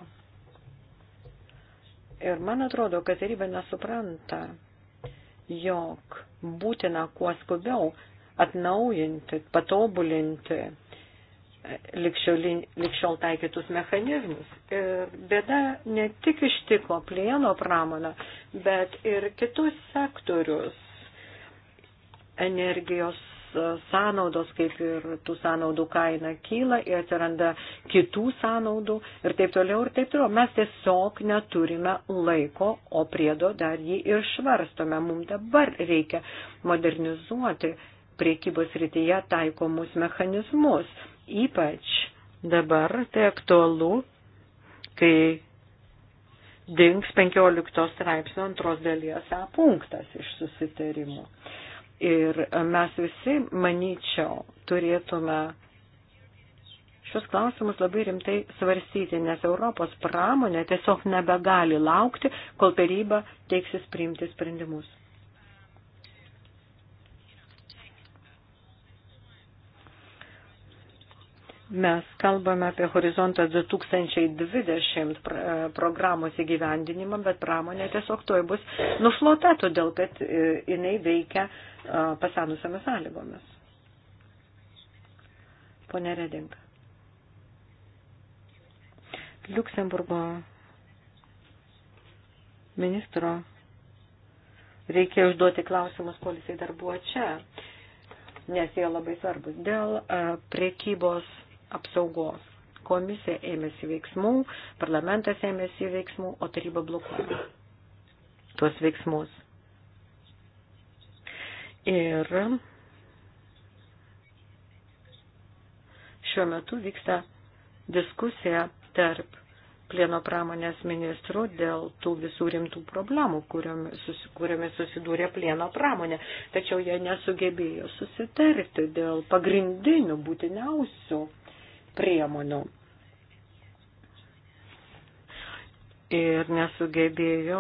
Ir man atrodo, kad taryba nesupranta, jog būtina kuo skubiau atnaujinti, patobulinti e, likščiol taikytus mechanizmus. Ir bėda ne tik ištiko plieno pramoną, bet ir kitus sektorius, energijos sąnaudos, kaip ir tų sąnaudų kaina kyla ir atsiranda kitų sąnaudų ir taip toliau ir taip toliau. Mes tiesiog neturime laiko, o priedo dar jį ir švarstome. Mums dabar reikia modernizuoti priekybos rytyje taikomus mechanizmus. Ypač dabar tai aktualu, kai dings 15 straipsnio antros dalies A punktas iš susitarimų. Uh, Ir mes visi, manyčiau, turėtume šios klausimus labai rimtai svarstyti, nes Europos pramonė tiesiog nebegali laukti, kol taryba teiksis priimti sprendimus. Mes kalbame apie horizontą 2020 e, programos įgyvendinimą, bet pramonė tiesiog toj bus nušluota, todėl kad e, jinai veikia e, pasenusiamis sąlygomis. Pone Redinka. Liuksemburgo ministro reikia užduoti klausimus, kol jisai dar buvo čia, nes jie labai svarbus. Dėl prekybos apsaugos. Komisija ėmėsi veiksmų, parlamentas ėmėsi veiksmų, o taryba blokuoja tuos veiksmus. Ir šiuo metu vyksta diskusija tarp plieno pramonės ministrų dėl tų visų rimtų problemų, kuriomis susidūrė plieno pramonė. Tačiau jie nesugebėjo susitarti dėl pagrindinių būtiniausių priemonių. Ir nesugebėjo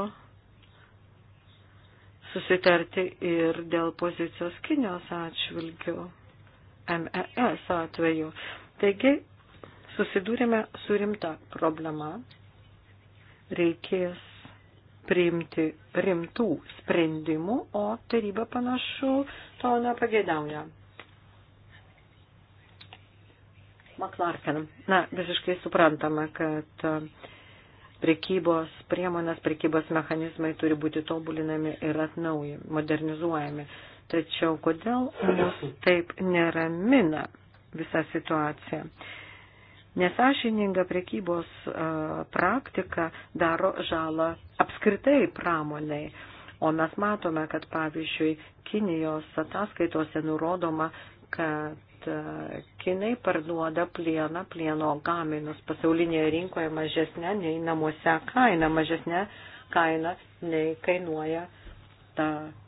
susitarti ir dėl pozicijos Kinijos atšvilgių, MES atveju. Taigi, susidūrėme su rimta problema. Reikės priimti rimtų sprendimų, o taryba panašu to nepagėdauja. Maklarken. Na, visiškai suprantama, kad e, prekybos priemonės, prekybos mechanizmai turi būti tobulinami ir atnauji, modernizuojami. Tačiau kodėl mus taip neramina visa situacija? Nesažininga prekybos e, praktika daro žalą apskritai pramoniai. O mes matome, kad pavyzdžiui, Kinijos ataskaitose nurodoma, kad kad e, kinai parduoda plieną, plieno gaminus pasaulinėje rinkoje mažesnė nei namuose kaina, mažesnė kaina nei kainuoja tą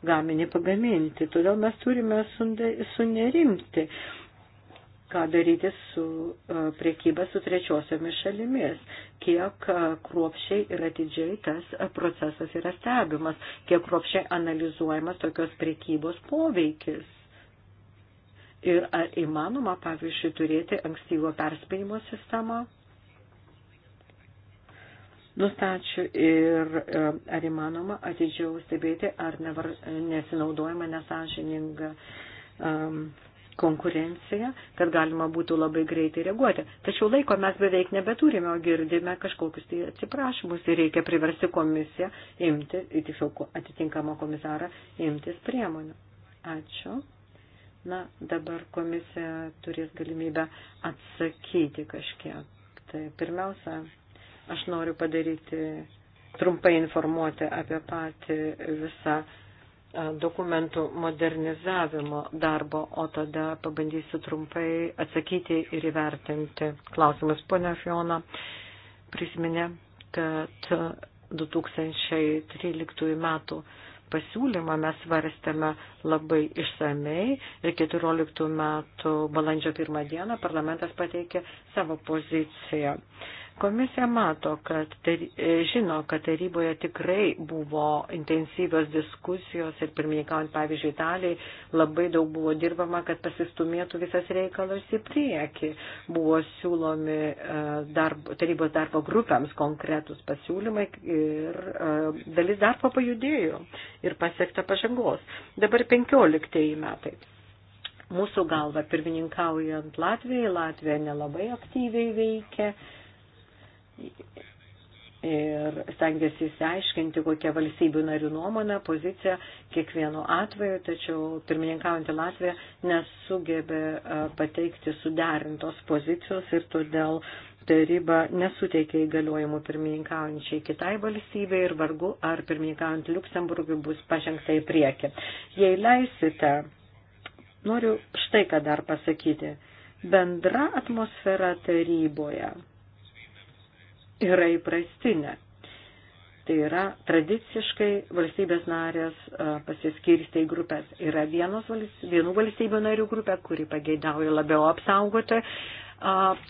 gaminį pagaminti. Todėl mes turime sunerimti, ką daryti su e, priekyba su trečiosiomis šalimis, kiek e, kruopšiai ir atidžiai tas procesas yra stebimas, kiek kruopšiai analizuojamas tokios priekybos poveikis Ir ar įmanoma, pavyzdžiui, turėti ankstyvo perspėjimo sistemą? Nustačiu ir e, ar įmanoma atidžiau stebėti, ar nevar, nesinaudojama nesažininga um, konkurencija, kad galima būtų labai greitai reaguoti. Tačiau laiko mes beveik nebeturime, o girdime kažkokius tai atsiprašymus ir reikia priversti komisiją imti, tiksliau atitinkamą komisarą imtis priemonių. Ačiū. Na, dabar komisija turės galimybę atsakyti kažkiek. Tai pirmiausia, aš noriu padaryti trumpai informuoti apie patį visą dokumentų modernizavimo darbo, o tada pabandysiu trumpai atsakyti ir įvertinti klausimus. Pone Fiona prisiminė, kad 2013 metų pasiūlymą mes svarstėme labai išsamei ir 14 metų balandžio pirmą dieną parlamentas pateikė savo poziciją. Komisija mato, kad e, žino, kad taryboje tikrai buvo intensyvios diskusijos ir pirmininkaujant, pavyzdžiui, Italijai labai daug buvo dirbama, kad pasistumėtų visas reikalas į priekį. Buvo siūlomi e, darbo, tarybos darbo grupėms konkretus pasiūlymai ir e, dalis darbo pajudėjo ir pasiekta pažangos. Dabar 15 metai mūsų galva pirmininkaujant Latvijai, Latvija nelabai aktyviai veikia ir stengiasi įsiaiškinti, kokia valstybių narių nuomonė, pozicija kiekvienu atveju, tačiau pirmininkaujantį Latviją nesugebė e, pateikti suderintos pozicijos ir todėl taryba nesuteikia įgaliojimų pirmininkaujančiai kitai valstybei ir vargu ar pirmininkaujant Luksemburgui bus pažengta į priekį. Jei leisite, noriu štai ką dar pasakyti. Bendra atmosfera taryboje yra įprastinė. Tai yra tradiciškai valstybės narės pasiskirsti į grupės. Yra vienos, vienų valstybių narių grupė, kuri pageidauja labiau apsaugoti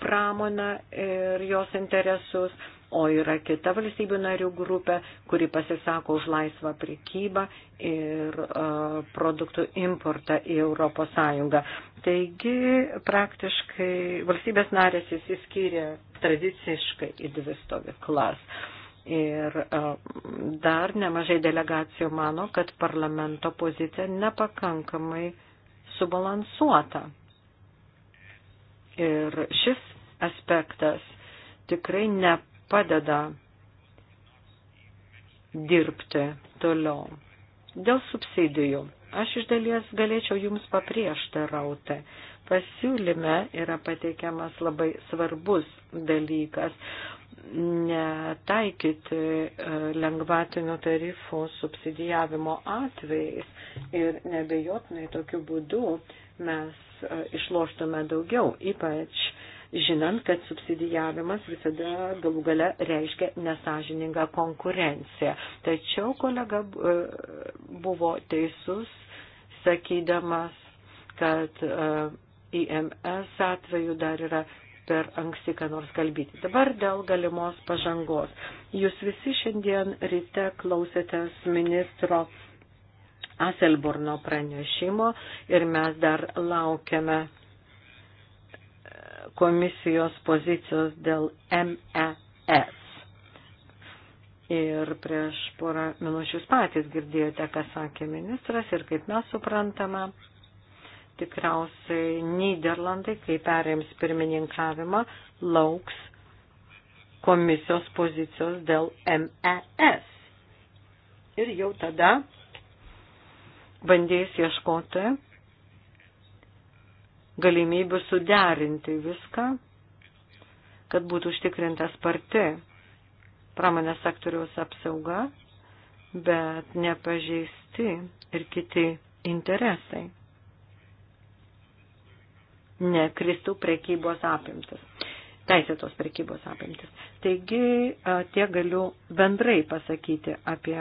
pramoną ir jos interesus o yra kita valstybių narių grupė, kuri pasisako už laisvą prekybą ir uh, produktų importą į Europos Sąjungą. Taigi praktiškai valstybės narės įsiskyrė tradiciškai į dvi stovyklas. Ir e, dar nemažai delegacijų mano, kad parlamento pozicija nepakankamai subalansuota. Ir šis aspektas tikrai ne padeda dirbti toliau. Dėl subsidijų. Aš iš dalies galėčiau Jums paprieštarauti. Pasiūlyme yra pateikiamas labai svarbus dalykas netaikyti e, lengvatinių tarifų subsidijavimo atvejais ir nebejotinai tokiu būdu mes e, išloštume daugiau, ypač žinant, kad subsidijavimas visada galų gale reiškia nesažiningą konkurenciją. Tačiau kolega e, buvo teisus, sakydamas, kad e, IMS atveju dar yra per anksti ką nors kalbėti. Dabar dėl galimos pažangos. Jūs visi šiandien ryte klausėtės ministro Aselburno pranešimo ir mes dar laukiame komisijos pozicijos dėl MES. Ir prieš porą minučių jūs patys girdėjote, ką sakė ministras ir kaip mes suprantame, tikriausiai Niderlandai, kai perėms pirmininkavimą, lauks komisijos pozicijos dėl MES. Ir jau tada bandys ieškoti galimybių suderinti viską, kad būtų užtikrinta sparti pramonės sektoriaus apsauga, bet nepažeisti ir kiti interesai. Nekristų prekybos apimtis. Teisėtos prekybos apimtis. Taigi, tiek galiu bendrai pasakyti apie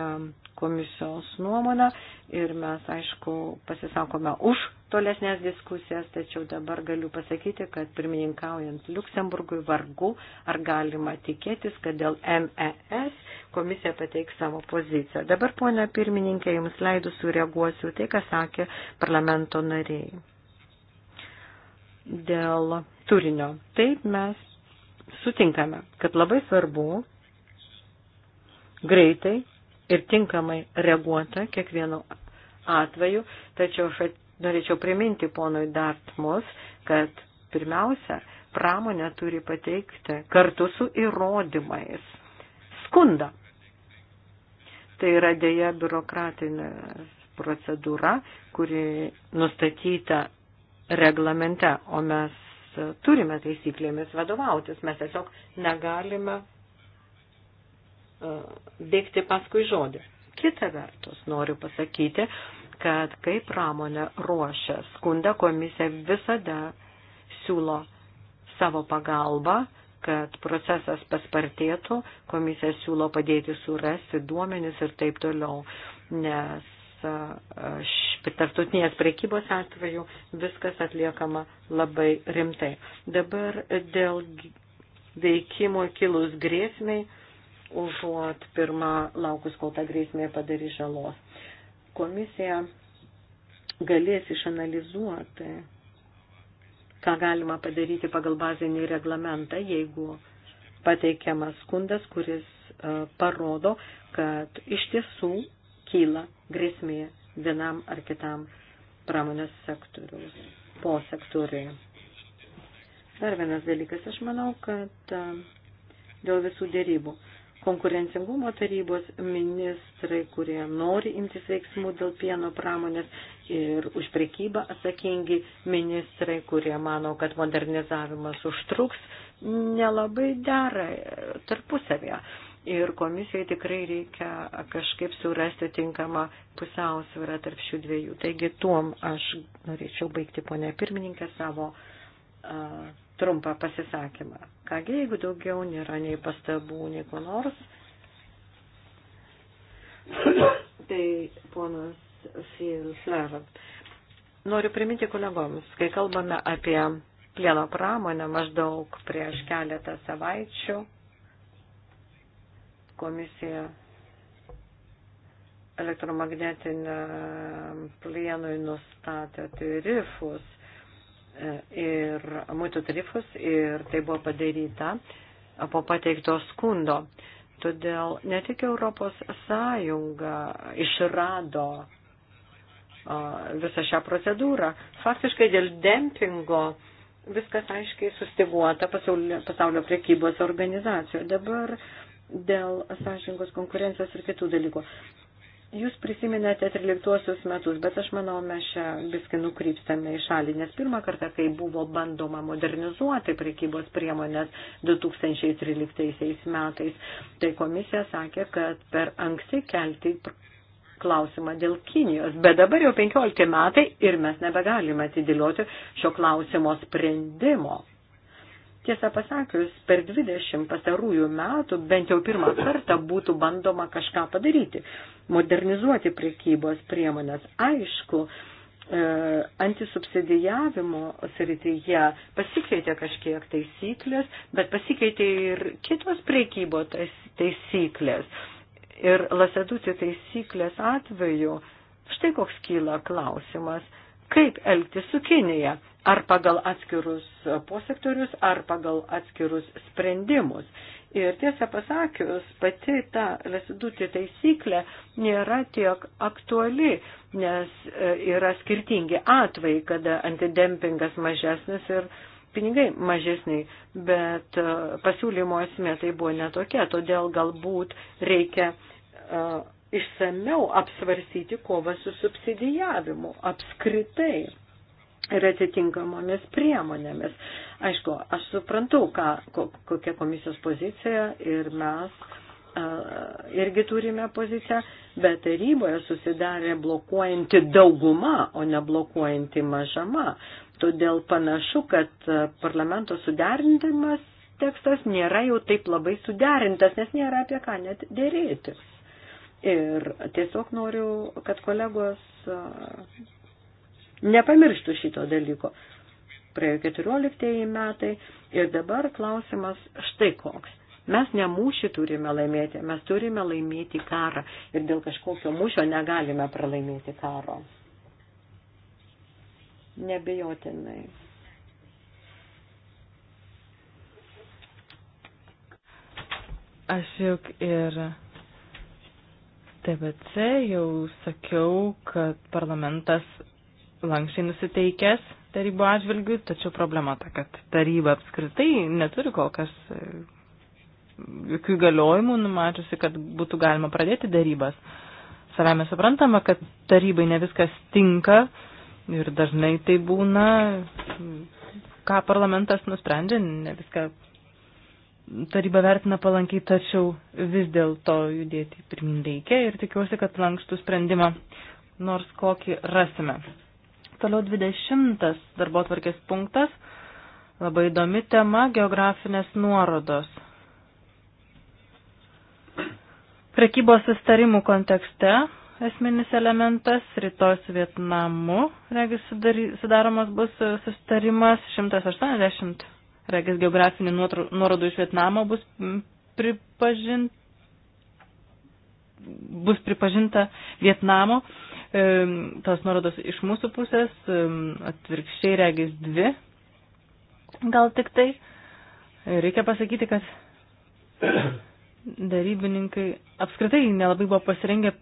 komisijos nuomonę ir mes, aišku, pasisakome už tolesnės diskusijas, tačiau dabar galiu pasakyti, kad pirmininkaujant Luksemburgui vargu, ar galima tikėtis, kad dėl MES komisija pateiks savo poziciją. Dabar, ponia pirmininkė, jums leidus sureaguosiu tai, ką sakė parlamento nariai. Dėl turinio. Taip mes sutinkame, kad labai svarbu greitai ir tinkamai reaguota kiekvienu atveju, tačiau aš norėčiau priminti ponui Dartmus, kad pirmiausia, pramonė turi pateikti kartu su įrodymais skundą. Tai yra dėja biurokratinė procedūra, kuri nustatyta reglamente, o mes turime taisyklėmis vadovautis. Mes tiesiog negalime e, bėgti paskui žodį. Kita vertus, noriu pasakyti, kad kai pramonė ruošia skundą, komisija visada siūlo savo pagalbą, kad procesas paspartėtų, komisija siūlo padėti surasti duomenis ir taip toliau, nes tarptautinės prekybos atveju viskas atliekama labai rimtai. Dabar dėl veikimo kilus grėsmiai, užuot pirmą laukus, kol ta grėsmė padarys žalos komisija galės išanalizuoti, ką galima padaryti pagal bazinį reglamentą, jeigu pateikiamas skundas, kuris e, parodo, kad iš tiesų kyla grėsmė vienam ar kitam pramonės sektoriaus, po sektoriui. Dar vienas dalykas, aš manau, kad e, dėl visų dėrybų konkurencingumo tarybos ministrai, kurie nori imtis veiksmų dėl pieno pramonės ir už prekybą atsakingi ministrai, kurie mano, kad modernizavimas užtruks, nelabai dera tarpusavėje. Ir komisijai tikrai reikia kažkaip surasti tinkamą pusiausvyrą tarp šių dviejų. Taigi tuom aš norėčiau baigti, ponė pirmininkė, savo uh, trumpą pasisakymą. Kągi, jeigu daugiau nėra nei pastabų, nei ko nors, tai ponas Filsler. Noriu priminti kolegoms, kai kalbame apie plieno pramonę maždaug prieš keletą savaičių komisija elektromagnetiniam plienui nustatė tarifus ir muitų tarifus ir tai buvo padaryta po pateikto skundo. Todėl ne tik Europos Sąjunga išrado visą šią procedūrą. Faktiškai dėl dempingo viskas aiškiai sustiguota pasaulio, pasaulio priekybos organizacijoje. Dabar dėl sąžingos konkurencijos ir kitų dalykų. Jūs prisiminėte 13 metus, bet aš manau, mes čia viskai nukrypstame į šalį, nes pirmą kartą, kai buvo bandoma modernizuoti prekybos priemonės 2013 metais, tai komisija sakė, kad per anksti kelti klausimą dėl Kinijos, bet dabar jau 15 metai ir mes nebegalime atidėlioti šio klausimo sprendimo. Tiesą pasakius, per 20 pastarųjų metų bent jau pirmą kartą būtų bandoma kažką padaryti, modernizuoti priekybos priemonės. Aišku, e, antisubsidijavimo srityje pasikeitė kažkiek taisyklės, bet pasikeitė ir kitos priekybos taisyklės. Ir laseducijų taisyklės atveju štai koks kyla klausimas – kaip elgtis su Kinija. Ar pagal atskirus posektorius, ar pagal atskirus sprendimus. Ir tiesą pasakius, pati ta lesidutė taisyklė nėra tiek aktuali, nes e, yra skirtingi atvejai, kada antidempingas mažesnis ir pinigai mažesniai, bet e, pasiūlymo esmė tai buvo netokia, todėl galbūt reikia e, išsameu apsvarsyti kovą su subsidijavimu apskritai ir atitinkamomis priemonėmis. Aišku, aš suprantu, ką, ko, kokia komisijos pozicija ir mes irgi turime poziciją, bet taryboje susidarė blokuojanti dauguma, o ne blokuojanti mažama. Todėl panašu, kad parlamento suderintimas tekstas nėra jau taip labai suderintas, nes nėra apie ką net dėrėti. Ir tiesiog noriu, kad kolegos nepamirštų šito dalyko. Praėjo 14 metai ir dabar klausimas štai koks. Mes ne mūšį turime laimėti, mes turime laimėti karą ir dėl kažkokio mūšio negalime pralaimėti karo. Nebejotinai. Aš juk ir. Yra TBC jau sakiau, kad parlamentas lankščiai nusiteikęs tarybų atžvilgių, tačiau problema ta, kad taryba apskritai neturi kol kas e, jokių įgaliojimų numačiusi, kad būtų galima pradėti darybas. Savame suprantama, kad tarybai ne viskas tinka ir dažnai tai būna, ką parlamentas nusprendžia, ne viską taryba vertina palankiai, tačiau vis dėlto judėti pirmin reikia ir tikiuosi, kad lankstų sprendimą nors kokį rasime. Toliau 20 darbo tvarkės punktas. Labai įdomi tema - geografinės nuorodos. Prekybos sustarimų kontekste esminis elementas - rytoj su Vietnamu, regis sudaromas bus sustarimas 180 regis geografinių nuorodų iš Vietnamo bus pripažinta bus pripažinta Vietnamo, tos nuorodos iš mūsų pusės, atvirkščiai regis dvi, gal tik tai. Reikia pasakyti, kad darybininkai apskritai nelabai buvo pasirengę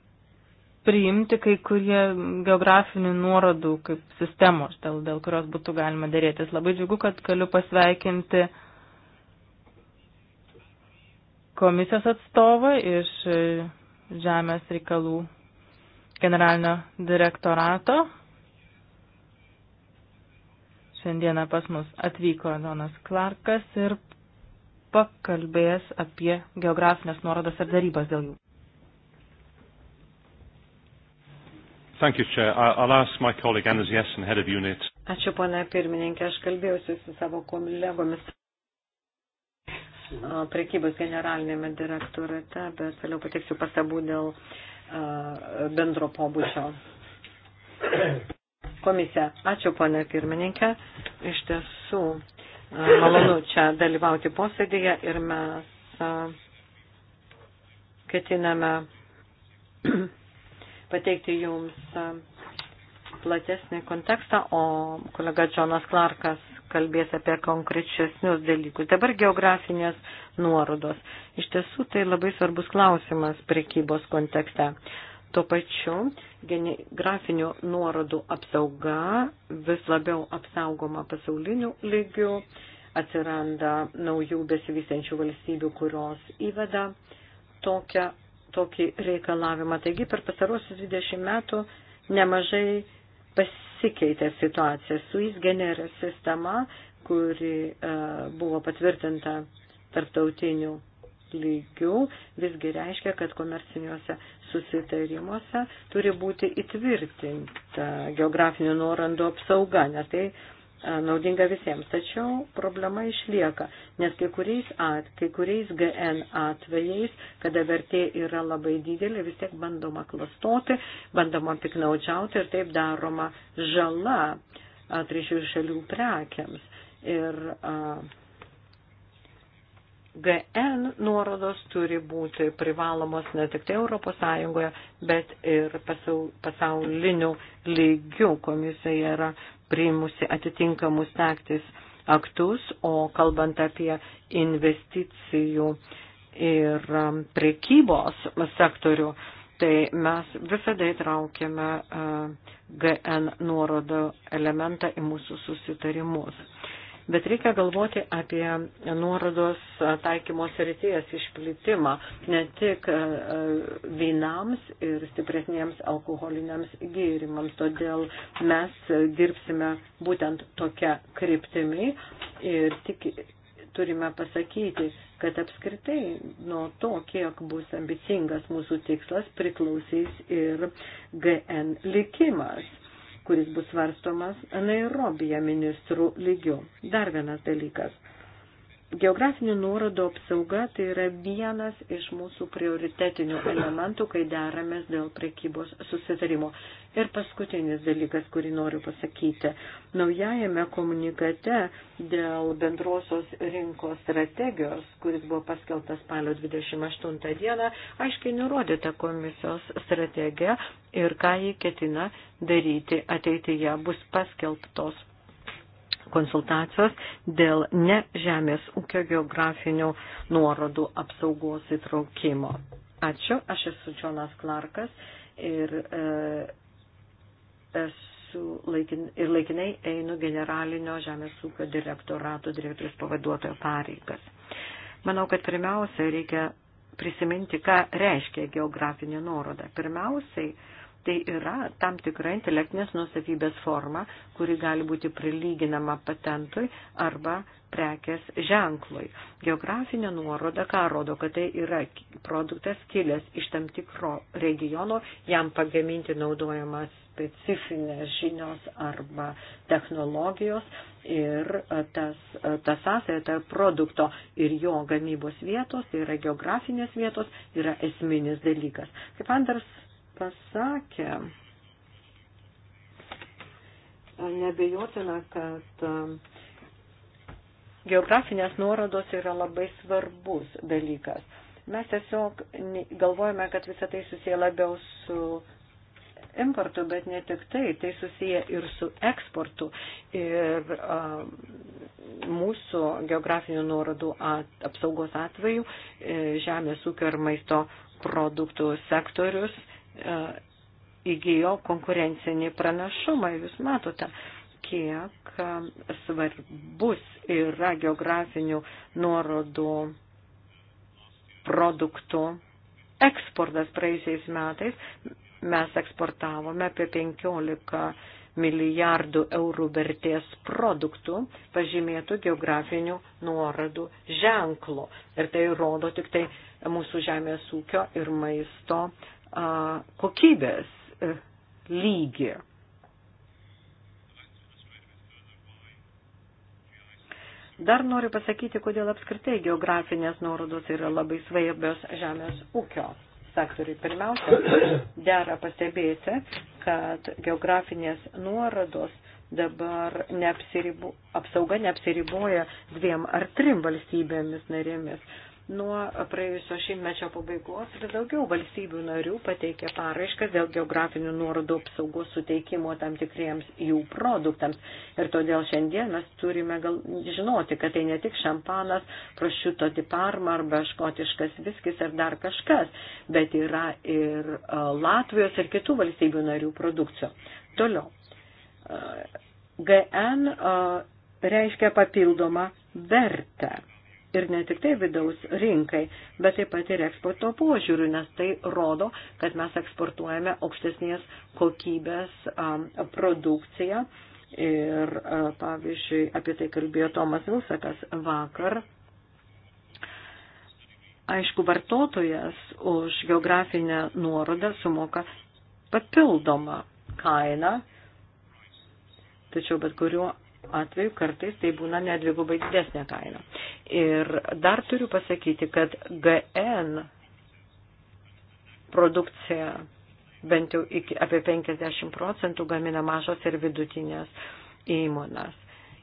priimti kai kurie geografinių nuorodų kaip sistemos, dėl, dėl kurios būtų galima dėrėtis. Labai džiugu, kad galiu pasveikinti komisijos atstovą iš Žemės reikalų generalinio direktorato. Šiandieną pas mus atvyko Donas Klarkas ir pakalbės apie geografinės nuorodas ir darybas dėl jų. Thank you, Chair. I'll ask my colleague Anders Jessen, head of unit. Ačiū, pana pirmininkė, aš kalbėjausi su savo kolegomis prekybos generalinėme direktorate, bet vėliau pateiksiu pastabų dėl bendro pobūdžio. Komisija. Ačiū, pana pirmininkė. Iš tiesų, malonu čia dalyvauti posėdėje ir mes ketiname pateikti jums platesnį kontekstą, o kolega Džonas Klarkas kalbės apie konkrečesnius dalykus. Dabar geografinės nuorodos. Iš tiesų tai labai svarbus klausimas prekybos kontekste. Tuo pačiu geografinių nuorodų apsauga vis labiau apsaugoma pasauliniu lygiu, atsiranda naujų besivystančių valstybių, kurios įveda tokią tokį reikalavimą. Taigi per pasarosius 20 metų nemažai pasikeitė situacija. Suis generė sistema, kuri e, buvo patvirtinta tarptautinių lygių, visgi reiškia, kad komerciniuose susitarimuose turi būti įtvirtinta geografinių nuorandų apsauga, nes tai E, naudinga visiems. Tačiau problema išlieka, nes kai kuriais, at, kai kuriais GN atvejais, kada vertė yra labai didelė, vis tiek bandoma klastoti, bandoma piknaudžiauti ir taip daroma žala e, trečių šalių prekiams. Ir a, e, GN nuorodos turi būti privalomos ne tik tai ES, bet ir pasauliniu lygiu. Komisija yra priimusi atitinkamus taktis aktus, o kalbant apie investicijų ir um, prekybos sektorių, tai mes visada įtraukiame uh, GN nuorodo elementą į mūsų susitarimus bet reikia galvoti apie nuorodos taikymos ryties išplitimą ne tik e, vynams ir stipresniems alkoholiniams gėrimams. Todėl mes dirbsime būtent tokia kryptimi ir tik turime pasakyti, kad apskritai nuo to, kiek bus ambicingas mūsų tikslas, priklausys ir GN likimas kuris bus svarstomas Nairobija ministrų lygių. Dar vienas dalykas Geografinių nuorodų apsauga tai yra vienas iš mūsų prioritetinių elementų, kai deramės dėl prekybos susitarimo. Ir paskutinis dalykas, kurį noriu pasakyti. Naujajame komunikate dėl bendrosios rinkos strategijos, kuris buvo paskeltas spalio 28 dieną, aiškiai nurodyta komisijos strategija ir ką jį ketina daryti ateityje bus paskelbtos konsultacijos dėl ne žemės ūkio geografinių nuorodų apsaugos įtraukimo. Ačiū, aš esu Džonas Klarkas ir, e, esu laikin, ir laikinai einu generalinio žemės ūkio direktorato direktorius pavaduotojo pareigas. Manau, kad pirmiausia reikia prisiminti, ką reiškia geografinė nuoroda. Pirmiausiai, tai yra tam tikra intelektinės nusavybės forma, kuri gali būti prilyginama patentui arba prekės ženklui. Geografinė nuoroda, ką rodo, kad tai yra produktas kilęs iš tam tikro regiono, jam pagaminti naudojamas specifinės žinios arba technologijos ir e, tas, e, ta sąsaja tarp produkto ir jo gamybos vietos, tai yra geografinės vietos, yra esminis dalykas. Kaip Anders pasakė, nebejotina, kad um, geografinės nuorodos yra labai svarbus dalykas. Mes tiesiog galvojame, kad visą tai susiję labiau su importu, bet ne tik tai, tai susiję ir su eksportu. Ir a, um, mūsų geografinių nuorodų at, apsaugos atveju e, žemės ūkio ir maisto produktų sektorius E, įgyjo konkurencinį pranašumą. Jūs matote, kiek e, svarbus yra geografinių nuorodų produktų eksportas praeisiais metais. Mes eksportavome apie 15 milijardų eurų vertės produktų pažymėtų geografinių nuorodų ženklų. Ir tai rodo tik tai mūsų žemės ūkio ir maisto kokybės e, lygį. Dar noriu pasakyti, kodėl apskritai geografinės nuorodos yra labai svarbios žemės ūkio sektoriui. Pirmiausia, dera pastebėti, kad geografinės nuorodos dabar neapsiribu, apsauga neapsiriboja dviem ar trim valstybėmis narėmis nuo praėjusio šimtmečio pabaigos ir daugiau valstybių narių pateikė paraiškas dėl geografinių nuorodų apsaugos suteikimo tam tikriems jų produktams. Ir todėl šiandien mes turime gal, žinoti, kad tai ne tik šampanas, prošiuto tiparma arba škotiškas viskis ar dar kažkas, bet yra ir e, Latvijos ir kitų valstybių narių produkcijų. Toliau. E, GN e, reiškia papildomą vertę ir ne tik tai vidaus rinkai, bet taip pat ir eksporto požiūrių, nes tai rodo, kad mes eksportuojame aukštesnės kokybės produkciją. Ir pavyzdžiui, apie tai kalbėjo Tomas Vilsakas vakar. Aišku, vartotojas už geografinę nuorodą sumoka papildomą kainą, tačiau bet kuriuo atveju kartais tai būna nedvigubai didesnė kaina. Ir dar turiu pasakyti, kad GN produkcija bent jau iki, apie 50 procentų gamina mažos ir vidutinės įmonas.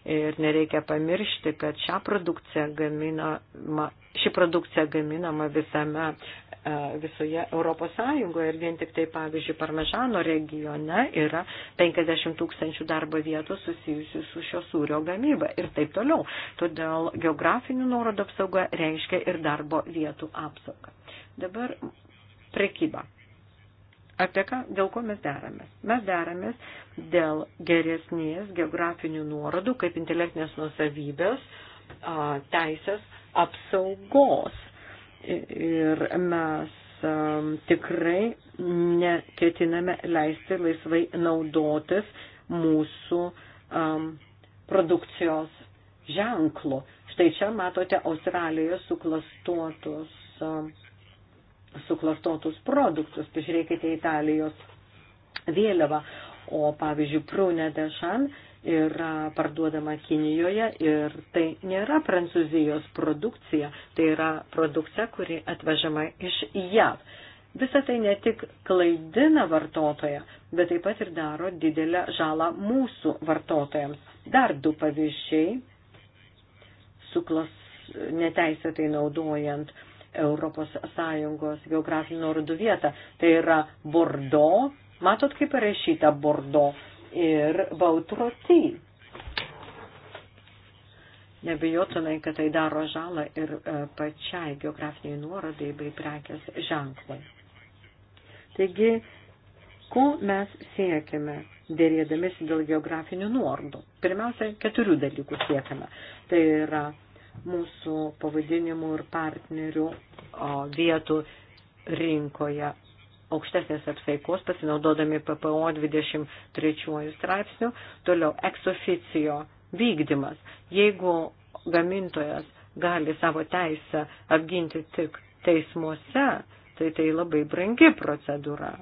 Ir nereikia pamiršti, kad šią produkciją gaminama, ši produkcija gaminama visame, e, visoje Europos Sąjungoje ir vien tik tai, pavyzdžiui, Parmežano regione yra 50 tūkstančių darbo vietų susijusių su šio sūrio gamyba ir taip toliau. Todėl geografinių nuorodų apsauga reiškia ir darbo vietų apsaugą. Dabar prekyba apie ką, dėl ko mes deramės. Mes deramės dėl geresnės geografinių nuorodų, kaip intelektinės nusavybės, teisės apsaugos. Ir mes tikrai neketiname leisti laisvai naudotis mūsų um, produkcijos ženklu. Štai čia matote Australijos suklastuotus um, suklastotus produktus. Pažiūrėkite Italijos vėliavą, o pavyzdžiui, prūne dešan yra parduodama Kinijoje ir tai nėra prancūzijos produkcija, tai yra produkcija, kuri atvežama iš JAV. Visą tai ne tik klaidina vartotoją, bet taip pat ir daro didelę žalą mūsų vartotojams. Dar du pavyzdžiai, suklas neteisėtai naudojant uh, ES geografinių nuorodų vietą. Tai yra Bordo, matot kaip parašyta Bordo ir Bautroti. Nebijotinai, kad tai daro žalą ir e, pačiai geografiniai nuorodai bei prekės ženklai. Taigi, ko mes siekime dėrėdamėsi dėl geografinių nuorodų? Pirmiausia, keturių dalykų siekime. Tai yra mūsų pavadinimų ir partnerių vietų rinkoje aukštesnės apsaikos, pasinaudodami PPO 23 straipsnių, toliau ex officio vykdymas. Jeigu gamintojas gali savo teisę apginti tik teismuose, tai tai labai brangi procedūra.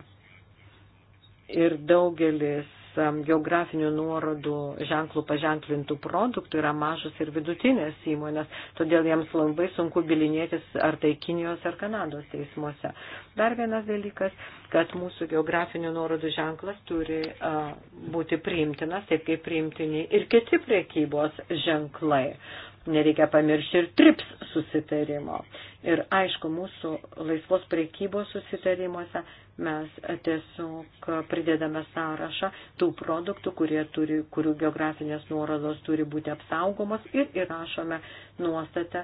Ir daugelis Um, geografinių nuorodų ženklų paženklintų produktų yra mažos ir vidutinės įmonės, todėl jiems labai sunku bilinėtis ar tai Kinijos ar Kanados teismuose. Dar vienas dalykas, kad mūsų geografinių nuorodų ženklas turi uh, būti priimtinas, taip kaip priimtini ir kiti priekybos ženklai. Nereikia pamiršti ir trips susitarimo. Ir aišku, mūsų laisvos priekybos susitarimuose mes tiesiog pridedame sąrašą tų produktų, turi, kurių geografinės nuorodos turi būti apsaugomos ir įrašome nuostatą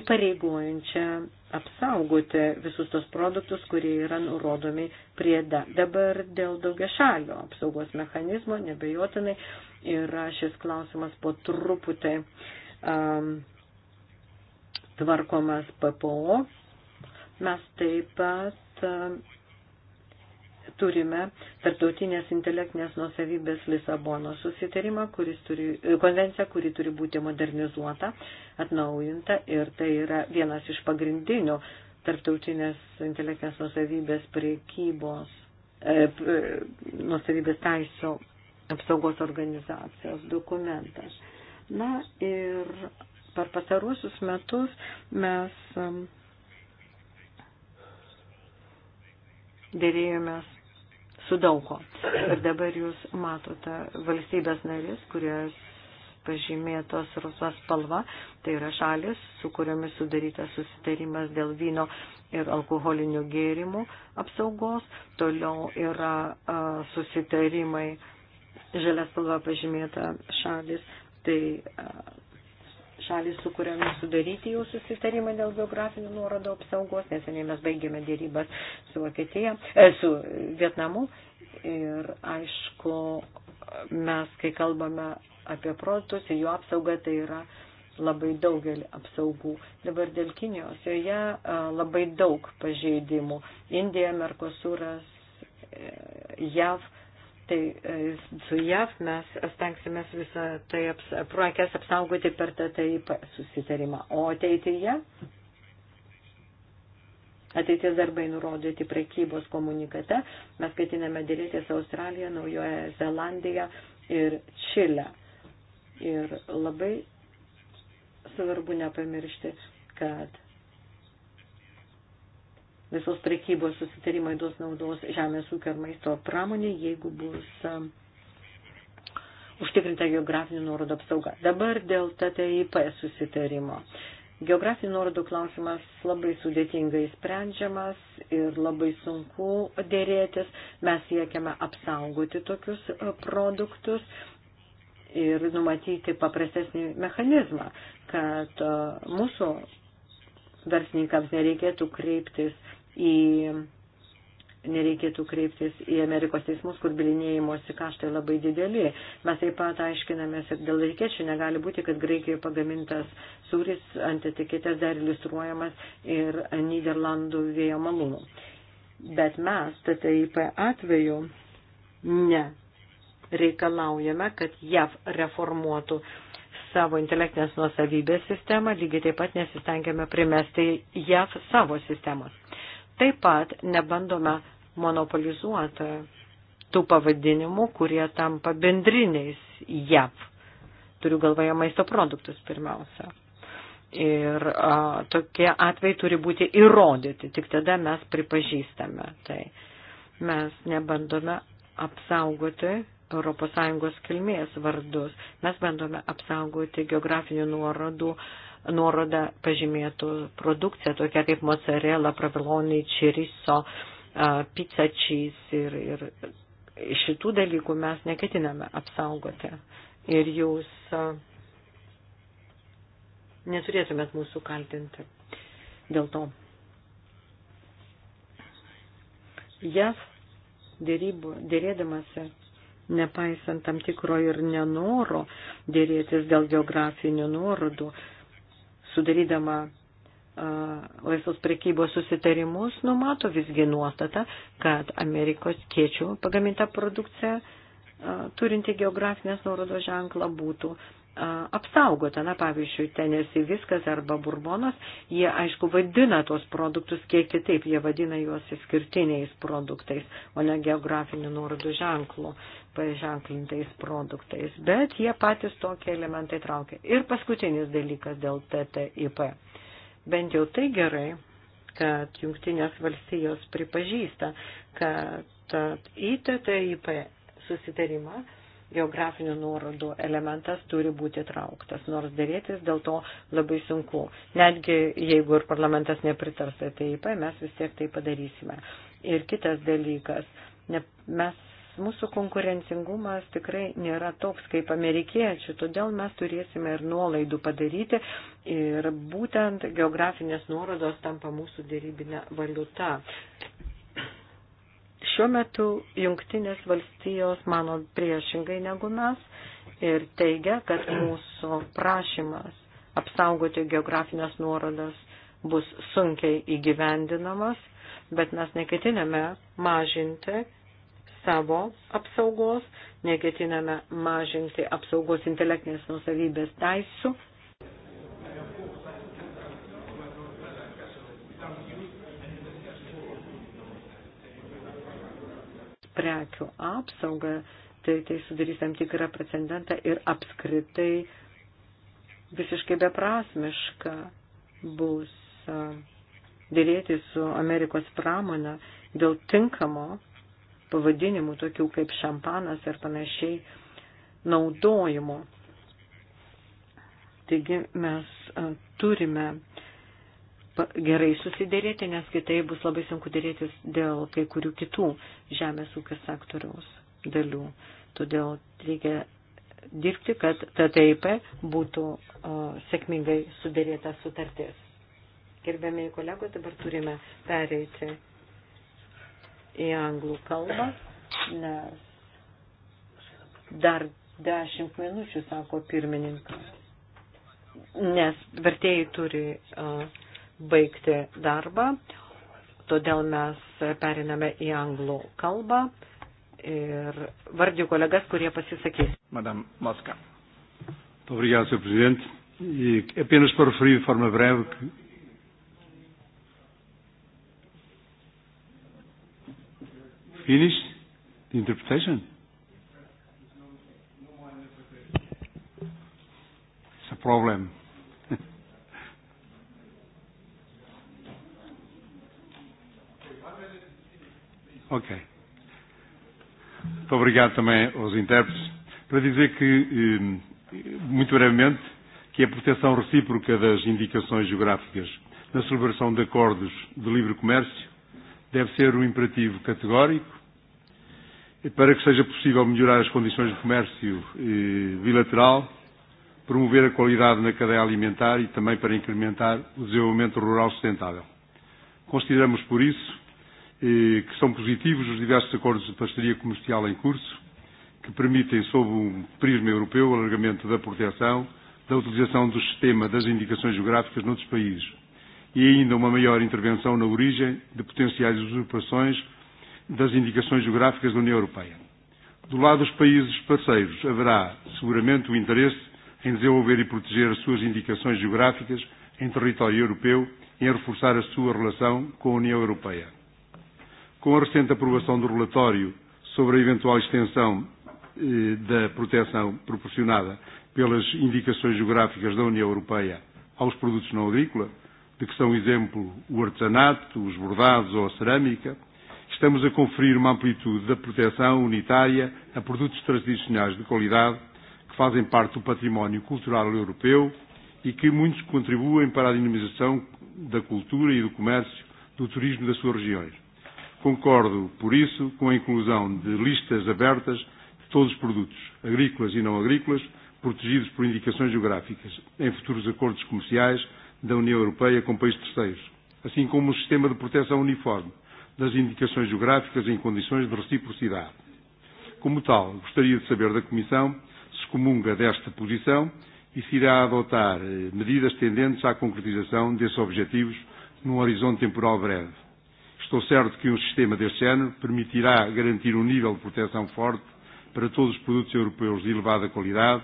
įpareigojančią apsaugoti visus tos produktus, kurie yra nurodomi prieda. Dabar dėl daugia šalio apsaugos mechanizmo nebejotinai yra šis klausimas po truputį um, tvarkomas PPO. Mes taip pat um, turime tarptautinės intelektinės nusavybės Lisabono susitarimą, kuris turi, e, konvencija, kuri turi būti modernizuota, atnaujinta ir tai yra vienas iš pagrindinių tarptautinės intelektinės nusavybės priekybos, e, e nusavybės taiso apsaugos organizacijos dokumentas. Na ir per pasaruosius metus mes dėrėjomės su daug ko. Ir dabar jūs matote valstybės narės, kurias pažymėtos rusvas spalva, tai yra šalis, su kuriomis sudarytas susitarimas dėl vyno ir alkoholinių gėrimų apsaugos, toliau yra a, susitarimai žalia spalva pažymėta šalis, tai a, šalis, su kuriomis sudaryti jau susitarimą dėl geografinių nuorodų apsaugos, neseniai mes baigėme dėrybas su, Vokietija, e, su Vietnamu ir aišku, mes, kai kalbame apie produktus ir jų apsaugą, tai yra labai daugelį apsaugų. Dabar dėl Kinijos joje e, labai daug pažeidimų. Indija, Merkosuras, e, JAV tai e, su JAV mes stengsimės visą tai aps, projekės apsaugoti per tą taip susitarimą. O ateityje, ateities darbai nurodyti prekybos komunikate, mes ketiname dėlėtis Australiją, Naujoje Zelandiją ir Čilę. Ir labai svarbu nepamiršti, kad visos prekybos susitarimai duos naudos žemės ūkio ir maisto pramonė, jeigu bus um, užtikrinta geografinių nuorodų apsauga. Dabar dėl TTIP susitarimo. Geografinių nuorodų klausimas labai sudėtingai sprendžiamas ir labai sunku dėrėtis. Mes siekiame apsaugoti tokius uh, produktus ir numatyti paprastesnį mechanizmą, kad uh, mūsų verslininkams nereikėtų kreiptis į nereikėtų kreiptis į Amerikos teismus, kur bilinėjimosi kaštai labai dideli. Mes taip pat aiškinamės ir dėl reikėčių negali būti, kad Graikijoje pagamintas sūris ant etiketės dar iliustruojamas ir Niderlandų vėjo malūnų. Bet mes TTIP atveju ne reikalaujame, kad JAV reformuotų savo intelektinės nuosavybės sistemą, lygiai taip pat nesistengiame primesti JAV savo sistemos. Taip pat nebandome monopolizuoti tų pavadinimų, kurie tampa bendriniais JAV. Turiu galvoje maisto produktus pirmiausia. Ir a, tokie atvejai turi būti įrodyti, tik tada mes pripažįstame. Tai mes nebandome apsaugoti ES kilmės vardus, mes bandome apsaugoti geografinių nuorodų a, nuoroda pažymėtų produkciją, tokia kaip mozzarella, pravilonai, čiriso, pizza cheese ir, ir šitų dalykų mes neketiname apsaugoti. Ir jūs neturėtumėt mūsų kaltinti dėl to. JAV dėrybų, dėrėdamasi nepaisant tam tikro ir nenoro dėrėtis dėl geografinių nuorodų, sudarydama laisvos prekybos susitarimus numato visgi nuostatą, kad Amerikos kiečių pagaminta produkcija turinti geografinės nuorodos ženklą būtų apsaugota. Na, pavyzdžiui, tenesi viskas arba burbonas, jie, aišku, vadina tuos produktus kiek kitaip, jie vadina juos išskirtiniais produktais, o ne geografinių nuorodų ženklų paženklintais produktais. Bet jie patys tokie elementai traukia. Ir paskutinis dalykas dėl TTIP. Bent jau tai gerai, kad jungtinės valstijos pripažįsta, kad įTTIP susitarimą geografinių nuorodų elementas turi būti trauktas, nors dėrėtis dėl to labai sunku. Netgi jeigu ir parlamentas nepritars ATIP, mes vis tiek tai padarysime. Ir kitas dalykas, ne, mes, mūsų konkurencingumas tikrai nėra toks kaip amerikiečių, todėl mes turėsime ir nuolaidų padaryti ir būtent geografinės nuorodos tampa mūsų dėrybinė valiuta. Šiuo metu jungtinės valstijos mano priešingai negu mes ir teigia, kad mūsų prašymas apsaugoti geografinės nuorodas bus sunkiai įgyvendinamas, bet mes neketiname mažinti savo apsaugos, neketiname mažinti apsaugos intelektinės nusavybės teisų prekių apsaugą, tai tai sudarys tam tikrą precedentą ir apskritai visiškai beprasmiška bus dėrėti su Amerikos pramonė dėl tinkamo pavadinimų, tokių kaip šampanas ir panašiai, naudojimo. Taigi mes turime gerai susidėrėti, nes kitai bus labai sunku dėrėtis dėl kai kurių kitų žemės ūkio sektoriaus dalių. Todėl reikia dirbti, kad TTIP būtų o, sėkmingai sudėrėta sutartis. Gerbėmiai kolegos, dabar turime pereiti į anglų kalbą, nes dar dešimt minučių, sako pirmininkas, nes vertėjai turi. O, baigti darbą, todėl mes periname į anglų kalbą ir vardžiu kolegas, kurie pasisakys. Madam Moska. Obrigado, Sr. Presidente. E apenas para referir de forma breve que. Finished the interpretation? It's a problem. Ok. Muito obrigado também aos intérpretes. Para dizer que, eh, muito brevemente, que a proteção recíproca das indicações geográficas na celebração de acordos de livre comércio deve ser um imperativo categórico e para que seja possível melhorar as condições de comércio eh, bilateral, promover a qualidade na cadeia alimentar e também para incrementar o desenvolvimento rural sustentável. Consideramos, por isso, E, que são positivos os diversos acordos de parceria comercial em curso, que permitem, sob um prisma europeu, o alargamento da proteção, da utilização do sistema das indicações geográficas noutros países e ainda uma maior intervenção na origem de potenciais usurpações das indicações geográficas da União Europeia. Do lado dos países parceiros, haverá seguramente o interesse em desenvolver e proteger as suas indicações geográficas em território europeu e em reforçar a sua relação com a União Europeia com a recente aprovação do relatório sobre a eventual extensão eh, da proteção proporcionada pelas indicações geográficas da União Europeia aos produtos não agrícola, de que são exemplo o artesanato, os bordados ou a cerâmica, estamos a conferir uma amplitude da proteção unitária a produtos tradicionais de qualidade que fazem parte do património cultural europeu e que muitos contribuem para a dinamização da cultura e do comércio, do turismo das suas regiões. Concordo, por isso, com a inclusão de listas abertas de todos os produtos, agrícolas e não agrícolas, protegidos por indicações geográficas, em futuros acordos comerciais da União Europeia com países terceiros, assim como um sistema de proteção uniforme das indicações geográficas em condições de reciprocidade. Como tal, gostaria de saber da Comissão se comunga desta posição e se irá adotar eh, medidas tendentes à concretização desses objetivos num horizonte temporal breve Estou certo que um sistema deste género permitirá garantir um nível de proteção forte para todos os produtos europeus de elevada qualidade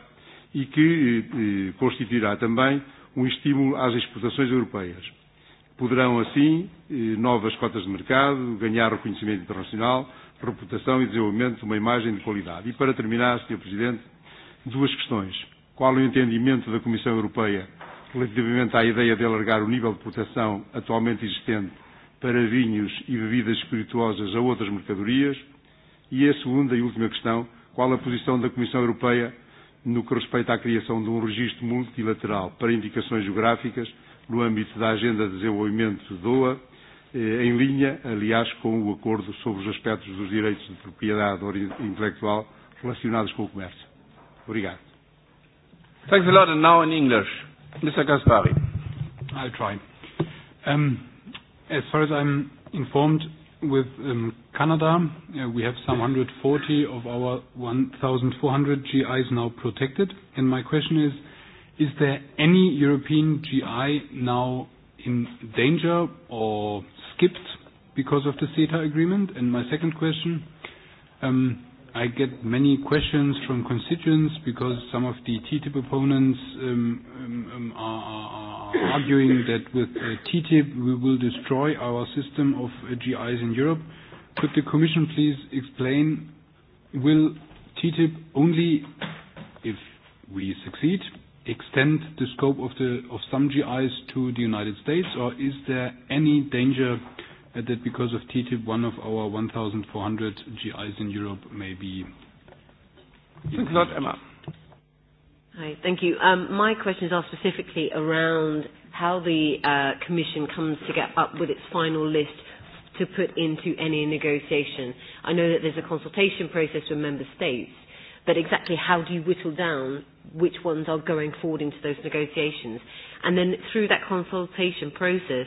e que eh, eh, constituirá também um estímulo às exportações europeias. Poderão, assim, eh, novas cotas de mercado, ganhar reconhecimento internacional, reputação e desenvolvimento de uma imagem de qualidade. E para terminar, Sr. Presidente, duas questões. Qual o entendimento da Comissão Europeia relativamente à ideia de alargar o nível de proteção atualmente existente para vinhos e bebidas espirituosas a outras mercadorias? E a segunda e última questão, qual a posição da Comissão Europeia no que respeita à criação de um registro multilateral para indicações geográficas no âmbito da Agenda de Desenvolvimento de Doha, eh, em linha, aliás, com o acordo sobre os aspectos dos direitos de propriedade intelectual relacionados com o comércio. Obrigado. Thanks a lot, and now in English. Mr. Gaspari. I'll try. Um, As far as I'm informed, with um, Canada, uh, we have some 140 of our 1,400 GIs now protected. And my question is, is there any European GI now in danger or skipped because of the CETA agreement? And my second question, um, I get many questions from constituents because some of the TTIP opponents um, um, um are, are arguing that with uh, TTIP we will destroy our system of uh, GIs in Europe. Could the Commission please explain, will TTIP only, if we succeed, extend the scope of, the, of some GIs to the United States, or is there any danger uh, and that because of TTIP, one of our 1,400 GIs in Europe may be. Thanks a lot, Emma. Hi. Thank you. Um, my questions are specifically around how the uh, Commission comes to get up with its final list to put into any negotiation. I know that there's a consultation process with member states, but exactly how do you whittle down which ones are going forward into those negotiations? And then through that consultation process,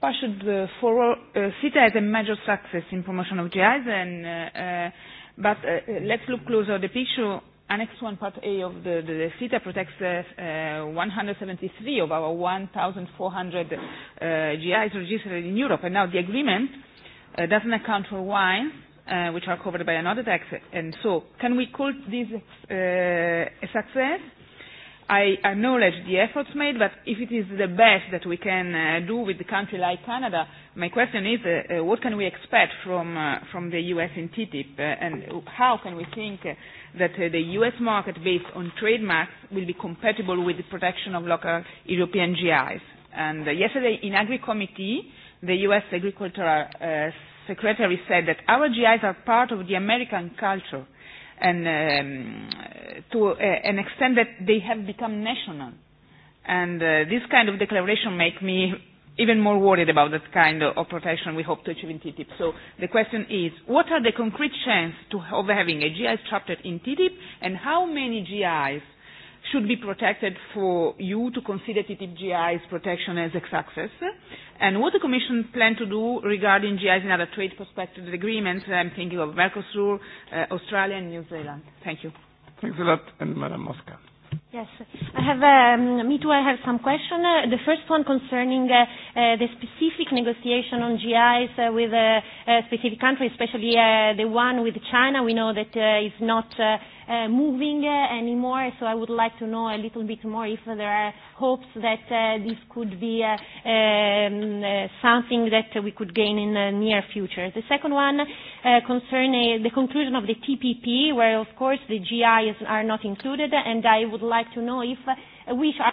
PAS should uh, follow uh, CETA as a major success in promotion of GIs, and, uh, uh, but uh, let's look closer at the picture. Annex 1 Part A of the, the, the CETA protects uh, uh, 173 of our 1,400 uh, GIs registered in Europe, and now the agreement uh, doesn't account for wines, uh, which are covered by another tax. And so, can we call this uh, a success? I acknowledge the efforts made, but if it is the best that we can uh, do with a country like Canada, my question is uh, uh, what can we expect from, uh, from the US in TTIP, uh, and how can we think uh, that uh, the US market based on trademarks will be compatible with the protection of local European GIs? And uh, yesterday in Agri Committee, the US Agricultural uh, Secretary said that our GIs are part of the American culture and um, to uh, an extent that they have become national. And uh, this kind of declaration make me even more worried about that kind of protection we hope to achieve in TTIP. So the question is, what are the concrete chances to, of having a GI chapter in TTIP, and how many GIs should be protected for you to consider TTIP's protection as ex access. And what the Commission plans to do regarding GIs and other trade prospective agreements, I'm thinking of Mercosur, uh, Australia and New Zealand. Thank you. Thanks a lot, and Madam Mosca. Yes, I have, um, me too, I have some questions. Uh, the first one concerning uh, uh, the specific negotiation on GIs uh, with a, uh, a uh, specific country, especially uh, the one with China. We know that uh, is not uh, uh, moving uh, anymore, so I would like to know a little bit more if there are hopes that uh, this could be uh, um, uh, something that we could gain in the near future. The second one uh, concerning the conclusion of the TPP, where of course the GIs are not included, and I would like like to know if uh, which are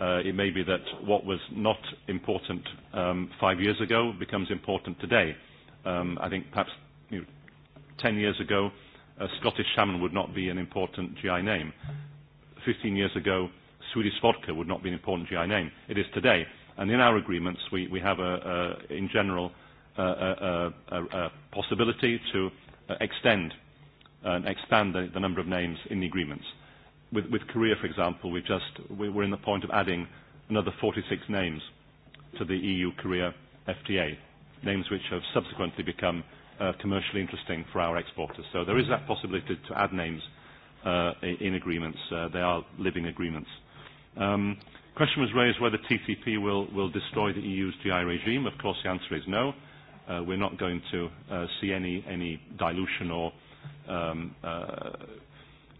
Uh, it may be that what was not important um, five years ago becomes important today. Um, I think perhaps you know, 10 years ago, uh, Scottish salmon would not be an important GI name. 15 years ago, Swedish vodka would not be an important GI name. It is today. And in our agreements, we, we have, a, a, in general, a, a, a, a possibility to uh, extend uh, and expand the, the number of names in the agreements with, with Korea, for example, we've just, we we're in the point of adding another 46 names to the EU-Korea FTA, names which have subsequently become uh, commercially interesting for our exporters. So there is that possibility to add names uh, in agreements. Uh, they are living agreements. Um, question was raised whether TCP will, will destroy the EU's GI regime. Of course, the answer is no. Uh, we're not going to uh, see any, any dilution or um, uh,